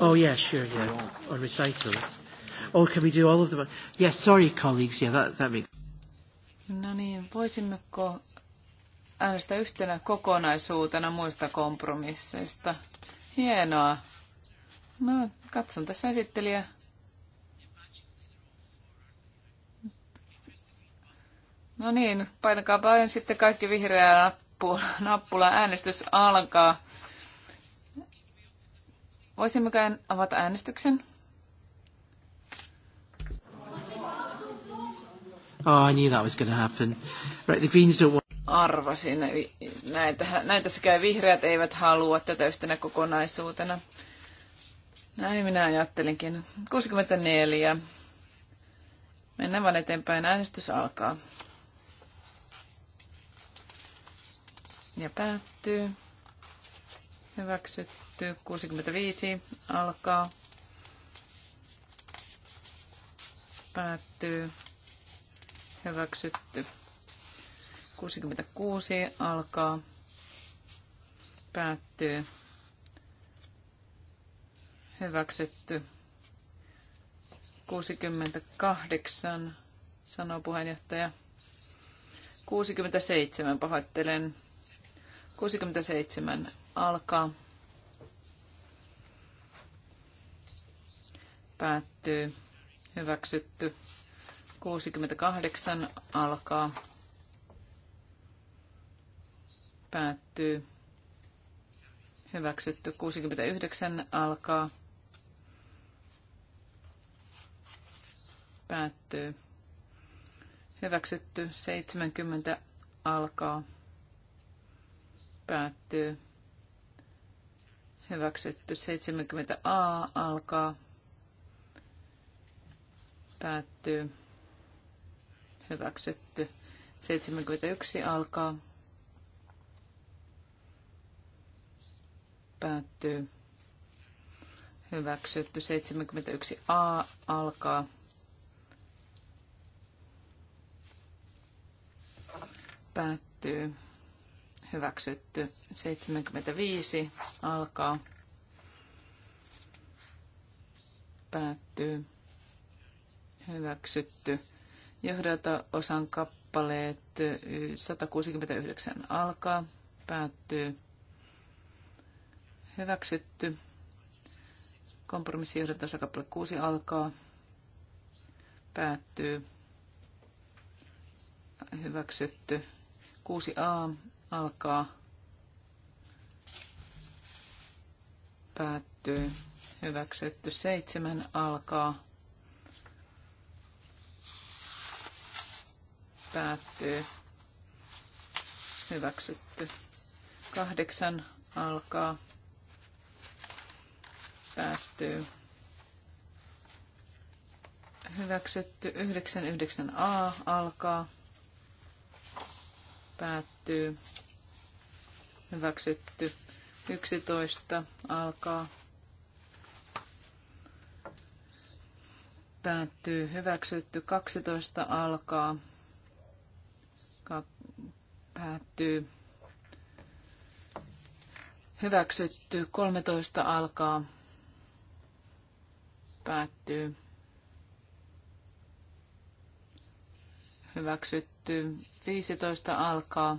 Oh, yeah, sure, yeah. Or recitals. Oh, can we do all of them? Yeah, sorry, colleagues. Yeah, that, that makes... No niin, voisimmeko äänestää yhtenä kokonaisuutena muista kompromisseista? Hienoa. No, katson tässä esittelijä. No niin, painakaapa sitten kaikki vihreää nappia nappula, nappula äänestys alkaa. Voisimmeko avata äänestyksen? Oh, I knew that was going to happen. Right, the Greens don't want... Arvasin. Näitä, näitä sekä vihreät eivät halua tätä yhtenä kokonaisuutena. Näin minä ajattelinkin. 64. Mennään vaan eteenpäin. Äänestys alkaa. ja päättyy. Hyväksytty. 65 alkaa. Päättyy. Hyväksytty. 66 alkaa. Päättyy. Hyväksytty. 68, sanoo puheenjohtaja. 67, pahoittelen. 67 alkaa. Päättyy. Hyväksytty. 68 alkaa. Päättyy. Hyväksytty. 69 alkaa. Päättyy. Hyväksytty. 70 alkaa päättyy. Hyväksytty 70a alkaa. Päättyy. Hyväksytty 71 alkaa. Päättyy. Hyväksytty 71a alkaa. Päättyy hyväksytty. 75 alkaa. Päättyy. Hyväksytty. Johdata osan kappaleet 169 alkaa. Päättyy. Hyväksytty. Kompromissi Kompromissijohdata kappale 6 alkaa. Päättyy. Hyväksytty. 6a alkaa, päättyy, hyväksytty. Seitsemän alkaa, päättyy, hyväksytty. Kahdeksan alkaa, päättyy, hyväksytty. Yhdeksän, yhdeksän A alkaa, päättyy, hyväksytty. 11 alkaa, päättyy, hyväksytty. 12 alkaa, päättyy, hyväksytty. 13 alkaa, päättyy, hyväksytty päättyy. 15 alkaa.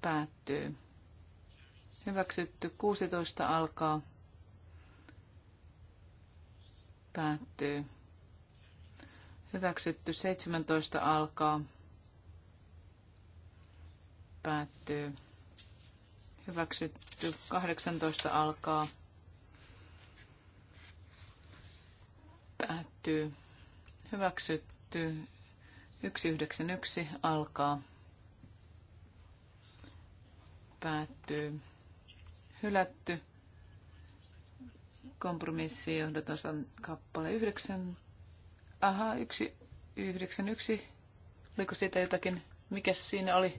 Päättyy. Hyväksytty. 16 alkaa. Päättyy. Hyväksytty. 17 alkaa. Päättyy. Hyväksytty. 18 alkaa. Päättyy Hyväksytty. 191 alkaa. Päättyy. Hylätty. Kompromissi johdotosan kappale 9. Aha, 191. Oliko siitä jotakin? Mikäs siinä oli?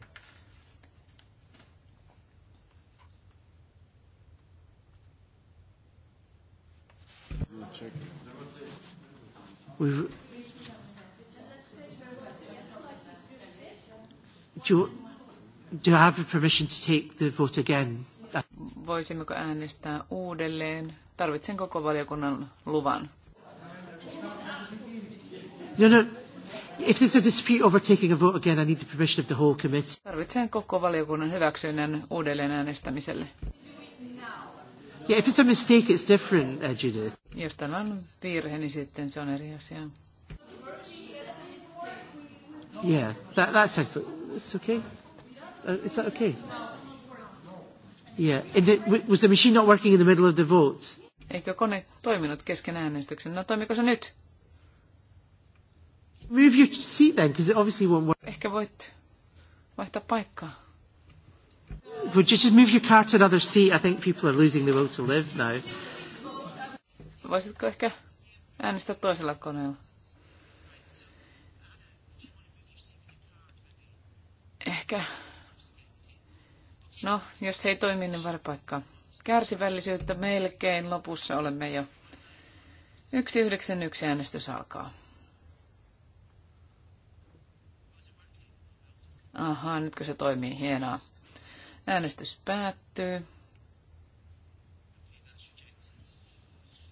We've do, you, do I have permission to take the vote again? Voisimmeko äänestää uudelleen? Tarvitsen koko valiokunnan luvan. No, no. If there's a dispute over taking a vote again, I need the permission of the whole committee. Tarvitsen koko valiokunnan hyväksynnän uudelleen äänestämiselle. Yeah, if it's a mistake, it's different, uh, Judith. Jos tämä on virhe, niin sitten se on eri asia. Yeah, that, that's actually... It's okay. Uh, is that okay? Yeah. And the, was the machine not working in the middle of the votes? Eikö kone toiminut kesken äänestyksen? No toimiko se nyt? Move your seat then, because it obviously won't work. Ehkä voit vaihtaa paikkaa. Would you just move your car to another seat? I think people are losing the will to live now. Voisitko ehkä äänestää toisella koneella? Ehkä. No, jos ei toimi, niin varpaikkaa. Kärsivällisyyttä melkein lopussa olemme jo. yksi yksi äänestys alkaa. Ahaa, nytkö se toimii? Hienoa. Äänestys päättyy.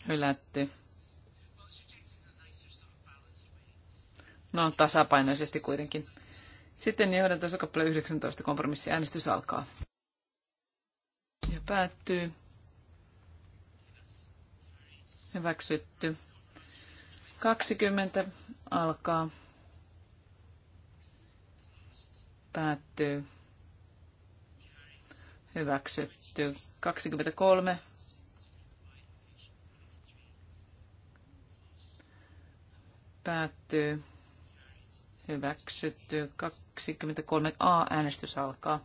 Hylätty. No, tasapainoisesti kuitenkin. Sitten johdantosokappale 19 kompromissiäänestys alkaa. Ja päättyy. Hyväksytty. 20 alkaa. Päättyy. Hyväksytty. 23. Päättyy. Hyväksytty. 23a äänestys alkaa.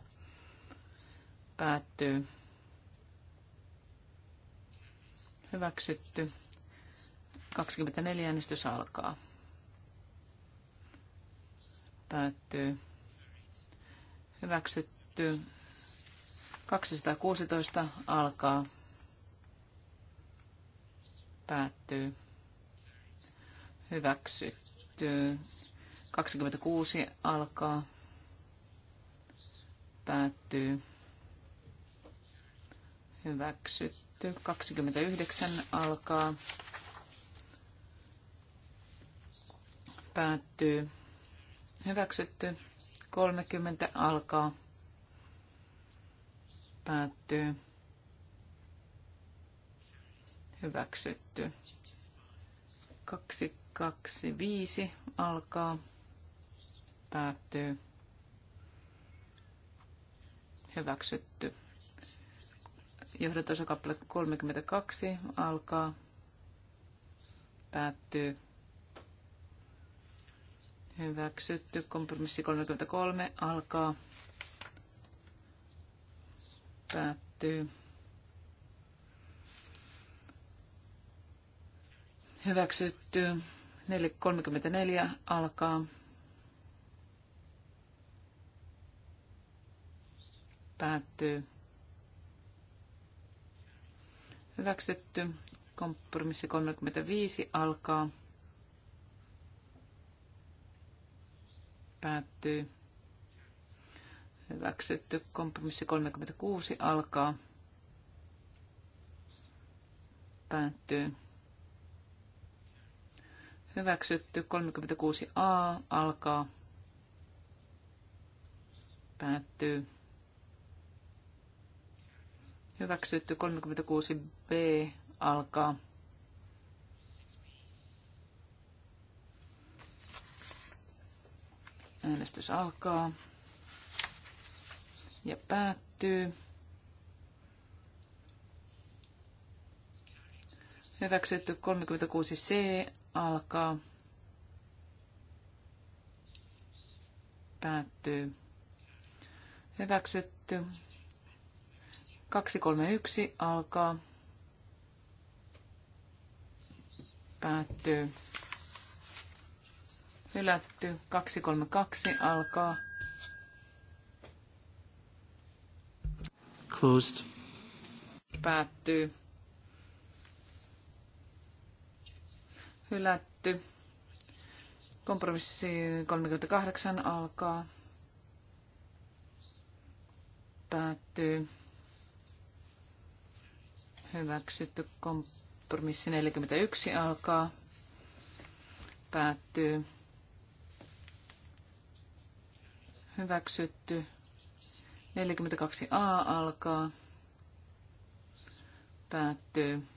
Päättyy. Hyväksytty. 24 äänestys alkaa. Päättyy. Hyväksytty. 216 alkaa. Päättyy. Hyväksytty. 26 alkaa, päättyy, hyväksytty. 29 alkaa, päättyy, hyväksytty. 30 alkaa, päättyy, hyväksytty. 225 alkaa, päättyy. Hyväksytty. Johdatusosakappale 32 alkaa, päättyy. Hyväksytty. Kompromissi 33 alkaa, päättyy. Hyväksytty. 34 alkaa, päättyy. Hyväksytty. Kompromissi 35 alkaa. Päättyy. Hyväksytty. Kompromissi 36 alkaa. Päättyy. Hyväksytty. 36a alkaa. Päättyy Hyväksytty 36b alkaa. Äänestys alkaa ja päättyy. Hyväksytty 36c alkaa. Päättyy. Hyväksytty 231 alkaa. Päättyy. Hylätty. 232 alkaa. Closed. Päättyy. Hylätty. Kompromissi 38 alkaa. Päättyy Hyväksytty kompromissi 41 alkaa. Päättyy. Hyväksytty. 42a alkaa. Päättyy.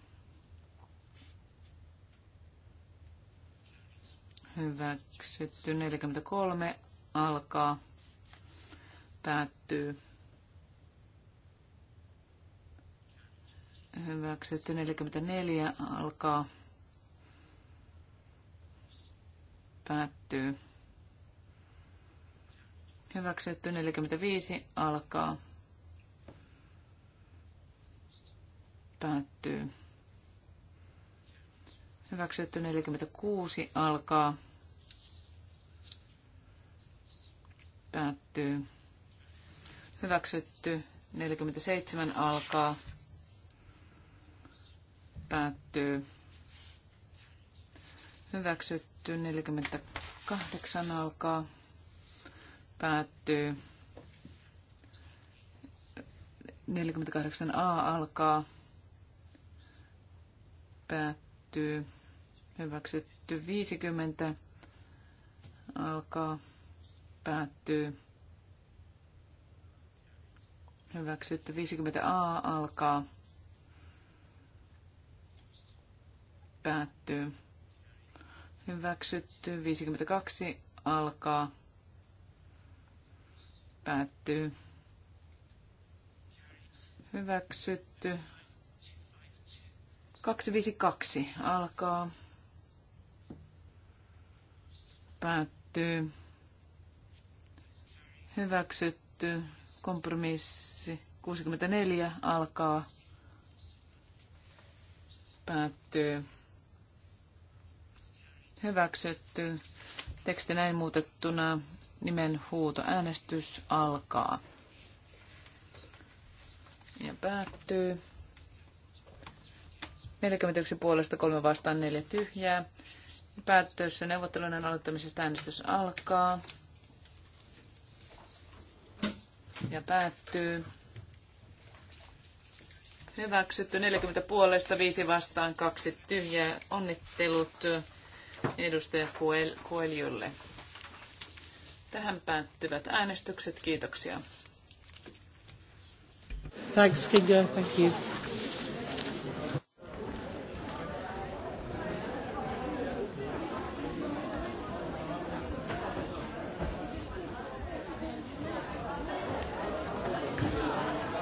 Hyväksytty. 43 alkaa. Päättyy. hyväksytty 44 alkaa, päättyy. Hyväksytty 45 alkaa, päättyy. Hyväksytty 46 alkaa, päättyy. Hyväksytty 47 alkaa, päättyy. Hyväksytty 48 alkaa. Päättyy. 48a alkaa. Päättyy. Hyväksytty 50 alkaa. Päättyy. Hyväksytty 50a alkaa. päättyy. Hyväksytty. 52 alkaa. Päättyy. Hyväksytty. 252 alkaa. Päättyy. Hyväksytty. Kompromissi 64 alkaa. Päättyy hyväksytty. Teksti näin muutettuna nimen huuto. Äänestys alkaa. Ja päättyy. 41 puolesta, kolme vastaan, neljä tyhjää. Päättyessä neuvottelujen aloittamisesta äänestys alkaa. Ja päättyy. Hyväksytty 40 puolesta, viisi vastaan, kaksi tyhjää. Onnittelut edustaja Koeljulle. Tähän päättyvät äänestykset. Kiitoksia. Thanks, Kinga. Thank you.